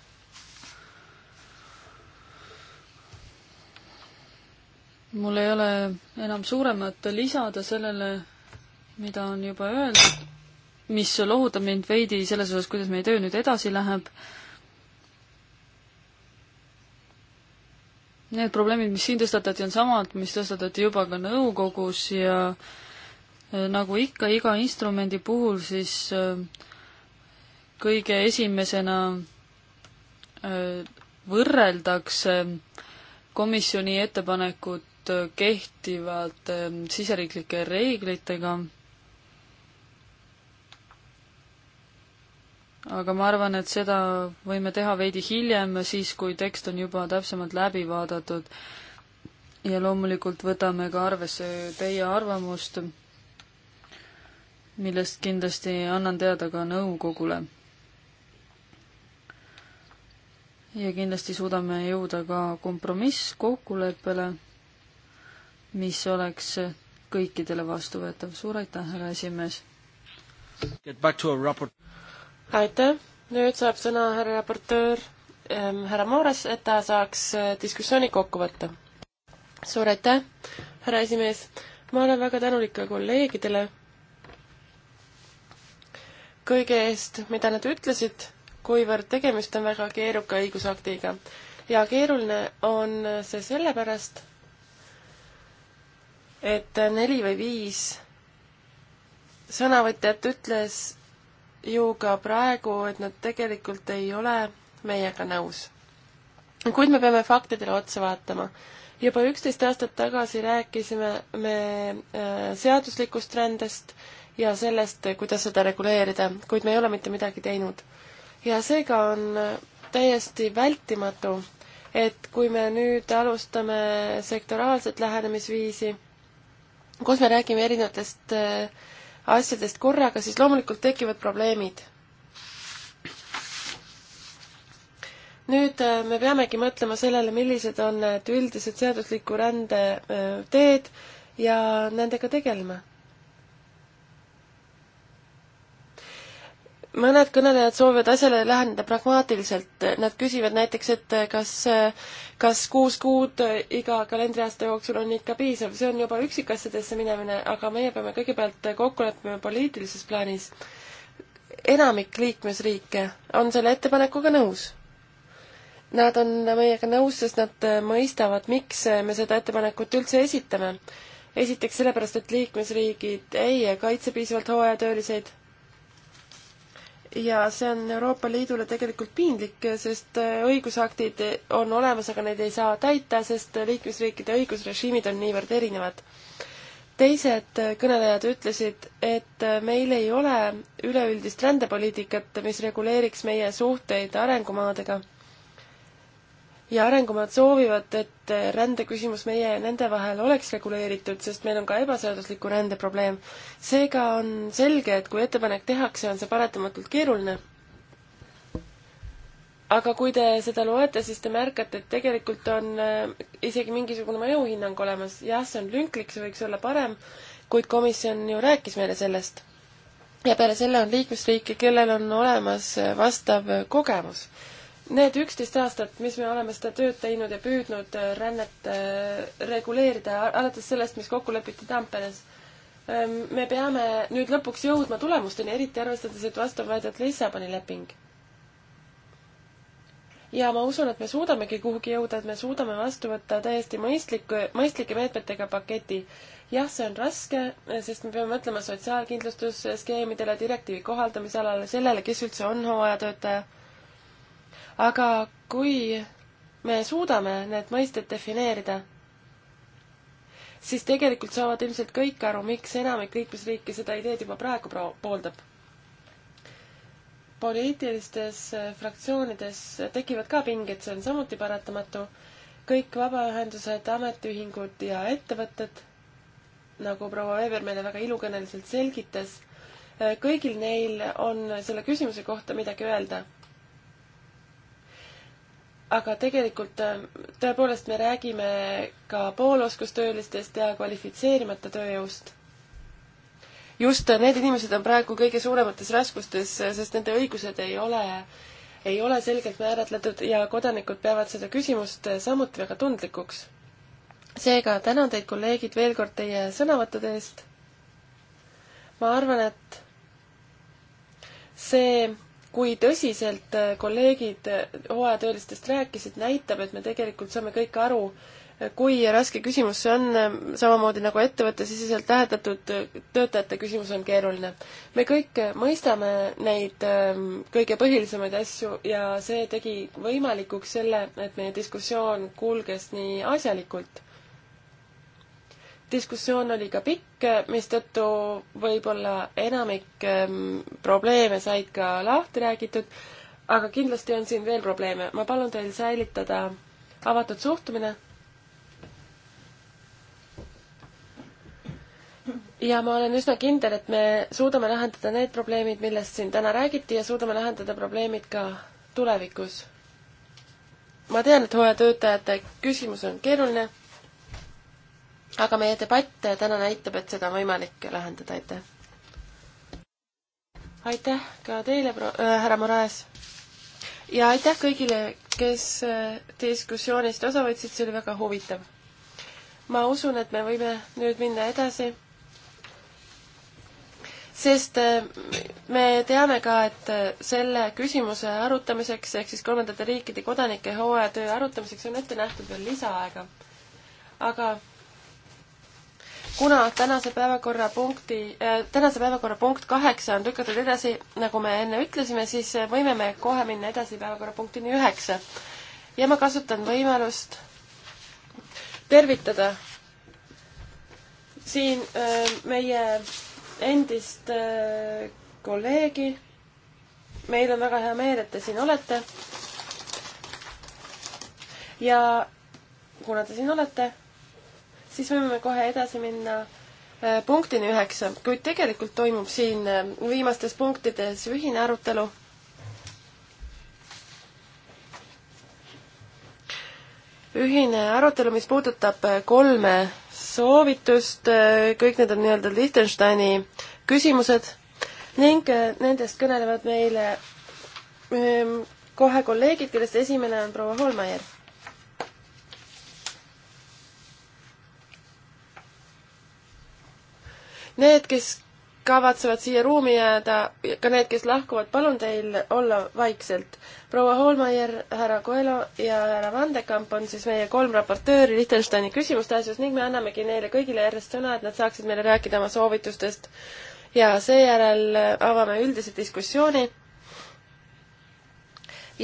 B: mul ei ole enam suuremat lisada sellele, mida on juba öeldud, mis lohutab mind veidi selles osas, kuidas meie töö nüüd edasi läheb. Need probleemid, mis siin tõstatati, on samad, mis tõstatati juba ka nõukogus ja eh, nagu ikka iga instrumendi puhul, siis eh, kõige esimesena eh, võrreldakse komisjoni ettepanekut seotud äh, kehtivate ähm, siseriiklike reeglitega. aga ma arvan, et seda võime teha veidi hiljem, siis kui tekst on juba täpsemalt läbi vaadatud. ja loomulikult võtame ka arvesse teie arvamust, millest kindlasti annan teada ka nõukogule ja kindlasti suudame jõuda ka kompromisskokkuleppele mis oleks kõikidele vastuvõetav. suur aitäh, härra esimees!
A: aitäh, nüüd saab sõna härra raportöör ähm, härra Moores, et ta saaks äh, diskussiooni kokku võtta. suur aitäh, härra esimees! ma olen väga tänulik ka kolleegidele kõige eest, mida nad ütlesid, kuivõrd tegemist on väga keeruka õigusaktiga. ja keeruline on see sellepärast, et neli või viis sõnavõtjat ütles ju ka praegu, et nad tegelikult ei ole meiega nõus. kuid me peame faktidele otsa vaatama. juba üksteist aastat tagasi rääkisime me äh, seaduslikust rändest ja sellest, kuidas seda reguleerida, kuid me ei ole mitte midagi teinud. ja seega on täiesti vältimatu, et kui me nüüd alustame sektoraalset lähenemisviisi, kus me räägime erinevatest äh, asjadest korraga, siis loomulikult tekivad probleemid. nüüd äh, me peamegi mõtlema sellele, millised on need üldised seadusliku rände äh, teed ja nendega tegelema mõned kõnelejad soovivad asjale läheneda pragmaatiliselt, nad küsivad näiteks, et kas, kas kuus kuud iga kalendriaasta jooksul on ikka piisav, see on juba üksikasjadesse minemine, aga meie peame kõigepealt kokku leppima poliitilises plaanis. enamik liikmesriike on selle ettepanekuga nõus. Nad on meiega nõus, sest nad mõistavad, miks me seda ettepanekut üldse esitame. esiteks sellepärast, et liikmesriigid ei kaitse piisavalt hooajatööliseid ja see on Euroopa Liidule tegelikult piinlik, sest äh, õigusaktid on olemas, aga neid ei saa täita, sest liikmesriikide õigusrežiimid on niivõrd erinevad. teised äh, kõnelejad ütlesid, et äh, meil ei ole üleüldist rändepoliitikat, mis reguleeriks meie suhteid arengumaadega ja arengumaad soovivad, et rändeküsimus meie ja nende vahel oleks reguleeritud, sest meil on ka ebaseadusliku rände probleem. seega on selge, et kui ettepanek tehakse, on see paratamatult keeruline. aga kui te seda loete, siis te märkate, et tegelikult on äh, isegi mingisugune mõjuhinnang olemas. jah, see on lünklik, see võiks olla parem, kuid komisjon ju rääkis meile sellest. ja peale selle on liikmesriike, kellel on olemas vastav kogemus Need üksteist aastat, mis me oleme seda tööd teinud ja püüdnud äh, rännet äh, reguleerida, alates sellest, mis kokku lepiti Tamperes, ähm, me peame nüüd lõpuks jõudma tulemusteni, eriti arvestades, et vastu võetud Lissaboni leping. ja ma usun, et me suudamegi kuhugi jõuda, et me suudame vastu võtta täiesti mõistliku, mõistlike meetmetega paketi. jah, see on raske, sest me peame mõtlema sotsiaalkindlustusskeemidele, direktiivi kohaldamise alale, sellele, kes üldse on hooajatöötaja aga kui me suudame need mõisted defineerida, siis tegelikult saavad ilmselt kõik aru, miks enamik liikmesriike seda ideed juba praegu pooldab. poliitilistes äh, fraktsioonides tekivad ka pinged, see on samuti paratamatu. kõik vabaühendused, ametiühingud ja ettevõtted, nagu proua Weber meile väga ilukõneliselt selgitas, äh, kõigil neil on selle küsimuse kohta midagi öelda aga tegelikult äh, tõepoolest me räägime ka pooloskustöölistest ja kvalifitseerimata tööjõust. just need inimesed on praegu kõige suuremates raskustes, äh, sest nende õigused ei ole, ei ole selgelt määratletud ja kodanikud peavad seda küsimust äh, samuti väga tundlikuks. seega tänan teid, kolleegid, veel kord teie sõnavõttude eest. ma arvan, et see kui tõsiselt äh, kolleegid äh, hooajatöölistest rääkisid, näitab, et me tegelikult saame kõik aru, äh, kui raske küsimus see on, samamoodi nagu ettevõttesiseselt lähetatud töötajate küsimus on keeruline. me kõik mõistame neid ähm, kõige põhilisemaid asju ja see tegi võimalikuks selle, et meie diskussioon kulges nii asjalikult diskussioon oli ka pikk, mistõttu võib-olla enamik ehm, probleeme said ka lahti räägitud, aga kindlasti on siin veel probleeme. ma palun teil säilitada avatud suhtumine. ja ma olen üsna kindel, et me suudame lahendada need probleemid, millest siin täna räägiti ja suudame lahendada probleemid ka tulevikus. ma tean, et hooajatöötajate küsimus on keeruline aga meie debatt täna näitab, et seda on võimalik lahendada, aitäh! aitäh ka teile, äh, härra Moraes! ja aitäh kõigile, kes äh, diskussioonist osa võtsid, see oli väga huvitav. ma usun, et me võime nüüd minna edasi, sest äh, me teame ka, et selle küsimuse arutamiseks, ehk siis kolmandate riikide kodanike hooajatöö arutamiseks on ette nähtud veel lisaaega. aga kuna tänase päevakorrapunkti äh,, tänase päevakorrapunkt kaheksa on lükatud edasi, nagu me enne ütlesime, siis äh, võime me kohe minna edasi päevakorrapunktini üheksa. ja ma kasutan võimalust tervitada siin äh, meie endist äh, kolleegi. meil on väga hea meel, et te siin olete. ja kuna te siin olete siis võime kohe edasi minna äh, punktini üheksa, kuid tegelikult toimub siin äh, viimastes punktides ühine arutelu. ühine arutelu, mis puudutab äh, kolme soovitust, kõik need on nii-öelda Liechtensteini küsimused ning nendest kõnelevad meile ähm, kohe kolleegid, kellest esimene on proua Holmeier Need, kes kavatsevad siia ruumi jääda, ka need, kes lahkuvad, palun teil olla vaikselt. proua Holmeier, härra Coelho ja härra Vandekamp on siis meie kolm raportööri Liechtensteini küsimuste asjus ning me annamegi neile kõigile järjest sõna, et nad saaksid meile rääkida oma soovitustest. ja seejärel avame üldise diskussiooni.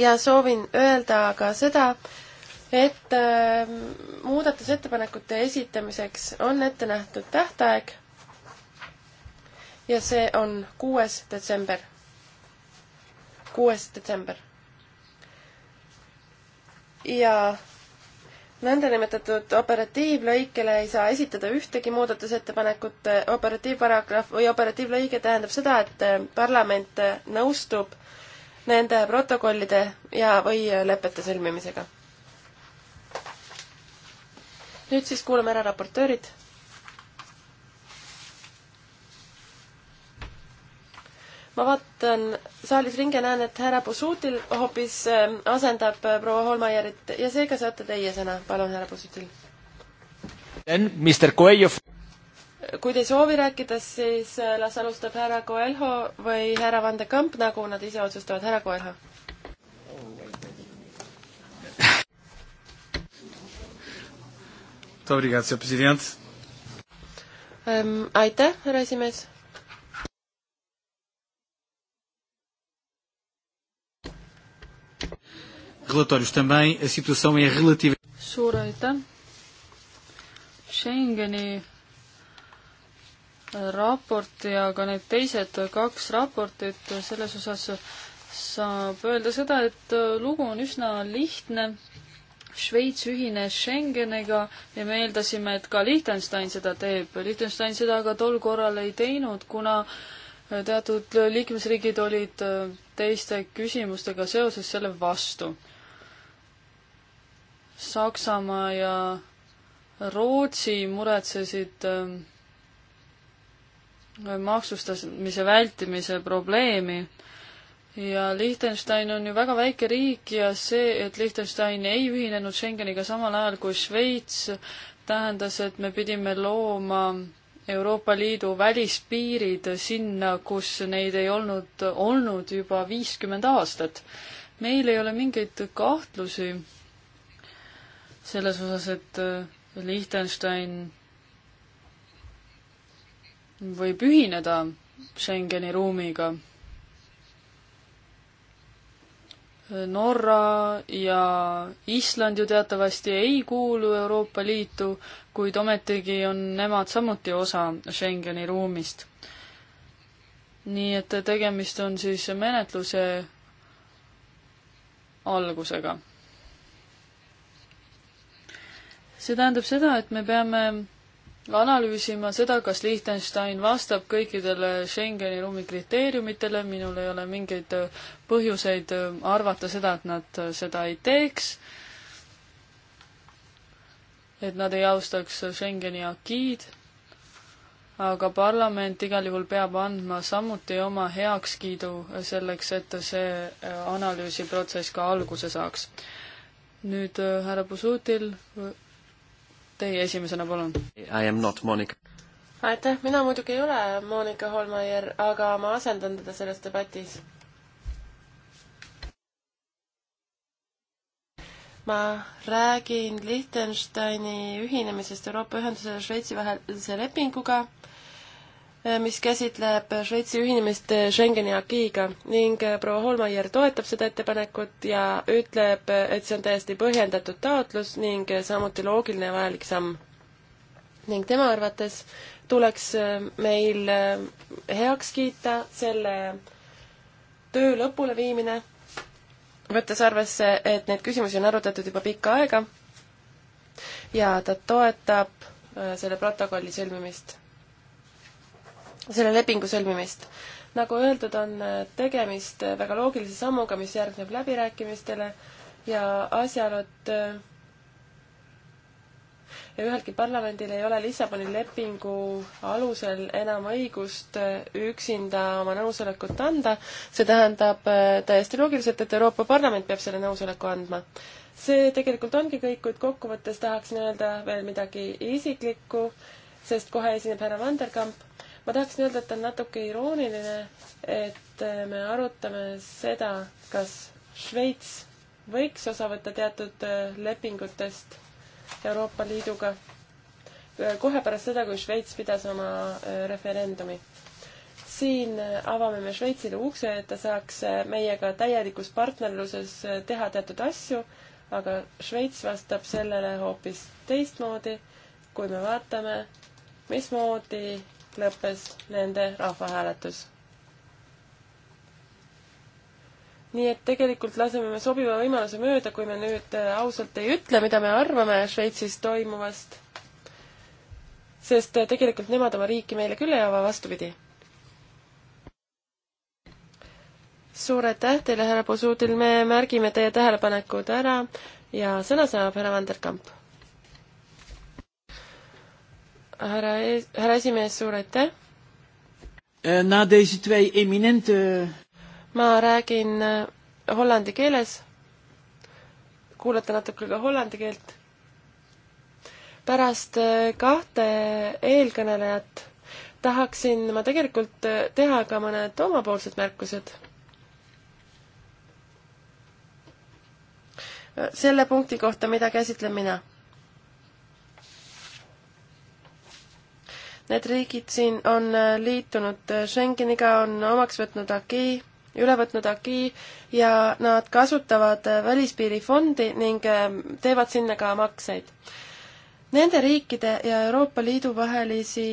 A: ja soovin öelda ka seda, et äh, muudatusettepanekute esitamiseks on ette nähtud tähtaeg ja see on kuues detsember. kuues detsember. ja nõndanimetatud operatiivlõikele ei saa esitada ühtegi muudatusettepanekut, operatiivparagrahv või operatiivlõige tähendab seda, et parlament nõustub nende protokollide ja, või lepete sõlmimisega. nüüd siis kuulame ära raportöörid ma vaatan saalis ringi ja näen, et härra Pusutil hoopis ähm, asendab äh, proua Holmajärit ja seega saate teie sõna, palun, härra Pusutil. kui te ei soovi rääkida, siis äh, las alustab härra Coelho või härra Van de Kamp, nagu nad ise otsustavad, härra Coelho. Ähm, aitäh, härra esimees
C: relatórios também, a situação é relativa.
B: suur aitäh. Schengeni raport ja ka need teised kaks raportit, selles osas saab öelda seda, et lugu on üsna lihtne. Šveits ühines Schengeniga ja me eeldasime, et ka Liechtenstein seda teeb. Liechtenstein seda aga tol korral ei teinud, kuna teatud liikmesriigid olid teiste küsimustega seoses selle vastu. Saksamaa ja Rootsi muretsesid ähm, maksustamise vältimise probleemi ja Liechtenstein on ju väga väike riik ja see, et Liechtenstein ei ühinenud Schengeniga samal ajal kui Šveits, tähendas, et me pidime looma Euroopa Liidu välispiirid sinna, kus neid ei olnud olnud juba viiskümmend aastat. meil ei ole mingeid kahtlusi selles osas, et äh, Liechtenstein võib ühineda Schengeni ruumiga. Norra ja Island ju teatavasti ei kuulu Euroopa Liitu, kuid ometigi on nemad samuti osa Schengeni ruumist. nii et tegemist on siis menetluse algusega see tähendab seda, et me peame analüüsima seda, kas Liechtenstein vastab kõikidele Schengeni ruumi kriteeriumitele, minul ei ole mingeid põhjuseid arvata seda, et nad seda ei teeks, et nad ei austaks Schengeni akiid, aga parlament igal juhul peab andma samuti oma heakskiidu selleks, et see analüüsiprotsess ka alguse saaks.
A: nüüd äh, härra Pusutil Teie esimesena, palun. I am not Monika. aitäh, mina muidugi ei ole Monika Holmeier, aga ma asendan teda selles debatis. ma räägin Liechtensteini ühinemisest Euroopa Ühenduse ja Šveitsi vahelise lepinguga Äh, mis käsitleb Šveitsi ühinemist äh, Schengeni agiiga ning äh, proua Holmaier toetab seda ettepanekut ja ütleb, et see on täiesti põhjendatud taotlus ning samuti loogiline ja vajalik samm. ning tema arvates tuleks meil heaks kiita selle töö lõpuleviimine, võttes arvesse, et neid küsimusi on arutatud juba pikka aega ja ta toetab selle protokolli sõlmimist selle lepingu sõlmimist. nagu öeldud, on äh, tegemist äh, väga loogilise sammuga, mis järgneb läbirääkimistele ja asjaolu, et äh, ja ühelgi parlamendil ei ole Lissaboni lepingu alusel enam õigust üksinda oma nõusolekut anda, see tähendab täiesti loogiliselt, et Euroopa Parlament peab selle nõusoleku andma. see tegelikult ongi kõik, kuid kokkuvõttes tahaksin öelda veel midagi isiklikku, sest kohe esineb härra Vanderkamp ma tahaksin öelda, et on natuke irooniline, et me arutame seda, kas Šveits võiks osa võtta teatud äh, lepingutest Euroopa Liiduga äh, kohe pärast seda, kui Šveits pidas oma äh, referendumi. siin avame me Šveitsile ukse, et ta saaks meiega täielikus partnerluses teha teatud asju, aga Šveits vastab sellele hoopis teistmoodi, kui me vaatame, mismoodi lõppes nende rahvahääletus. nii et tegelikult laseme me sobiva võimaluse mööda, kui me nüüd äh, ausalt ei ütle, mida me arvame Šveitsis toimuvast. sest äh, tegelikult nemad oma riiki meile küll ei ava, vastupidi. suur aitäh teile, härra Posuutil, me märgime teie tähelepanekud ära ja sõna saab härra Vanderkamp härra ees-, härra esimees, suur aitäh!
B: Eh, na deze twee
A: eminente ma räägin eh, hollandi keeles, kuulata natuke ka hollandi keelt. pärast eh, kahte eelkõnelejat tahaksin ma tegelikult teha ka mõned omapoolsed märkused. selle punkti kohta, mida käsitlen mina Need riigid siin on äh, liitunud äh, Schengeniga, on omaks võtnud AKI, üle võtnud AKI ja nad kasutavad äh, välispiirifondi ning ähm, teevad sinna ka makseid. Nende riikide ja Euroopa Liidu vahelisi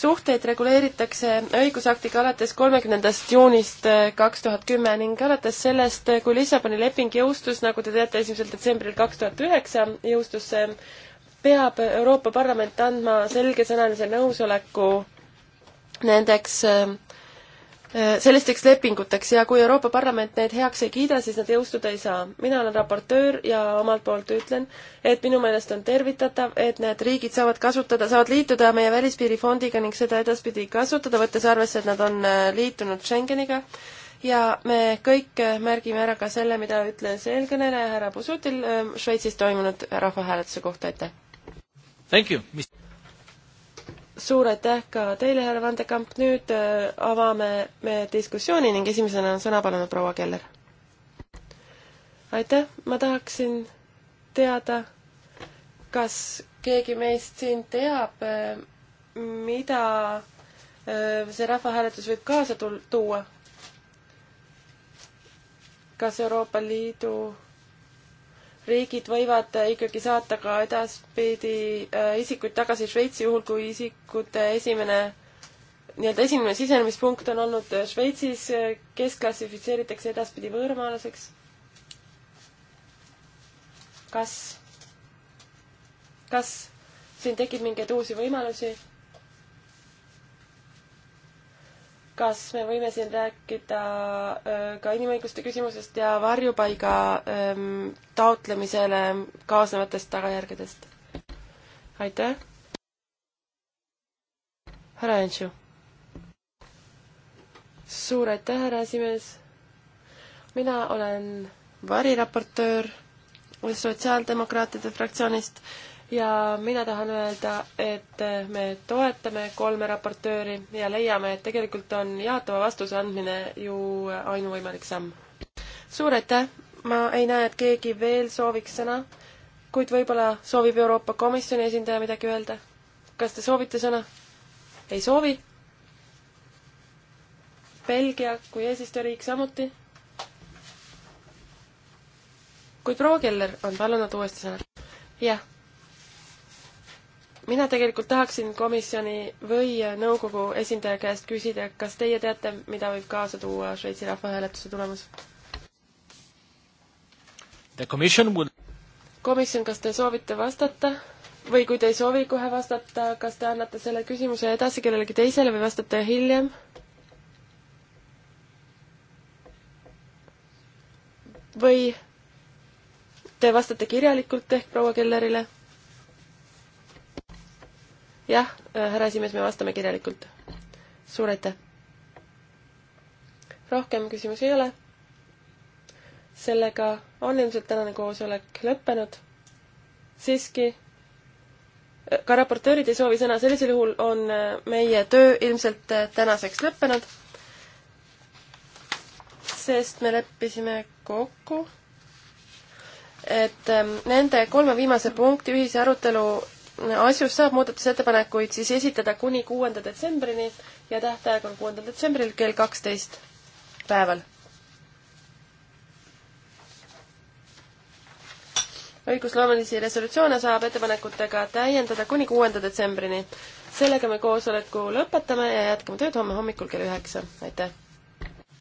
A: suhteid reguleeritakse õigusaktiga alates kolmekümnendast juunist kaks tuhat kümme ning alates sellest, kui Lissaboni leping jõustus, nagu te teate, esimesel detsembril kaks tuhat üheksa jõustus see peab Euroopa Parlament andma selgesõnalise nõusoleku nendeks äh, äh, sellisteks lepinguteks ja kui Euroopa Parlament neid heaks ei kiida, siis nad jõustuda ei saa. mina olen raportöör ja omalt poolt ütlen, et minu meelest on tervitatav, et need riigid saavad kasutada, saavad liituda meie välispiirifondiga ning seda edaspidi kasutada, võttes arvesse, et nad on äh, liitunud Schengeniga. ja me kõik märgime ära ka selle, mida ütles eelkõneleja härra Pusutil Šveitsis toimunud rahvahääletuse kohta, aitäh! suur aitäh ka teile, härra Vandekamp, nüüd äh, avame me diskussiooni ning esimesena on sõna palunud proua Keller. aitäh, ma tahaksin teada, kas keegi meist siin teab, äh, mida äh, see rahvahääletus võib kaasa tuua? kas Euroopa Liidu riigid võivad äh, ikkagi saata ka edaspidi äh, isikuid tagasi Šveitsi, juhul kui isikute esimene, nii-öelda esimene sisenemispunkt on olnud äh, Šveitsis, kes klassifitseeritakse edaspidi võõramaalaseks. kas, kas siin tekib mingeid uusi võimalusi? kas me võime siin rääkida äh, ka inimõiguste küsimusest ja varjupaiga ähm, taotlemisele kaasnevatest tagajärgedest? aitäh. härra Entšu. suur aitäh, härra esimees. mina olen variraportöör sotsiaaldemokraatide fraktsioonist ja mina tahan öelda, et me toetame kolme raportööri ja leiame, et tegelikult on jaatava vastuse andmine ju ainuvõimalik samm. suur aitäh, ma ei näe, et keegi veel sooviks sõna, kuid võib-olla soovib Euroopa Komisjoni esindaja midagi öelda? kas te soovite sõna? ei soovi? Belgia kui eesistujariik samuti? kuid proua Keller on palunud uuesti sõna. jah mina tegelikult tahaksin komisjoni või nõukogu esindaja käest küsida, kas teie teate, mida võib kaasa tuua Šveitsi rahvahääletuse tulemus? Would... komisjon, kas te soovite vastata või kui te ei soovi kohe vastata, kas te annate selle küsimuse edasi kellelegi teisele või vastate hiljem? või te vastate kirjalikult ehk proua Kellerile? jah, äh, härra esimees, me vastame kirjalikult. suur aitäh! rohkem küsimusi ei ole. sellega on ilmselt tänane koosolek lõppenud. siiski, äh, ka raportöörid ei soovi sõna, sellisel juhul on äh, meie töö ilmselt tänaseks lõppenud, sest me leppisime kokku, et ähm, nende kolme viimase punkti ühise arutelu asjus saab muudatusettepanekuid siis esitada kuni kuuenda detsembrini ja tähtaeg on kuuendal detsembril kell kaksteist päeval. õigusloomelisi resolutsioone saab ettepanekutega täiendada kuni kuuenda detsembrini. sellega me koosoleku lõpetame ja jätkame tööd homme hommikul kell üheksa.
B: aitäh!